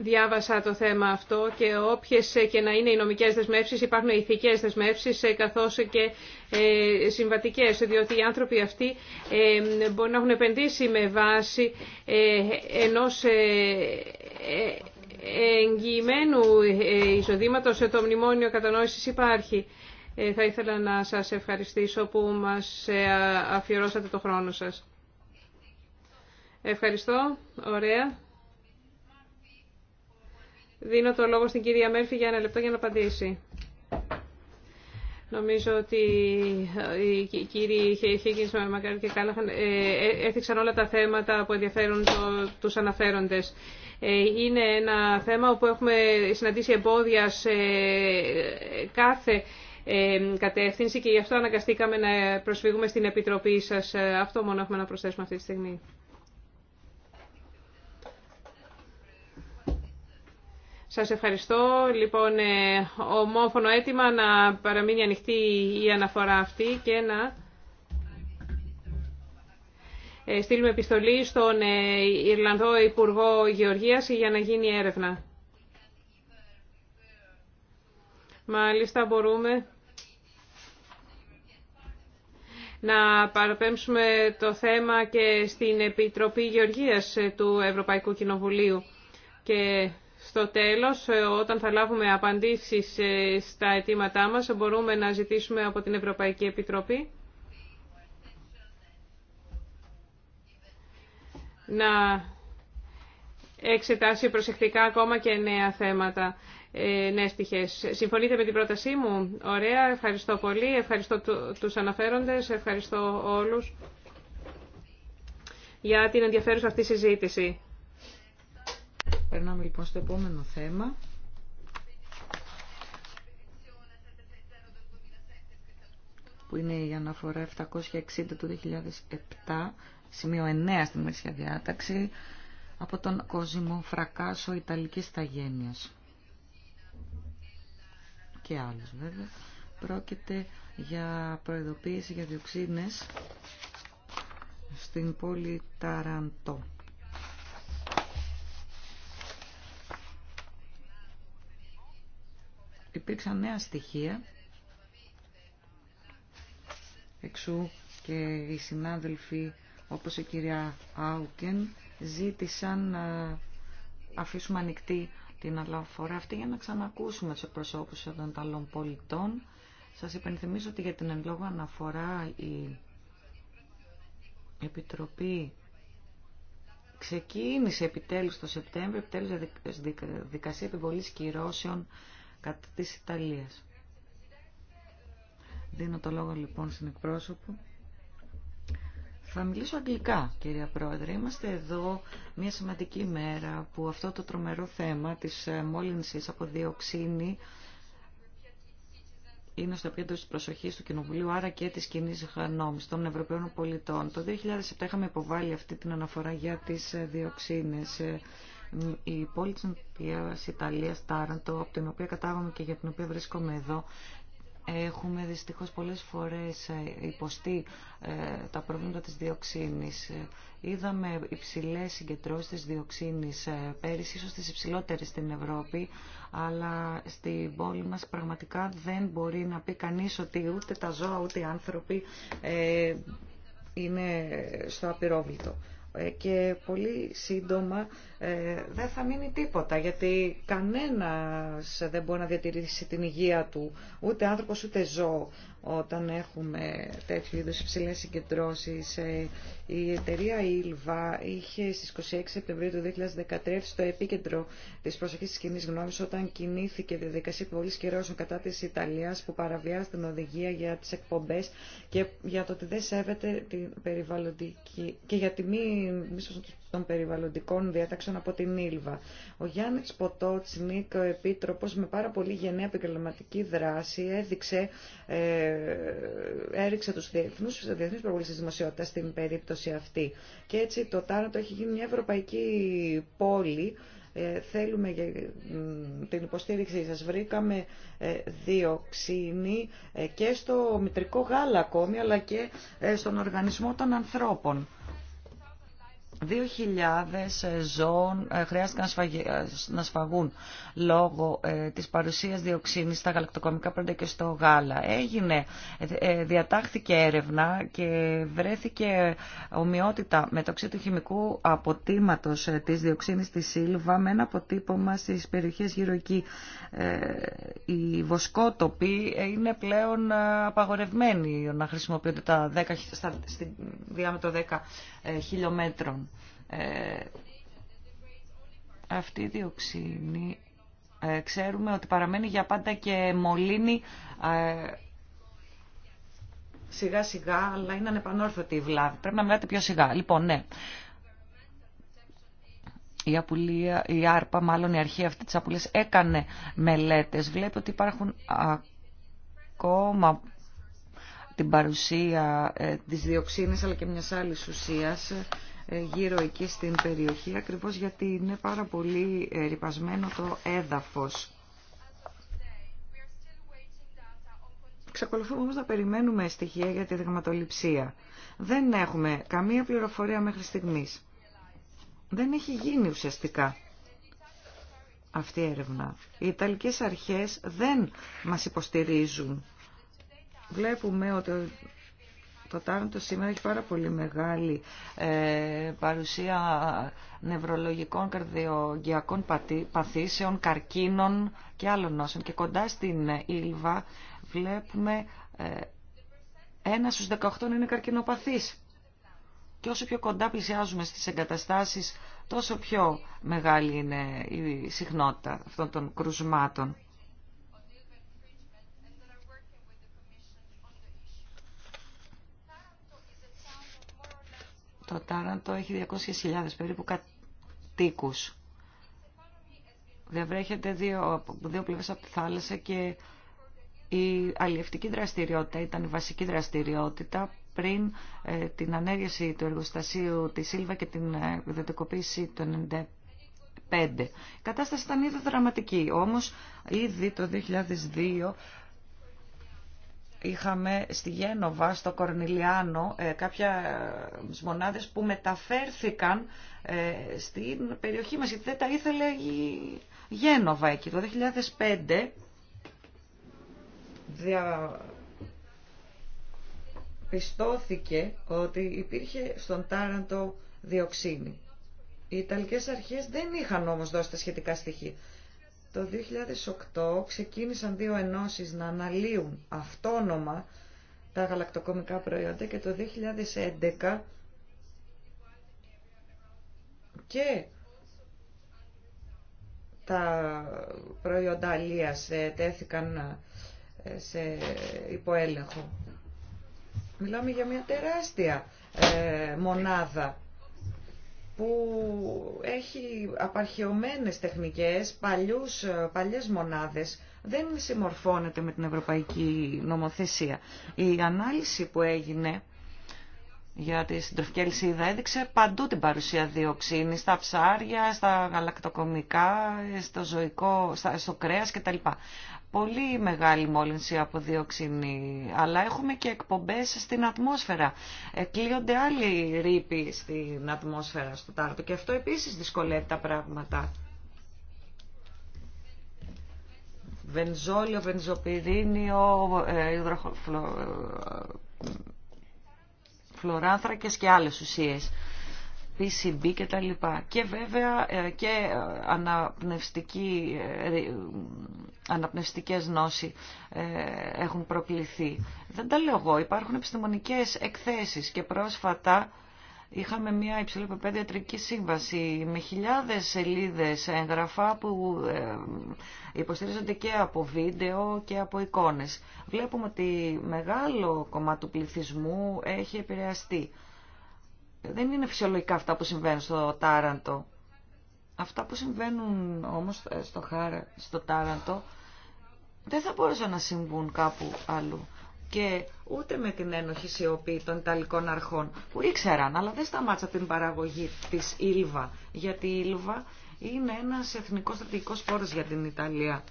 διάβασα το θέμα αυτό και όποιες και να είναι οι νομικές δεσμεύσεις υπάρχουν ηθικές δεσμεύσεις ε, καθώς και ε, συμβατικές διότι οι άνθρωποι αυτοί ε, μπορεί να έχουν επενδύσει με βάση ενός εγγυημένου εισοδήματος το μνημόνιο κατανόησης υπάρχει. Θα ήθελα να σας ευχαριστήσω που μας αφιερώσατε το χρόνο σας. Ευχαριστώ. Ωραία. Δίνω το λόγο στην κυρία Μέρφη για ένα λεπτό για να απαντήσει. Νομίζω ότι ε, οι κύριοι Χέικινς, Μακάρι και Κάλαχαν ε, ε, έθιξαν όλα τα θέματα που ενδιαφέρουν το, τους αναφέροντες. Είναι ένα θέμα όπου έχουμε συναντήσει εμπόδια σε κάθε κατεύθυνση και γι' αυτό αναγκαστήκαμε να προσφύγουμε στην Επιτροπή σας. Αυτό μόνο έχουμε να προσθέσουμε αυτή τη στιγμή. Σας ευχαριστώ. Λοιπόν, ε, ομόφωνο αίτημα να παραμείνει ανοιχτή η αναφορά αυτή και να ε, στείλουμε επιστολή στον ε, Ιρλανδό Υπουργό Γεωργίας για να γίνει έρευνα. Μάλιστα μπορούμε να παραπέμψουμε το θέμα και στην Επιτροπή Γεωργίας του Ευρωπαϊκού Κοινοβουλίου. Και στο τέλος, ε, όταν θα λάβουμε απαντήσεις ε, στα αιτήματά μας, μπορούμε να ζητήσουμε από την Ευρωπαϊκή Επιτροπή να εξετάσει προσεκτικά ακόμα και νέα θέματα, ε, νέες πτυχές. Συμφωνείτε με την πρότασή μου. Ωραία, ευχαριστώ πολύ. Ευχαριστώ τους αναφέροντες, ευχαριστώ όλους για την ενδιαφέρουσα αυτή συζήτηση. Περνάμε λοιπόν στο επόμενο θέμα. που είναι η αναφορά 760 του 2007, σημείο 9 στην Μερσιά Διάταξη, από τον Κόζιμο Φρακάσο Ιταλικής Ταγένειας Και άλλους βέβαια. Πρόκειται για προειδοποίηση για διοξίνε στην πόλη Ταραντό. υπήρξαν νέα στοιχεία. Εξού και οι συνάδελφοι όπως η κυρία Άουκεν ζήτησαν να αφήσουμε ανοιχτή την αναφορά αυτή για να ξανακούσουμε τους εκπροσώπους των Ιταλών πολιτών. Σας υπενθυμίζω ότι για την εν λόγω αναφορά η Επιτροπή ξεκίνησε επιτέλους το Σεπτέμβριο, επιτέλους δικασία επιβολής κυρώσεων κατά της Ιταλίας. Δίνω το λόγο λοιπόν στην εκπρόσωπο. Θα μιλήσω αγγλικά, κυρία Πρόεδρε. Είμαστε εδώ μια σημαντική μέρα που αυτό το τρομερό θέμα της ε, μόλυνσης από διοξίνη είναι στο επίπεδο της προσοχή του Κοινοβουλίου, άρα και της κοινή γνώμη των Ευρωπαίων πολιτών. Το 2007 είχαμε υποβάλει αυτή την αναφορά για τις ε, διοξίνες. Ε, η πόλη της Ιταλία Ιταλίας, Τάραντο, από την οποία κατάγομαι και για την οποία βρίσκομαι εδώ, έχουμε δυστυχώς πολλές φορές ε, υποστεί ε, τα προβλήματα της διοξίνης. Είδαμε υψηλές συγκεντρώσεις της διοξίνης ε, πέρυσι, ίσως τις υψηλότερες στην Ευρώπη, αλλά στην πόλη μας πραγματικά δεν μπορεί να πει κανείς ότι ούτε τα ζώα ούτε οι άνθρωποι είναι στο απειρόβλητο. Και πολύ σύντομα ε, δεν θα μείνει τίποτα, γιατί κανένας δεν μπορεί να διατηρήσει την υγεία του, ούτε άνθρωπος ούτε ζώο, όταν έχουμε τέτοιου είδους υψηλές συγκεντρώσεις. Ε, η εταιρεία Ήλβα είχε στις 26 Σεπτεμβρίου του 2013 στο επίκεντρο της προσοχής της κοινής γνώμης όταν κινήθηκε διαδικασία πολύ καιρός κατά της Ιταλίας που παραβιάζει την οδηγία για τις εκπομπές και για το ότι δεν σέβεται την περιβαλλοντική και για τη μη, μη των περιβαλλοντικών διατάξεων από την Ήλβα. Ο Γιάννης Ποτότσνικ, ο επίτροπο με πάρα πολύ γενναία επαγγελματική δράση, έδειξε, ε, έριξε τους διεθνούς, προβολή τη δημοσιότητα στην περίπτωση αυτή. Και έτσι το τάνατο έχει γίνει μια ευρωπαϊκή πόλη, ε, θέλουμε την υποστήριξή σας. Βρήκαμε ε, δύο ε, και στο μητρικό γάλα ακόμη, αλλά και ε, στον οργανισμό των ανθρώπων. 2.000 ε, ζώων ε, χρειάστηκαν ε, να σφαγούν λόγω της παρουσίας διοξίνης στα γαλακτοκομικά πρώτα και στο γάλα. Έγινε, διατάχθηκε έρευνα και βρέθηκε ομοιότητα μεταξύ του χημικού αποτύματος της διοξίνης στη Σίλβα με ένα αποτύπωμα στις περιοχές γύρω εκεί. Οι βοσκότοποι είναι πλέον απαγορευμένοι να χρησιμοποιούνται τα 10, στα, στη διάμετρο 10 χιλιόμετρων. Ε, αυτή η διοξίνη ε, ξέρουμε ότι παραμένει για πάντα και μολύνει ε, σιγά σιγά, αλλά είναι ανεπανόρθωτη η βλάβη. Πρέπει να μιλάτε πιο σιγά. Λοιπόν, ναι. Η, απουλία, η ΆΡΠΑ, μάλλον η αρχή αυτή της απουλίας, έκανε μελέτες. Βλέπει ότι υπάρχουν ακόμα την παρουσία της διοξίνης αλλά και μιας άλλης ουσίας γύρω εκεί στην περιοχή, ακριβώς γιατί είναι πάρα πολύ ε, ρυπασμένο το έδαφος. Ξεκολουθούμε όμως να περιμένουμε στοιχεία για τη δειγματοληψία. Δεν έχουμε καμία πληροφορία μέχρι στιγμής. Δεν έχει γίνει ουσιαστικά αυτή η έρευνα. Οι Ιταλικές αρχές δεν μας υποστηρίζουν. Βλέπουμε ότι το τάραντο σήμερα έχει πάρα πολύ μεγάλη ε, παρουσία νευρολογικών, καρδιογειακών παθήσεων, καρκίνων και άλλων νόσων. Και κοντά στην Ήλβα βλέπουμε ε, ένα στους 18 είναι καρκινοπαθής. Και όσο πιο κοντά πλησιάζουμε στις εγκαταστάσεις, τόσο πιο μεγάλη είναι η συχνότητα αυτών των κρουσμάτων. Το Τάραντο έχει 200.000 περίπου κατοίκου. Διαβρέχεται δύο, δύο πλευρές από τη θάλασσα και η αλλιευτική δραστηριότητα ήταν η βασική δραστηριότητα πριν ε, την ανέργεια του εργοστασίου της Σίλβα και την ε, ιδιωτικοποίηση του 1995. Η κατάσταση ήταν ήδη δραματική, όμως ήδη το 2002 είχαμε στη Γένοβα, στο Κορνιλιάνο, ε, κάποια ε, μονάδες που μεταφέρθηκαν ε, στην περιοχή μας, γιατί δεν τα ήθελε η Γένοβα εκεί. Το 2005 πιστώθηκε ότι υπήρχε στον Τάραντο διοξίνη. Οι Ιταλικές αρχές δεν είχαν όμως δώσει τα σχετικά στοιχεία. Το 2008 ξεκίνησαν δύο ενώσεις να αναλύουν αυτόνομα τα γαλακτοκομικά προϊόντα και το 2011 και τα προϊόντα αλίας ε, τέθηκαν ε, σε υποέλεγχο. Μιλάμε για μια τεράστια ε, μονάδα που έχει απαρχαιωμένες τεχνικές, παλιούς, παλιές μονάδες, δεν συμμορφώνεται με την ευρωπαϊκή νομοθεσία. Η ανάλυση που έγινε για τη συντροφική αλυσίδα έδειξε παντού την παρουσία διοξίνη, στα ψάρια, στα γαλακτοκομικά, στο ζωικό, στο κρέας κτλ πολύ μεγάλη μόλυνση από διοξινή, αλλά έχουμε και εκπομπές στην ατμόσφαιρα. Ε, κλείονται άλλοι ρήποι στην ατμόσφαιρα, στο τάρτο και αυτό επίσης δυσκολεύει τα πράγματα. Βενζόλιο, βενζοπυρίνιο, ε, φλωράνθρακες ε, και άλλες ουσίες. PCB λοιπά Και βέβαια ε, και ε, αναπνευστική, ε, αναπνευστικές γνώση έχουν προκληθεί. Δεν τα λέω εγώ, υπάρχουν επιστημονικές εκθέσεις και πρόσφατα είχαμε μια υψηλή σύμβαση με χιλιάδες σελίδες έγγραφα που υποστηρίζονται και από βίντεο και από εικόνες. Βλέπουμε ότι μεγάλο κομμάτι του πληθυσμού έχει επηρεαστεί. Δεν είναι φυσιολογικά αυτά που συμβαίνουν στο Τάραντο. Αυτά που συμβαίνουν όμως ε, στο, χάρα, στο Τάραντο δεν θα μπορούσαν να συμβούν κάπου αλλού. Και ούτε με την ένοχη σιωπή των Ιταλικών αρχών που ήξεραν, αλλά δεν σταμάτησαν την παραγωγή της Ήλβα. Γιατί η Ήλβα είναι ένας εθνικός στρατηγικός πόρος για την Ιταλία.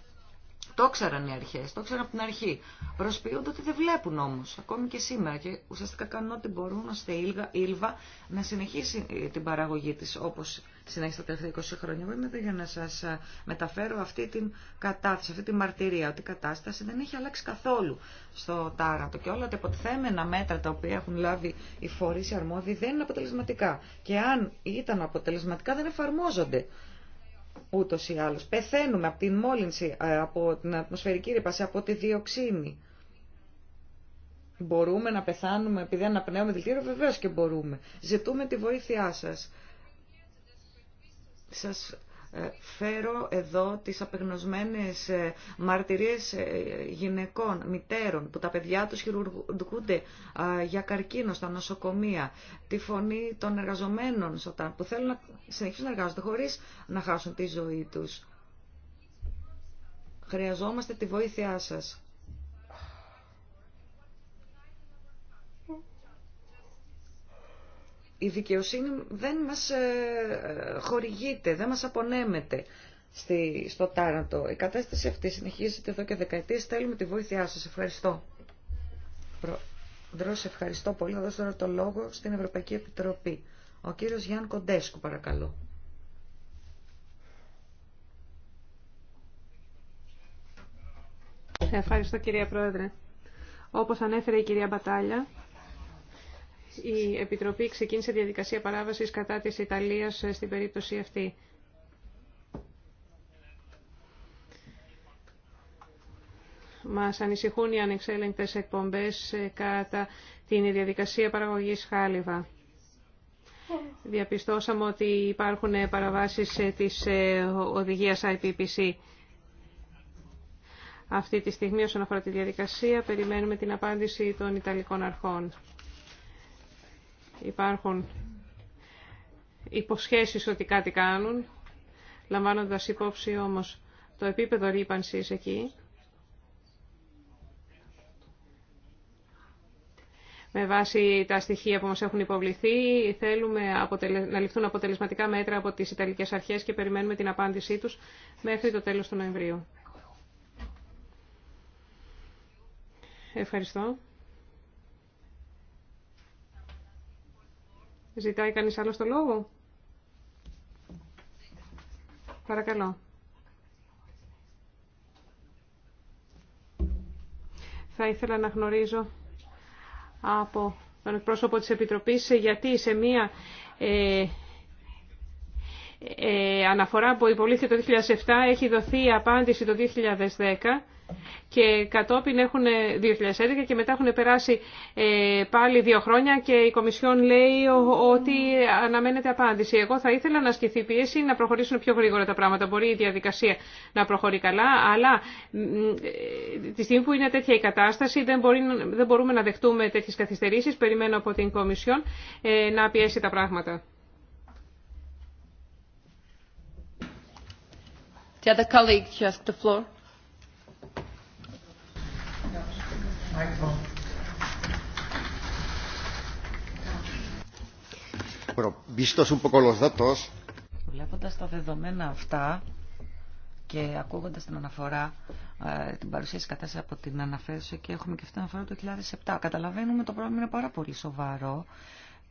Το ξέραν οι αρχέ, το ξέραν από την αρχή. Προσποιούνται ότι δεν βλέπουν όμω, ακόμη και σήμερα. Και ουσιαστικά κάνουν ό,τι μπορούν ώστε η Ήλβα να συνεχίσει ε, την παραγωγή τη όπω συνέχισε τα τελευταία 20 χρόνια. Εγώ είμαι εδώ για να σα ε, μεταφέρω αυτή την κατάσταση, αυτή τη μαρτυρία, ότι η κατάσταση δεν έχει αλλάξει καθόλου στο τάραντο. Και όλα τα υποτιθέμενα μέτρα τα οποία έχουν λάβει οι φορεί οι αρμόδιοι δεν είναι αποτελεσματικά. Και αν ήταν αποτελεσματικά δεν εφαρμόζονται ούτως ή άλλως. Πεθαίνουμε από την μόλυνση, ε, από την ατμοσφαιρική ρήπαση, από τη διοξίνη. Μπορούμε να πεθάνουμε επειδή αναπνέουμε δηλητήριο, βεβαίως και μπορούμε. Ζητούμε τη βοήθειά σας. Σας ε, φέρω εδώ τις απεγνωσμένες ε, μαρτυρίες ε, γυναικών, μητέρων, που τα παιδιά τους χειρουργούνται για καρκίνο στα νοσοκομεία, τη φωνή των εργαζομένων που θέλουν να συνεχίσουν να εργάζονται χωρίς να χάσουν τη ζωή τους. Χρειαζόμαστε τη βοήθειά σας. η δικαιοσύνη δεν μας ε, ε, χορηγείται, δεν μας απονέμεται στη, στο τάρατο. Η κατάσταση αυτή συνεχίζεται εδώ και δεκαετίες. Θέλουμε τη βοήθειά σας. Ευχαριστώ. Πρόεδρος, ευχαριστώ πολύ. Θα δώσω τώρα το λόγο στην Ευρωπαϊκή Επιτροπή. Ο κύριος Γιάν Κοντέσκου, παρακαλώ. Ευχαριστώ κυρία Πρόεδρε. Όπως ανέφερε η κυρία Μπατάλια, η Επιτροπή ξεκίνησε διαδικασία παράβασης κατά της Ιταλίας ε, στην περίπτωση αυτή. Μας ανησυχούν οι ανεξέλεγκτες εκπομπές ε, κατά την διαδικασία παραγωγής χάλιβα. Διαπιστώσαμε ότι υπάρχουν ε, παραβάσεις της οδηγίας IPPC. Αυτή τη στιγμή όσον αφορά τη διαδικασία περιμένουμε την απάντηση των Ιταλικών αρχών υπάρχουν υποσχέσεις ότι κάτι κάνουν, λαμβάνοντας υπόψη όμως το επίπεδο ρήπανσης εκεί. Με βάση τα στοιχεία που μας έχουν υποβληθεί, θέλουμε να ληφθούν αποτελεσματικά μέτρα από τις Ιταλικές Αρχές και περιμένουμε την απάντησή τους μέχρι το τέλος του Νοεμβρίου. Ευχαριστώ. Ζητάει κανείς άλλο το λόγο. Παρακαλώ. Θα ήθελα να γνωρίζω από τον εκπρόσωπο της Επιτροπής γιατί σε μία ε, ε αναφορά που υπολήθηκε το 2007 έχει δοθεί απάντηση το 2010 και κατόπιν έχουν 2011 και μετά έχουν περάσει ε, πάλι δύο χρόνια και η Κομισιόν λέει ότι αναμένεται απάντηση. Εγώ θα ήθελα να ασκηθεί πίεση, να προχωρήσουν πιο γρήγορα τα πράγματα. Μπορεί η διαδικασία να προχωρεί καλά, αλλά ε, τη στιγμή που είναι τέτοια η κατάσταση δεν, μπορούμε να δεχτούμε τέτοιες καθυστερήσεις. Περιμένω από την Κομισιόν ε, να πιέσει τα πράγματα. The colleague the Βλέποντας τα δεδομένα αυτά και ακούγοντας την αναφορά, ε, την παρουσίαση κατάσταση από την αναφέρουσα και έχουμε και αυτή την αναφορά το 2007. Καταλαβαίνουμε το πρόβλημα είναι πάρα πολύ σοβαρό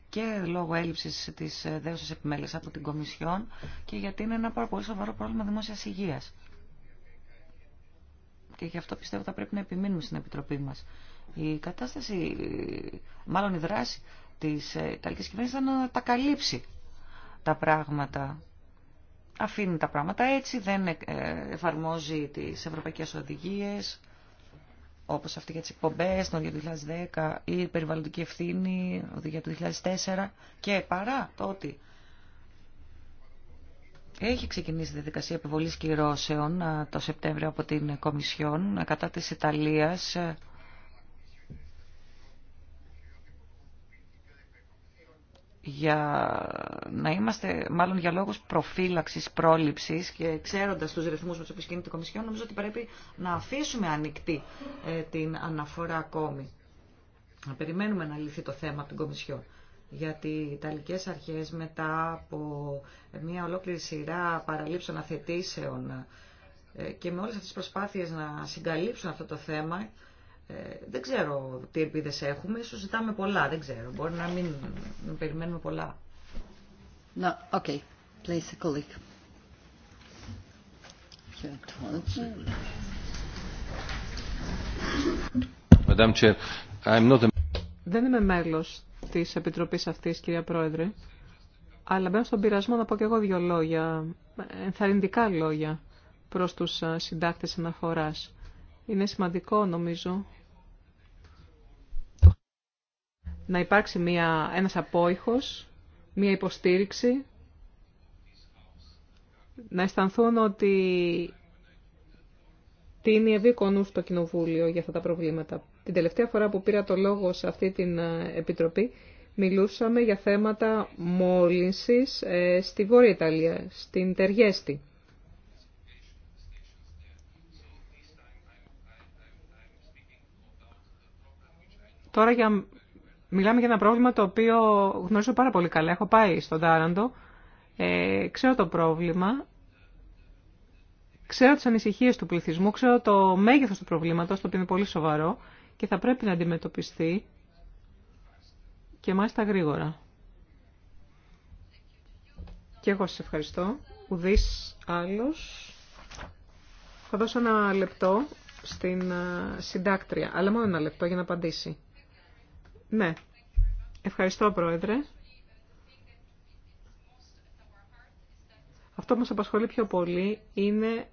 και λόγω έλλειψης της δέωσης επιμέλεια από την Κομισιόν και γιατί είναι ένα πάρα πολύ σοβαρό πρόβλημα δημόσιας υγεία και γι' αυτό πιστεύω θα πρέπει να επιμείνουμε στην Επιτροπή μας. Η κατάσταση, μάλλον η δράση της ε, Ιταλικής κυβέρνησης ήταν να τα καλύψει τα πράγματα. Αφήνει τα πράγματα έτσι, δεν ε, εφαρμόζει τις ευρωπαϊκές οδηγίες, όπως αυτή για τις εκπομπές, το 2010 ή περιβαλλοντική ευθύνη, οδηγία του 2004 και παρά το ότι έχει ξεκινήσει η διαδικασία επιβολής κυρώσεων το Σεπτέμβριο από την Κομισιόν κατά της Ιταλίας για να είμαστε μάλλον για λόγους προφύλαξης, πρόληψης και ξέροντας τους ρυθμούς με τους οποίους κινείται η Κομισιόν νομίζω ότι πρέπει να αφήσουμε ανοιχτή ε, την αναφορά ακόμη. Να περιμένουμε να λυθεί το θέμα από την Κομισιόν γιατί οι Ιταλικές αρχές μετά από μια ολόκληρη σειρά παραλήψεων αθετήσεων ε, και με όλες αυτές τις προσπάθειες να συγκαλύψουν αυτό το θέμα, ε, δεν ξέρω τι ελπίδες έχουμε, ίσως ζητάμε πολλά, δεν ξέρω, μπορεί να μην περιμένουμε πολλά. No, okay. Please a colleague. Madam Chair, I'm not a... Δεν είμαι μέλος Τη επιτροπή αυτής, κυρία Πρόεδρε. Αλλά μπαίνω στον πειρασμό να πω και εγώ δύο λόγια, ενθαρρυντικά λόγια, προς τους συντάκτες αναφορά. Είναι σημαντικό, νομίζω, να υπάρξει μια, ένας απόϊχος, μια υποστήριξη, να αισθανθούν ότι τίνει ευήκονου στο Κοινοβούλιο για αυτά τα προβλήματα την τελευταία φορά που πήρα το λόγο σε αυτή την ε, επιτροπή μιλούσαμε για θέματα μόλυνσης ε, στη Βόρεια Ιταλία, στην Τεργέστη. Τώρα για... μιλάμε για ένα πρόβλημα το οποίο γνωρίζω πάρα πολύ καλά. Έχω πάει στον Τάραντο, ε, ξέρω το πρόβλημα, ξέρω τις ανησυχίες του πληθυσμού, ξέρω το μέγεθος του προβλήματος, το οποίο είναι πολύ σοβαρό και θα πρέπει να αντιμετωπιστεί και μάλιστα γρήγορα. Και εγώ σας ευχαριστώ. Ουδής άλλος. Θα δώσω ένα λεπτό στην ε, συντάκτρια, αλλά μόνο ένα λεπτό για να απαντήσει. Ναι. Ευχαριστώ, Πρόεδρε. Αυτό που μας απασχολεί πιο πολύ είναι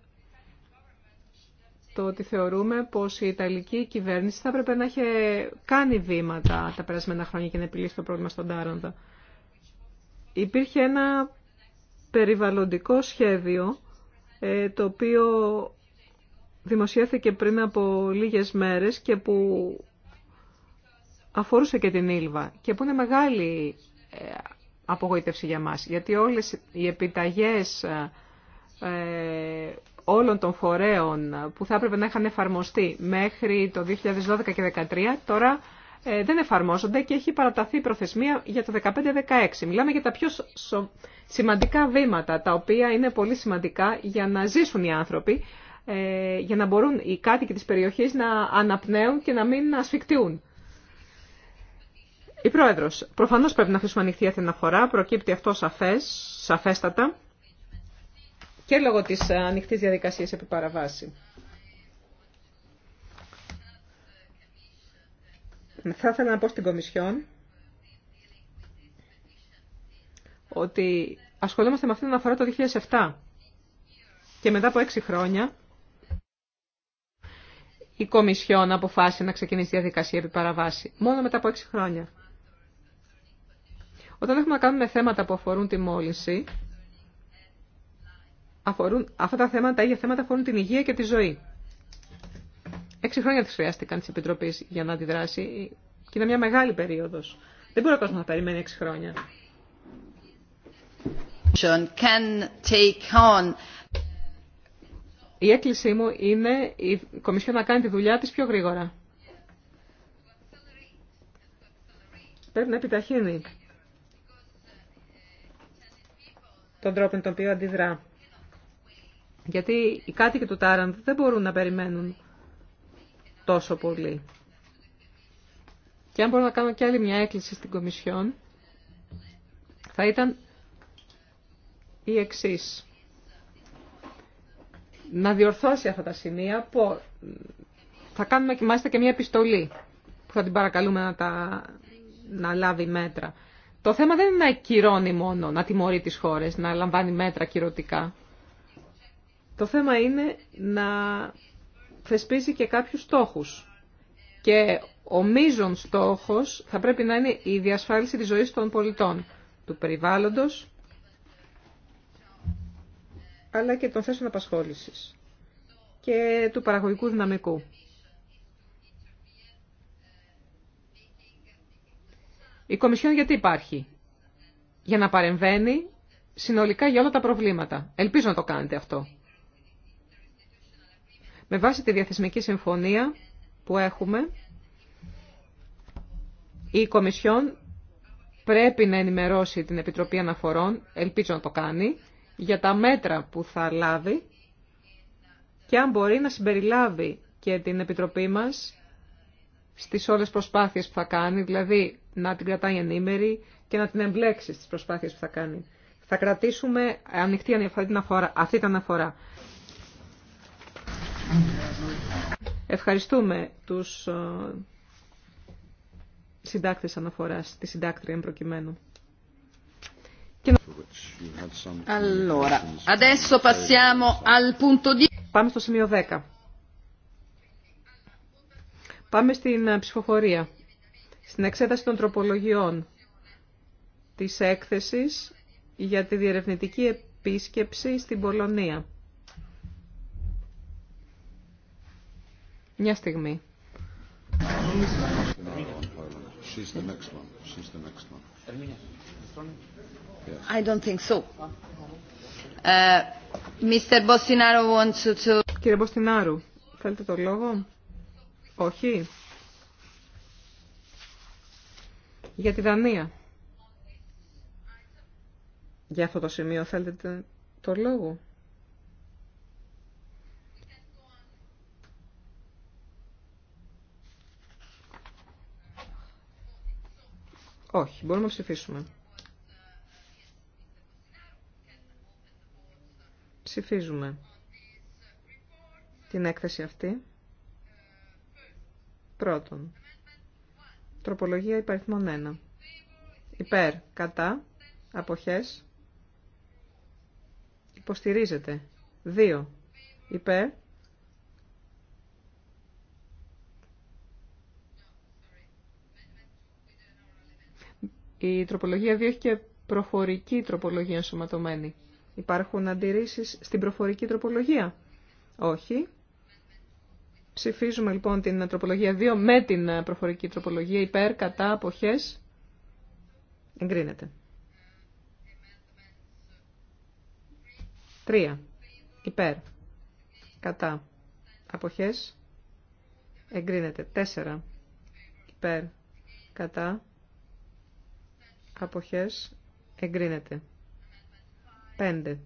το ότι θεωρούμε πως η Ιταλική κυβέρνηση θα έπρεπε να έχει κάνει βήματα τα περασμένα χρόνια και να επιλύσει το πρόβλημα στον Τάραντα. Υπήρχε ένα περιβαλλοντικό σχέδιο ε, το οποίο δημοσιεύθηκε πριν από λίγες μέρες και που αφορούσε και την Ήλβα και που είναι μεγάλη ε, απογοήτευση για μας γιατί όλες οι επιταγές ε, ε, όλων των φορέων που θα έπρεπε να είχαν εφαρμοστεί μέχρι το 2012 και 2013, τώρα ε, δεν εφαρμόζονται και έχει παραταθεί η προθεσμία για το 2015-2016. Μιλάμε για τα πιο σημαντικά βήματα, τα οποία είναι πολύ σημαντικά για να ζήσουν οι άνθρωποι, ε, για να μπορούν οι κάτοικοι της περιοχής να αναπνέουν και να μην ασφικτιούν. Η Πρόεδρος, προφανώς πρέπει να αφήσουμε ανοιχτή η προκύπτει αυτό σαφές, σαφέστατα και λόγω της ε, ανοιχτής διαδικασίας επί παραβάση. Θα ήθελα να πω στην Κομισιόν ότι ασχολούμαστε με αυτήν την αναφορά το 2007 και μετά από έξι χρόνια η Κομισιόν αποφάσισε να ξεκινήσει διαδικασία επί παραβάση. Μόνο μετά από έξι χρόνια. Όταν έχουμε να κάνουμε θέματα που αφορούν τη μόλυνση, αφορούν, αυτά τα θέματα, τα ίδια θέματα αφορούν την υγεία και τη ζωή. Έξι χρόνια τη χρειάστηκαν τη Επιτροπή για να αντιδράσει και είναι μια μεγάλη περίοδο. Δεν μπορεί ο κόσμο να περιμένει έξι χρόνια. Η έκκλησή μου είναι η Κομισιό να κάνει τη δουλειά της πιο γρήγορα. Πρέπει να επιταχύνει τον τρόπο με τον οποίο αντιδρά. Γιατί οι κάτοικοι του Τάραντ δεν μπορούν να περιμένουν τόσο πολύ. Και αν μπορώ να κάνω και άλλη μια έκκληση στην Κομισιόν, θα ήταν η εξή. Να διορθώσει αυτά τα σημεία που θα κάνουμε και μάλιστα και μια επιστολή που θα την παρακαλούμε να, τα... να λάβει μέτρα. Το θέμα δεν είναι να εκκυρώνει μόνο, να τιμωρεί τις χώρες, να λαμβάνει μέτρα κυρωτικά. Το θέμα είναι να θεσπίζει και κάποιους στόχους. Και ο μείζον στόχος θα πρέπει να είναι η διασφάλιση της ζωής των πολιτών, του περιβάλλοντος, αλλά και των θέσεων απασχόλησης και του παραγωγικού δυναμικού. Η Κομισιόν γιατί υπάρχει. Για να παρεμβαίνει συνολικά για όλα τα προβλήματα. Ελπίζω να το κάνετε αυτό. Με βάση τη διαθεσμική συμφωνία που έχουμε, η Κομισιόν πρέπει να ενημερώσει την Επιτροπή Αναφορών, ελπίζω να το κάνει, για τα μέτρα που θα λάβει και αν μπορεί να συμπεριλάβει και την Επιτροπή μας στις όλες προσπάθειες που θα κάνει, δηλαδή να την κρατάει ενήμερη και να την εμπλέξει στις προσπάθειες που θα κάνει. Θα κρατήσουμε ανοιχτή αυτή την αναφορά. Ευχαριστούμε τους ε, συντάκτες αναφοράς, τη συντάκτρια προκειμένου. Allora, adesso passiamo Πάμε στο σημείο 10. Πάμε στην ε, ψηφοφορία, στην εξέταση των τροπολογιών της έκθεσης για τη διερευνητική επίσκεψη στην Πολωνία. Μια στιγμή. I don't think so. Uh, wants to... Κύριε Μποστινάρου, θέλετε το λόγο. Όχι. Για τη Δανία. Για αυτό το σημείο θέλετε το λόγο. Όχι, μπορούμε να ψηφίσουμε. Ψηφίζουμε την έκθεση αυτή. Πρώτον, τροπολογία υπαριθμών 1. Υπέρ, κατά, αποχές, υποστηρίζεται. 2. Υπέρ, Η τροπολογία 2 έχει και προφορική τροπολογία ενσωματωμένη. Υπάρχουν αντιρρήσεις στην προφορική τροπολογία. Όχι. Ψηφίζουμε λοιπόν την τροπολογία 2 με την προφορική τροπολογία υπέρ, κατά, αποχές. Εγκρίνεται. 3. Υπέρ. Κατά. Αποχές. Εγκρίνεται. 4. Υπέρ. Κατά αποχές εγκρίνεται. 5.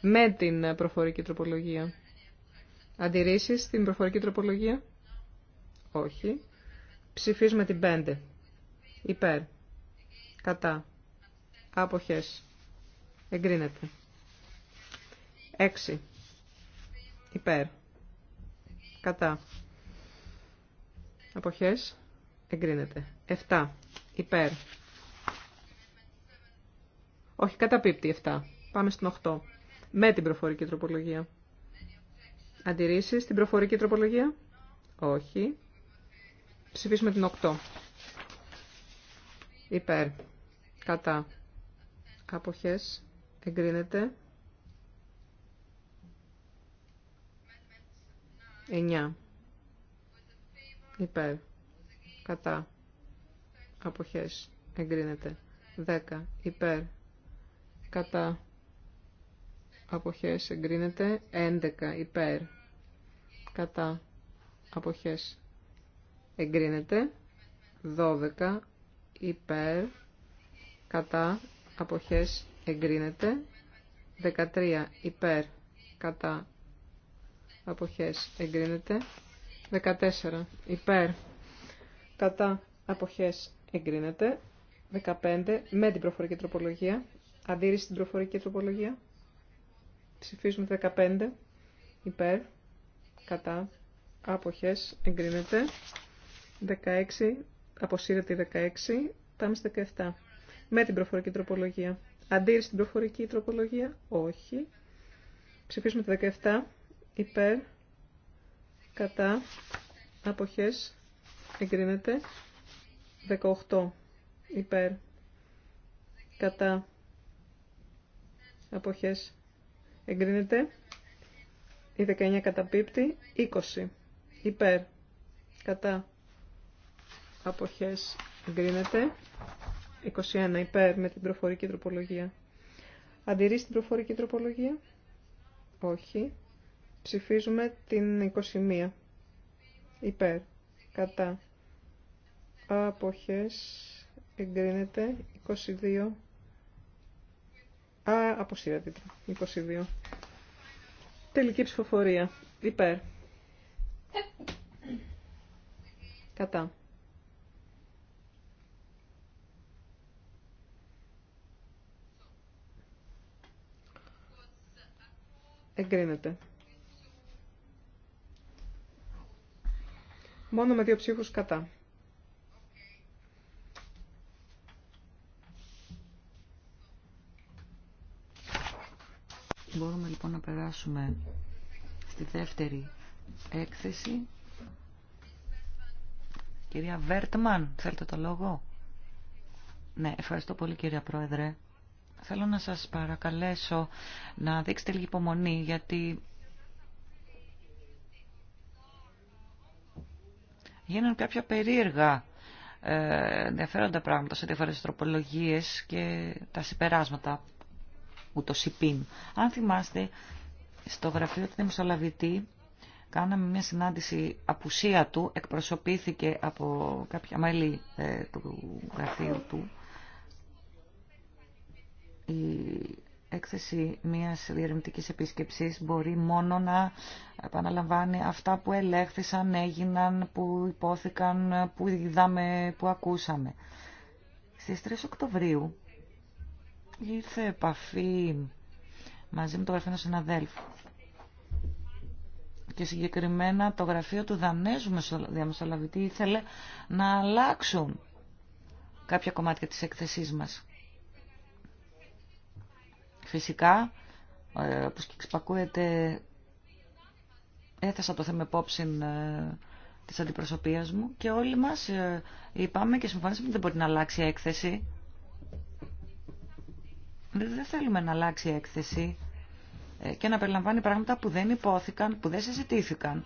Με την προφορική τροπολογία. Αντιρρήσεις στην προφορική τροπολογία. Όχι. Ψηφίζουμε την 5. Υπέρ. Κατά. Αποχές. Εγκρίνεται. 6. Υπέρ. Κατά. Αποχές. Εγκρίνεται. 7. Υπέρ. Όχι, καταπίπτει 7. Πάμε στην 8. Με την προφορική τροπολογία. Αντιρρήσεις στην προφορική τροπολογία. Όχι. Ψηφίσουμε την 8. Υπέρ. Κατά. Αποχές. Εγκρίνεται. 9. Υπέρ. Κατά αποχές εγκρίνεται 10 υπέρ κατά αποχές εγκρίνεται 11 υπέρ κατά αποχές εγκρίνεται 12 υπέρ κατά αποχές εγκρίνεται 13 υπέρ κατά αποχές εγκρίνεται 14 υπέρ κατά αποχές εγκρίνεται. 15 με την προφορική τροπολογία. Αντίρρηση στην προφορική τροπολογία. Ψηφίζουμε 15 υπέρ, κατά, άποχες, εγκρίνεται. 16, αποσύρεται 16, πάμε στα 17. Με την προφορική τροπολογία. Αντίρρηση στην προφορική τροπολογία, όχι. Ψηφίζουμε 17, υπέρ, κατά, αποχές, εγκρίνεται. 18 υπέρ κατά αποχές εγκρίνεται η 19 καταπίπτει 20 υπέρ κατά αποχές εγκρίνεται 21 υπέρ με την προφορική τροπολογία αντιρρείς την προφορική τροπολογία όχι ψηφίζουμε την 21 υπέρ κατά αποχές εγκρίνεται 22 α, αποσύρεται 22 τελική ψηφοφορία υπέρ κατά εγκρίνεται μόνο με δύο ψήφους κατά Μπορούμε λοιπόν να περάσουμε στη δεύτερη έκθεση. Κυρία Βέρτμαν, θέλετε το λόγο. Ναι, ευχαριστώ πολύ κυρία Πρόεδρε. Θέλω να σας παρακαλέσω να δείξετε λίγη υπομονή, γιατί γίνανε κάποια περίεργα ε, ενδιαφέροντα πράγματα σε διαφορετικές τροπολογίες και τα συμπεράσματα το Αν θυμάστε, στο γραφείο του Δημοσολαβητή κάναμε μια συνάντηση απουσία του, εκπροσωπήθηκε από κάποια μέλη ε, του γραφείου του. Η έκθεση μιας διερευνητικής επίσκεψης μπορεί μόνο να επαναλαμβάνει αυτά που ελέγχθησαν, έγιναν, που υπόθηκαν, που είδαμε, που ακούσαμε. Στις 3 Οκτωβρίου ήρθε επαφή μαζί με το γραφείο ενός συναδέλφου και συγκεκριμένα το γραφείο του Δανέζου διαμεσολαβητή ήθελε να αλλάξουν κάποια κομμάτια της έκθεσής μας. Φυσικά, ε, όπως και εξπακούεται, έθεσα το θέμα υπόψη ε, της αντιπροσωπείας μου και όλοι μας ε, είπαμε και συμφωνήσαμε ότι δεν μπορεί να αλλάξει η έκθεση δεν θέλουμε να αλλάξει έκθεση ε, και να περιλαμβάνει πράγματα που δεν υπόθηκαν, που δεν συζητήθηκαν.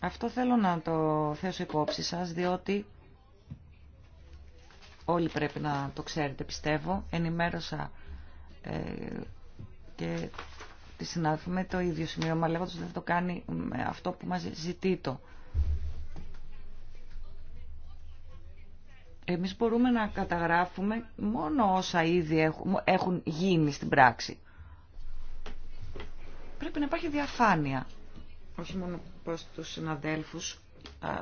Αυτό θέλω να το θέσω υπόψη σας, διότι όλοι πρέπει να το ξέρετε, πιστεύω. Ενημέρωσα ε, και τη συνάδελφη με το ίδιο μα λέγοντας ότι δεν το κάνει με αυτό που μας ζητεί το. Εμείς μπορούμε να καταγράφουμε μόνο όσα ήδη έχουν γίνει στην πράξη. Πρέπει να υπάρχει διαφάνεια. Όχι μόνο προς τους συναδέλφους.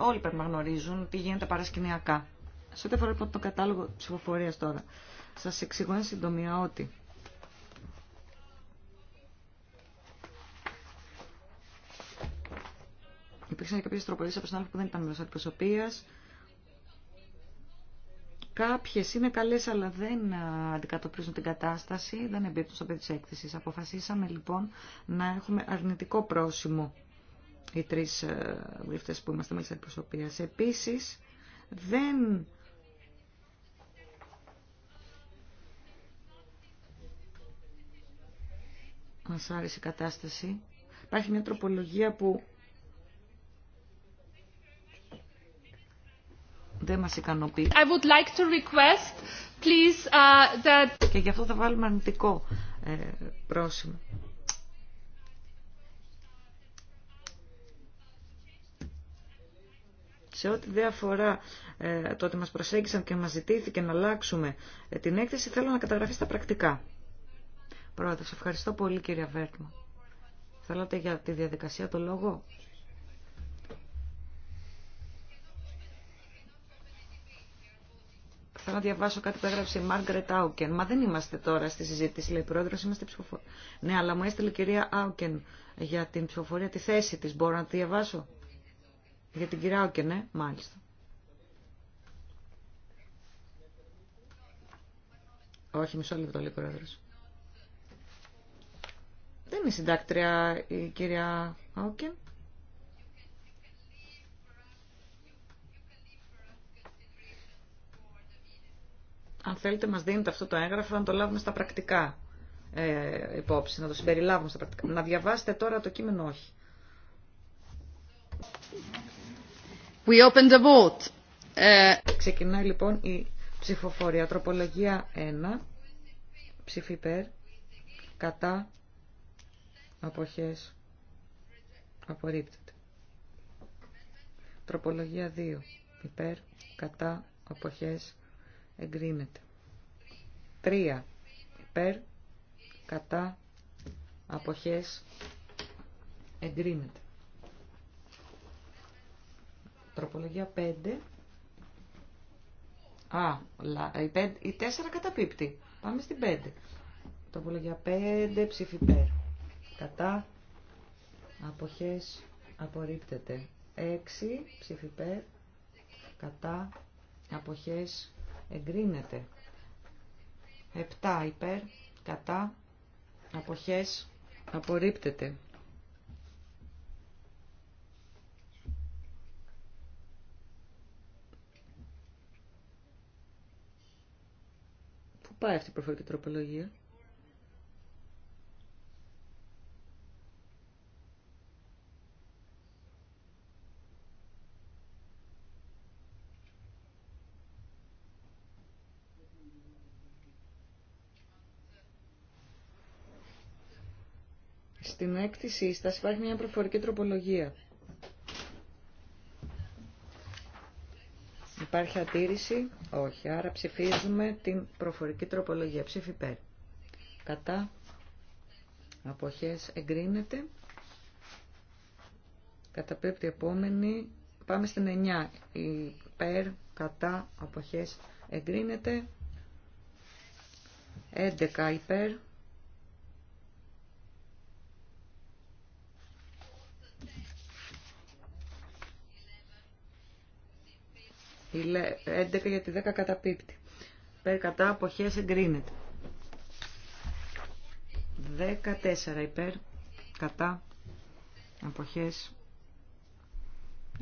Όλοι πρέπει να γνωρίζουν τι γίνεται παρασκηνιακά. Σε ό,τι αφορά λοιπόν τον κατάλογο ψηφοφορίας τώρα. Σας εξηγώ εν συντομία ότι υπήρξαν κάποιες τροπολίες από συνάδελφους που δεν ήταν μέσα προσωπίας, Κάποιες είναι καλές αλλά δεν αντικατοπτρίζουν την κατάσταση, δεν εμπίπτουν στο παιδί της Αποφασίσαμε λοιπόν να έχουμε αρνητικό πρόσημο οι τρεις ε, βουλευτές που είμαστε μέσα της Επίσης δεν μας άρεσε η κατάσταση. Υπάρχει μια τροπολογία που δεν μας ικανοποιεί. I would like to request, please, uh, that... Και γι' αυτό θα βάλουμε αρνητικό ε, πρόσημο. σε ό,τι δεν αφορά ε, το ότι μας προσέγγισαν και μας ζητήθηκε να αλλάξουμε ε, την έκθεση, θέλω να καταγραφεί στα πρακτικά. Πρόεδρε, ευχαριστώ πολύ κύριε Βέρτμα. Θέλατε για τη διαδικασία το λόγο. Θέλω να διαβάσω κάτι που έγραψε η Μάργκρετ Άουκεν. Μα δεν είμαστε τώρα στη συζήτηση, λέει πρόεδρο, είμαστε ψηφοφόροι. Ναι, αλλά μου έστειλε η κυρία Άουκεν για την ψηφοφορία τη θέση τη. Μπορώ να τη διαβάσω. Για την κυρία Άουκεν, ναι, μάλιστα. Όχι, μισό λεπτό, λέει πρόεδρο. Δεν είναι συντάκτρια η κυρία Άουκεν. αν θέλετε μας δίνετε αυτό το έγγραφο να το λάβουμε στα πρακτικά ε, υπόψη, να το συμπεριλάβουμε στα πρακτικά. Να διαβάσετε τώρα το κείμενο όχι. We open the vote. Ε, Ξεκινάει λοιπόν η ψηφοφορία. Τροπολογία 1. Ψήφι υπέρ. Κατά. Αποχές. Απορρίπτεται. Τροπολογία 2. Υπέρ. Κατά. Αποχές εγκρίνεται. 3 υπέρ κατά αποχές εγκρίνεται. Τροπολογία 5. Α, η, 5, η 4 καταπίπτει. Πάμε στην 5. Τροπολογία 5 ψήφι υπέρ. Κατά αποχές απορρίπτεται. 6 ψήφι Κατά αποχές εγκρίνεται. 7 υπέρ, κατά, αποχές, απορρίπτεται. Πού πάει αυτή η προφορική τροπολογία? στην έκτη σύσταση υπάρχει μια προφορική τροπολογία. Υπάρχει αντίρρηση. Όχι. Άρα ψηφίζουμε την προφορική τροπολογία. Ψήφι υπέρ. Κατά. Αποχές εγκρίνεται. Καταπέπτει επόμενη. Πάμε στην 9. πέρ Κατά. Αποχές εγκρίνεται. 11 υπέρ. 11 γιατί 10 καταπίπτει. Υπέρ κατά αποχέ εγκρίνεται. 14 υπέρ κατά αποχέ.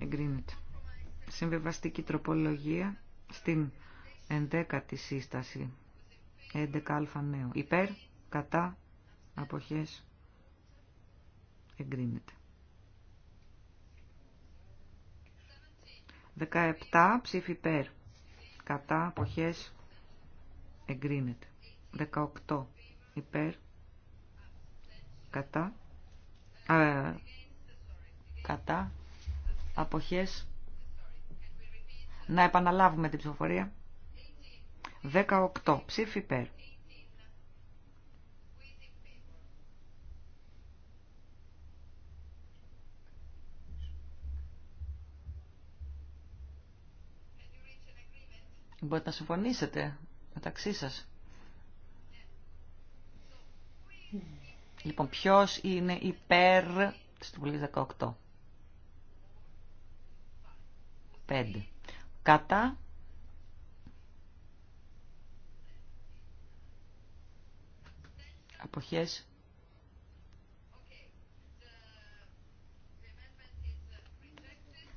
εγκρίνεται. Συμβεβαστική τροπολογία στην 11η σύσταση 11α νέο. Υπέρ κατά αποχές εγκρίνεται. 17 ψήφι υπέρ. Κατά αποχές εγκρίνεται. 18 υπέρ. Κατά. Α, ε, κατά. Αποχές. Να επαναλάβουμε την ψηφοφορία. 18 ψήφι υπέρ. Μπορείτε να συμφωνήσετε μεταξύ σας. Λοιπόν, ποιος είναι υπέρ της Τροπολής 18. 5. Κατά. Αποχές.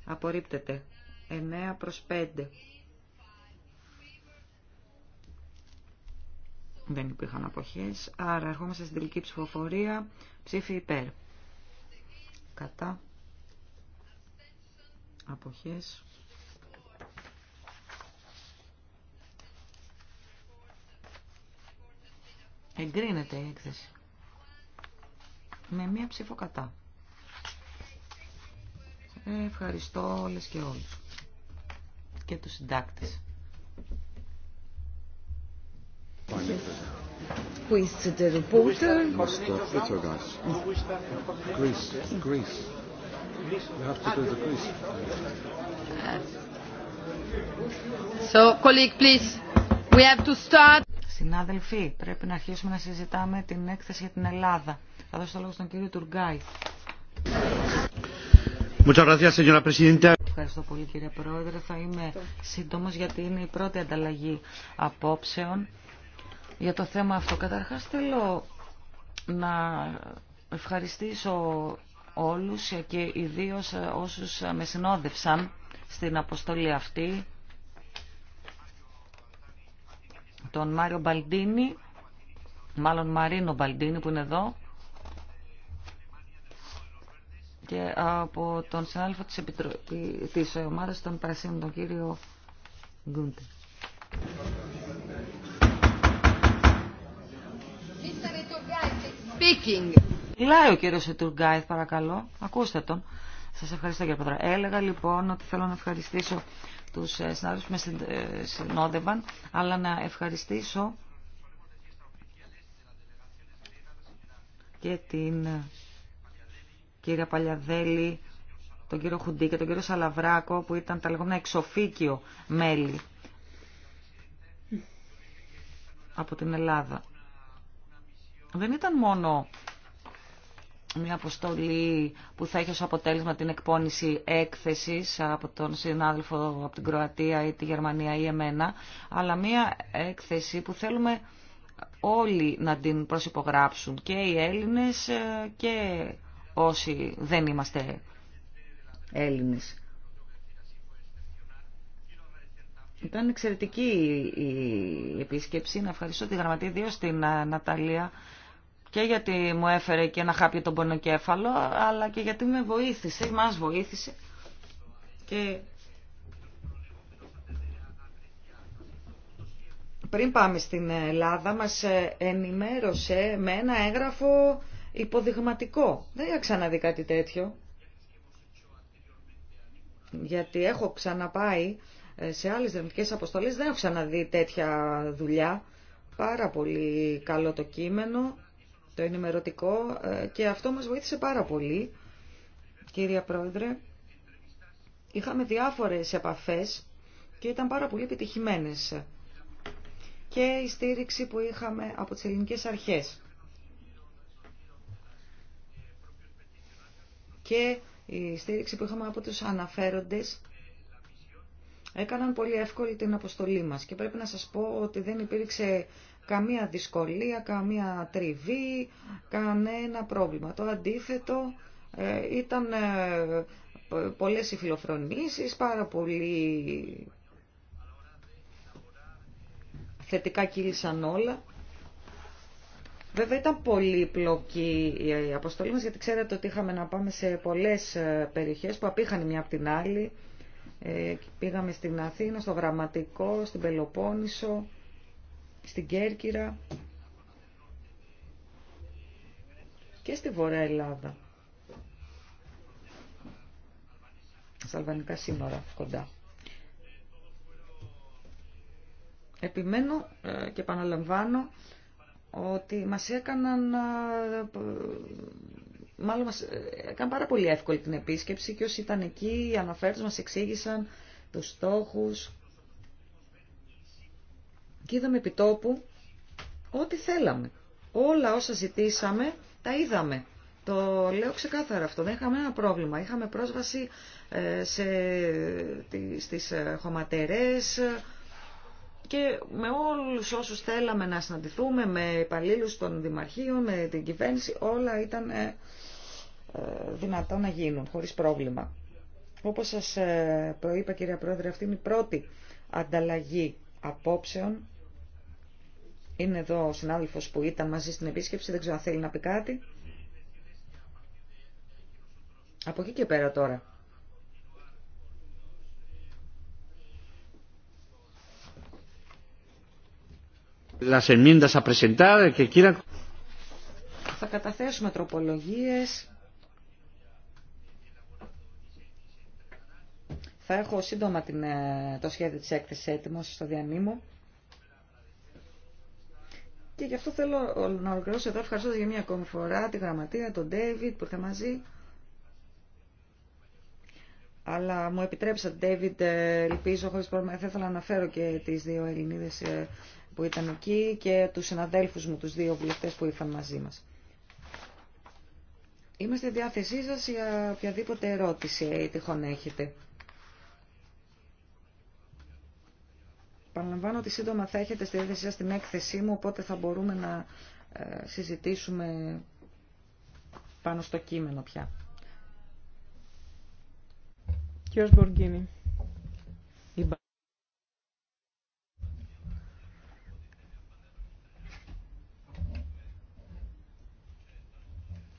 Απορρίπτεται. 9 προς 5. Δεν υπήρχαν αποχές. Άρα ερχόμαστε στην τελική ψηφοφορία. Ψήφι υπέρ. Κατά. Αποχές. Εγκρίνεται η έκθεση. Με μία ψήφο κατά. Ευχαριστώ όλες και όλους. Και τους συντάκτες. Συνάδελφοι, πρέπει να αρχίσουμε να συζητάμε την έκθεση για την Ελλάδα. Θα δώσω το λόγο στον κύριο Τουργκάη. Ευχαριστώ πολύ κύριε Πρόεδρε. Θα είμαι σύντομος γιατί είναι η πρώτη ανταλλαγή απόψεων για το θέμα αυτό. Καταρχάς θέλω να ευχαριστήσω όλους και ιδίως όσους με συνόδευσαν στην αποστολή αυτή. Τον Μάριο Μπαλντίνη, μάλλον Μαρίνο Μπαλντίνη που είναι εδώ, και από τον συνάδελφο της, Επιτρο... της ομάδας των Πρασίνων, τον κύριο Γκούντι. speaking. Μιλάει ο κύριο Ετουργκάιθ, παρακαλώ. Ακούστε τον. Σα ευχαριστώ κύριε Πατρά. Έλεγα λοιπόν ότι θέλω να ευχαριστήσω του ε, συνάδελφου που με ε, συνόδευαν, αλλά να ευχαριστήσω και την ε, κυρία Παλιαδέλη, τον κύριο Χουντή και τον κύριο Σαλαβράκο που ήταν τα λεγόμενα εξοφίκιο μέλη από την Ελλάδα δεν ήταν μόνο μια αποστολή που θα έχει ως αποτέλεσμα την εκπόνηση έκθεσης από τον συνάδελφο από την Κροατία ή τη Γερμανία ή εμένα, αλλά μια έκθεση που θέλουμε όλοι να την προσυπογράψουν, και οι Έλληνες ε, και όσοι δεν είμαστε Έλληνες. Ήταν εξαιρετική η επίσκεψη. Να ευχαριστώ τη γραμματεία, ιδίω την ε, Ναταλία, και γιατί μου έφερε και ένα χάπιο τον πονοκέφαλο, αλλά και γιατί με βοήθησε, μας βοήθησε. Και πριν πάμε στην Ελλάδα, μας ενημέρωσε με ένα έγγραφο υποδειγματικό. Δεν είχα ξαναδεί κάτι τέτοιο. Γιατί έχω ξαναπάει ε, σε άλλες δερματικές αποστολές, δεν έχω ξαναδεί τέτοια δουλειά. Πάρα πολύ καλό το κείμενο το ενημερωτικό ε, και αυτό μας βοήθησε πάρα πολύ. Κύριε Πρόεδρε, είχαμε διάφορες επαφές και ήταν πάρα πολύ επιτυχημένες και η στήριξη που είχαμε από τις ελληνικές αρχές. Και η στήριξη που είχαμε από τους αναφέροντες έκαναν πολύ εύκολη την αποστολή μας και πρέπει να σας πω ότι δεν υπήρξε καμία δυσκολία, καμία τριβή, κανένα πρόβλημα. Το αντίθετο ε, ήταν ε, πολλές οι πάρα πολύ θετικά κύλησαν όλα. Βέβαια ήταν πολύ πλοκή η αποστολή μας, γιατί ξέρετε ότι είχαμε να πάμε σε πολλές ε, περιοχές που απήχαν μια από την άλλη. πήγαμε στην Αθήνα, στο Γραμματικό, στην Πελοπόννησο, στην Κέρκυρα και στη Βορρά Ελλάδα. Στα αλβανικά σύνορα κοντά. Επιμένω ε, και επαναλαμβάνω ότι μας έκαναν, ε, μάλλον μας ε, πάρα πολύ εύκολη την επίσκεψη και όσοι ήταν εκεί, οι αναφέρτες μας εξήγησαν τους στόχους, και είδαμε επιτόπου ό,τι θέλαμε. Όλα όσα ζητήσαμε τα είδαμε. Το λέω ξεκάθαρα αυτό. Δεν είχαμε ένα πρόβλημα. Είχαμε πρόσβαση ε, σε, στις ε, χωματερές και με όλους όσους θέλαμε να συναντηθούμε, με υπαλλήλου των δημαρχείων, με την κυβέρνηση, όλα ήταν ε, δυνατό να γίνουν χωρίς πρόβλημα. Όπως σας προείπα κυρία Πρόεδρε, αυτή είναι η πρώτη ανταλλαγή απόψεων είναι εδώ ο συνάδελφος που ήταν μαζί στην επίσκεψη, δεν ξέρω αν θέλει να πει κάτι. Από εκεί και πέρα τώρα. Θα καταθέσουμε τροπολογίες. Θα έχω σύντομα την, ε, το σχέδιο της έκθεσης έτοιμο στο διανύμο. Και γι' αυτό θέλω να ολοκληρώσω εδώ ευχαριστώ για μία ακόμη φορά τη γραμματεία, τον Ντέιβιτ που ήρθε μαζί. Αλλά μου επιτρέψατε, Ντέιβιτ, ε, ελπίζω χωρίς πρόβλημα. Ε, θα ήθελα να αναφέρω και τις δύο Ελληνίδες ε, που ήταν εκεί και τους συναδέλφους μου, τους δύο βουλευτές που ήρθαν μαζί μας. Είμαστε διάθεσή σας για οποιαδήποτε ερώτηση τυχόν έχετε. Παραλαμβάνω ότι σύντομα θα έχετε στη διάθεσή σας την έκθεσή μου, οπότε θα μπορούμε να ε, συζητήσουμε πάνω στο κείμενο πια. Κύριος Μποργκίνη.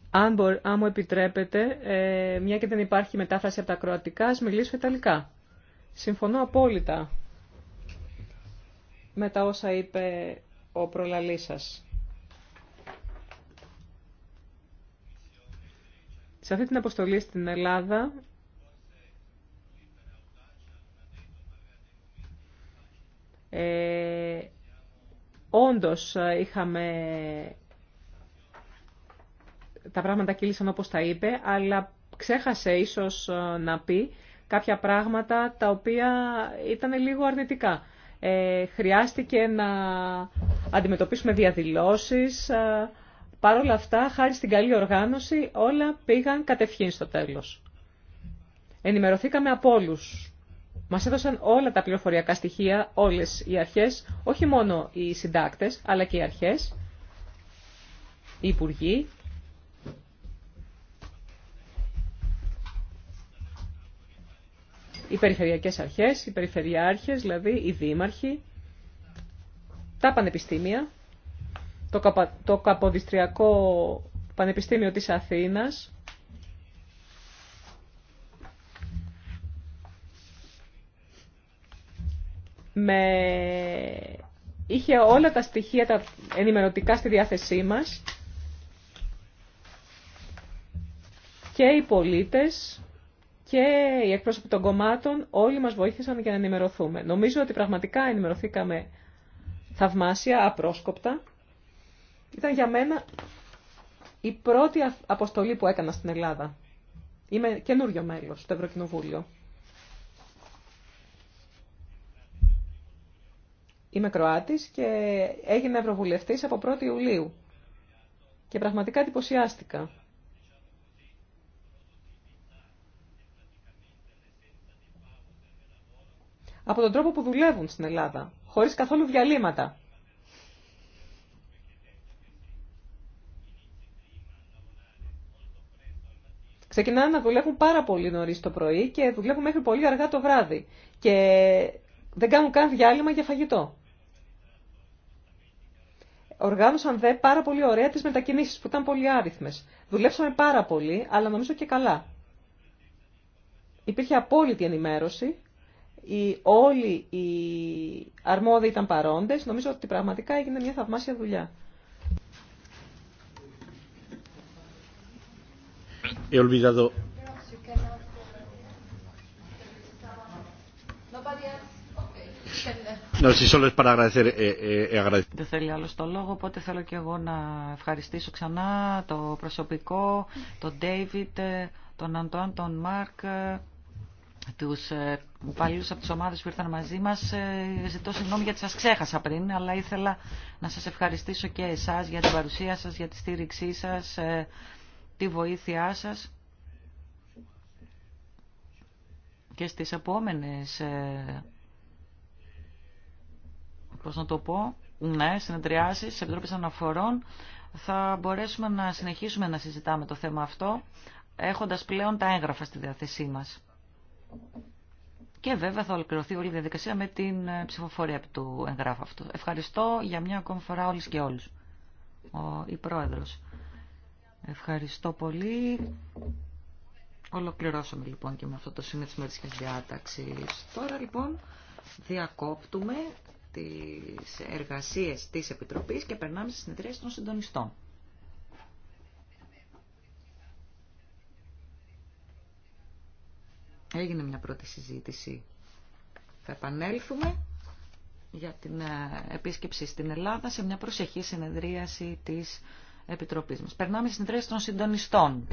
αν, μου επιτρέπετε, ε, μια και δεν υπάρχει μετάφραση από τα κροατικά, ας μιλήσω ιταλικά. Συμφωνώ απόλυτα με τα όσα είπε ο προλαλής σας. Σε αυτή την αποστολή στην Ελλάδα ε, όντως ε, είχαμε τα πράγματα κύλησαν όπως τα είπε, αλλά ξέχασε ίσως ε, να πει κάποια πράγματα τα οποία ήταν λίγο αρνητικά ε, χρειάστηκε να αντιμετωπίσουμε διαδηλώσεις. Ε, Παρ' όλα αυτά, χάρη στην καλή οργάνωση, όλα πήγαν κατευχήν στο τέλος. Ενημερωθήκαμε από όλου. Μας έδωσαν όλα τα πληροφοριακά στοιχεία, όλες οι αρχές, όχι μόνο οι συντάκτες, αλλά και οι αρχές, οι υπουργοί, οι περιφερειακές αρχές, οι περιφερειάρχες, δηλαδή οι δήμαρχοι, τα πανεπιστήμια, το, καπα, το Καποδιστριακό Πανεπιστήμιο της Αθήνας, με... είχε όλα τα στοιχεία τα ενημερωτικά στη διάθεσή μας και οι πολίτες και οι εκπρόσωποι των κομμάτων όλοι μας βοήθησαν για να ενημερωθούμε. Νομίζω ότι πραγματικά ενημερωθήκαμε θαυμάσια, απρόσκοπτα. Ήταν για μένα η πρώτη αποστολή που έκανα στην Ελλάδα. Είμαι καινούριο μέλος στο Ευρωκοινοβούλιο. Είμαι Κροάτης και έγινα Ευρωβουλευτής από 1η Ιουλίου. Και πραγματικά εντυπωσιάστηκα από τον τρόπο που δουλεύουν στην Ελλάδα, χωρίς καθόλου διαλύματα. Ξεκινάνε να δουλεύουν πάρα πολύ νωρί το πρωί και δουλεύουν μέχρι πολύ αργά το βράδυ. Και δεν κάνουν καν διάλειμμα για φαγητό. Οργάνωσαν δε πάρα πολύ ωραία τι μετακινήσει που ήταν πολύ άριθμε. Δουλέψαμε πάρα πολύ, αλλά νομίζω και καλά. Υπήρχε απόλυτη ενημέρωση οι, όλοι οι αρμόδιοι ήταν παρόντες, νομίζω ότι πραγματικά έγινε μια θαυμάσια δουλειά. Eh, eh, eh, Δεν θέλει άλλο το λόγο, οπότε θέλω και εγώ να ευχαριστήσω ξανά το προσωπικό, τον Ντέιβιτ, τον Αντών, τον Μάρκ, τους ε, υπαλλήλους από τις ομάδες που ήρθαν μαζί μας. Ε, ζητώ συγγνώμη γιατί σας ξέχασα πριν, αλλά ήθελα να σας ευχαριστήσω και εσάς για την παρουσία σας, για τη στήριξή σας, ε, τη βοήθειά σας. Και στις επόμενες, πώς να το πω, ναι, συνεδριάσεις σε Επιτροπής Αναφορών, θα μπορέσουμε να συνεχίσουμε να συζητάμε το θέμα αυτό, έχοντας πλέον τα έγγραφα στη διάθεσή μας. Και βέβαια θα ολοκληρωθεί όλη η διαδικασία με την ε, ψηφοφορία του εγγράφου αυτού. Ευχαριστώ για μια ακόμη φορά όλες και όλους. Ο, η Ευχαριστώ πολύ. Ολοκληρώσαμε λοιπόν και με αυτό το σημείο της μέρης διάταξη. Τώρα λοιπόν διακόπτουμε τις εργασίες της Επιτροπής και περνάμε στις συνεδρίες των συντονιστών. Έγινε μια πρώτη συζήτηση. Θα επανέλθουμε για την ε, επίσκεψη στην Ελλάδα σε μια προσεχή συνεδρίαση της Επιτροπής μας. Περνάμε στην συνεδρίαση των συντονιστών.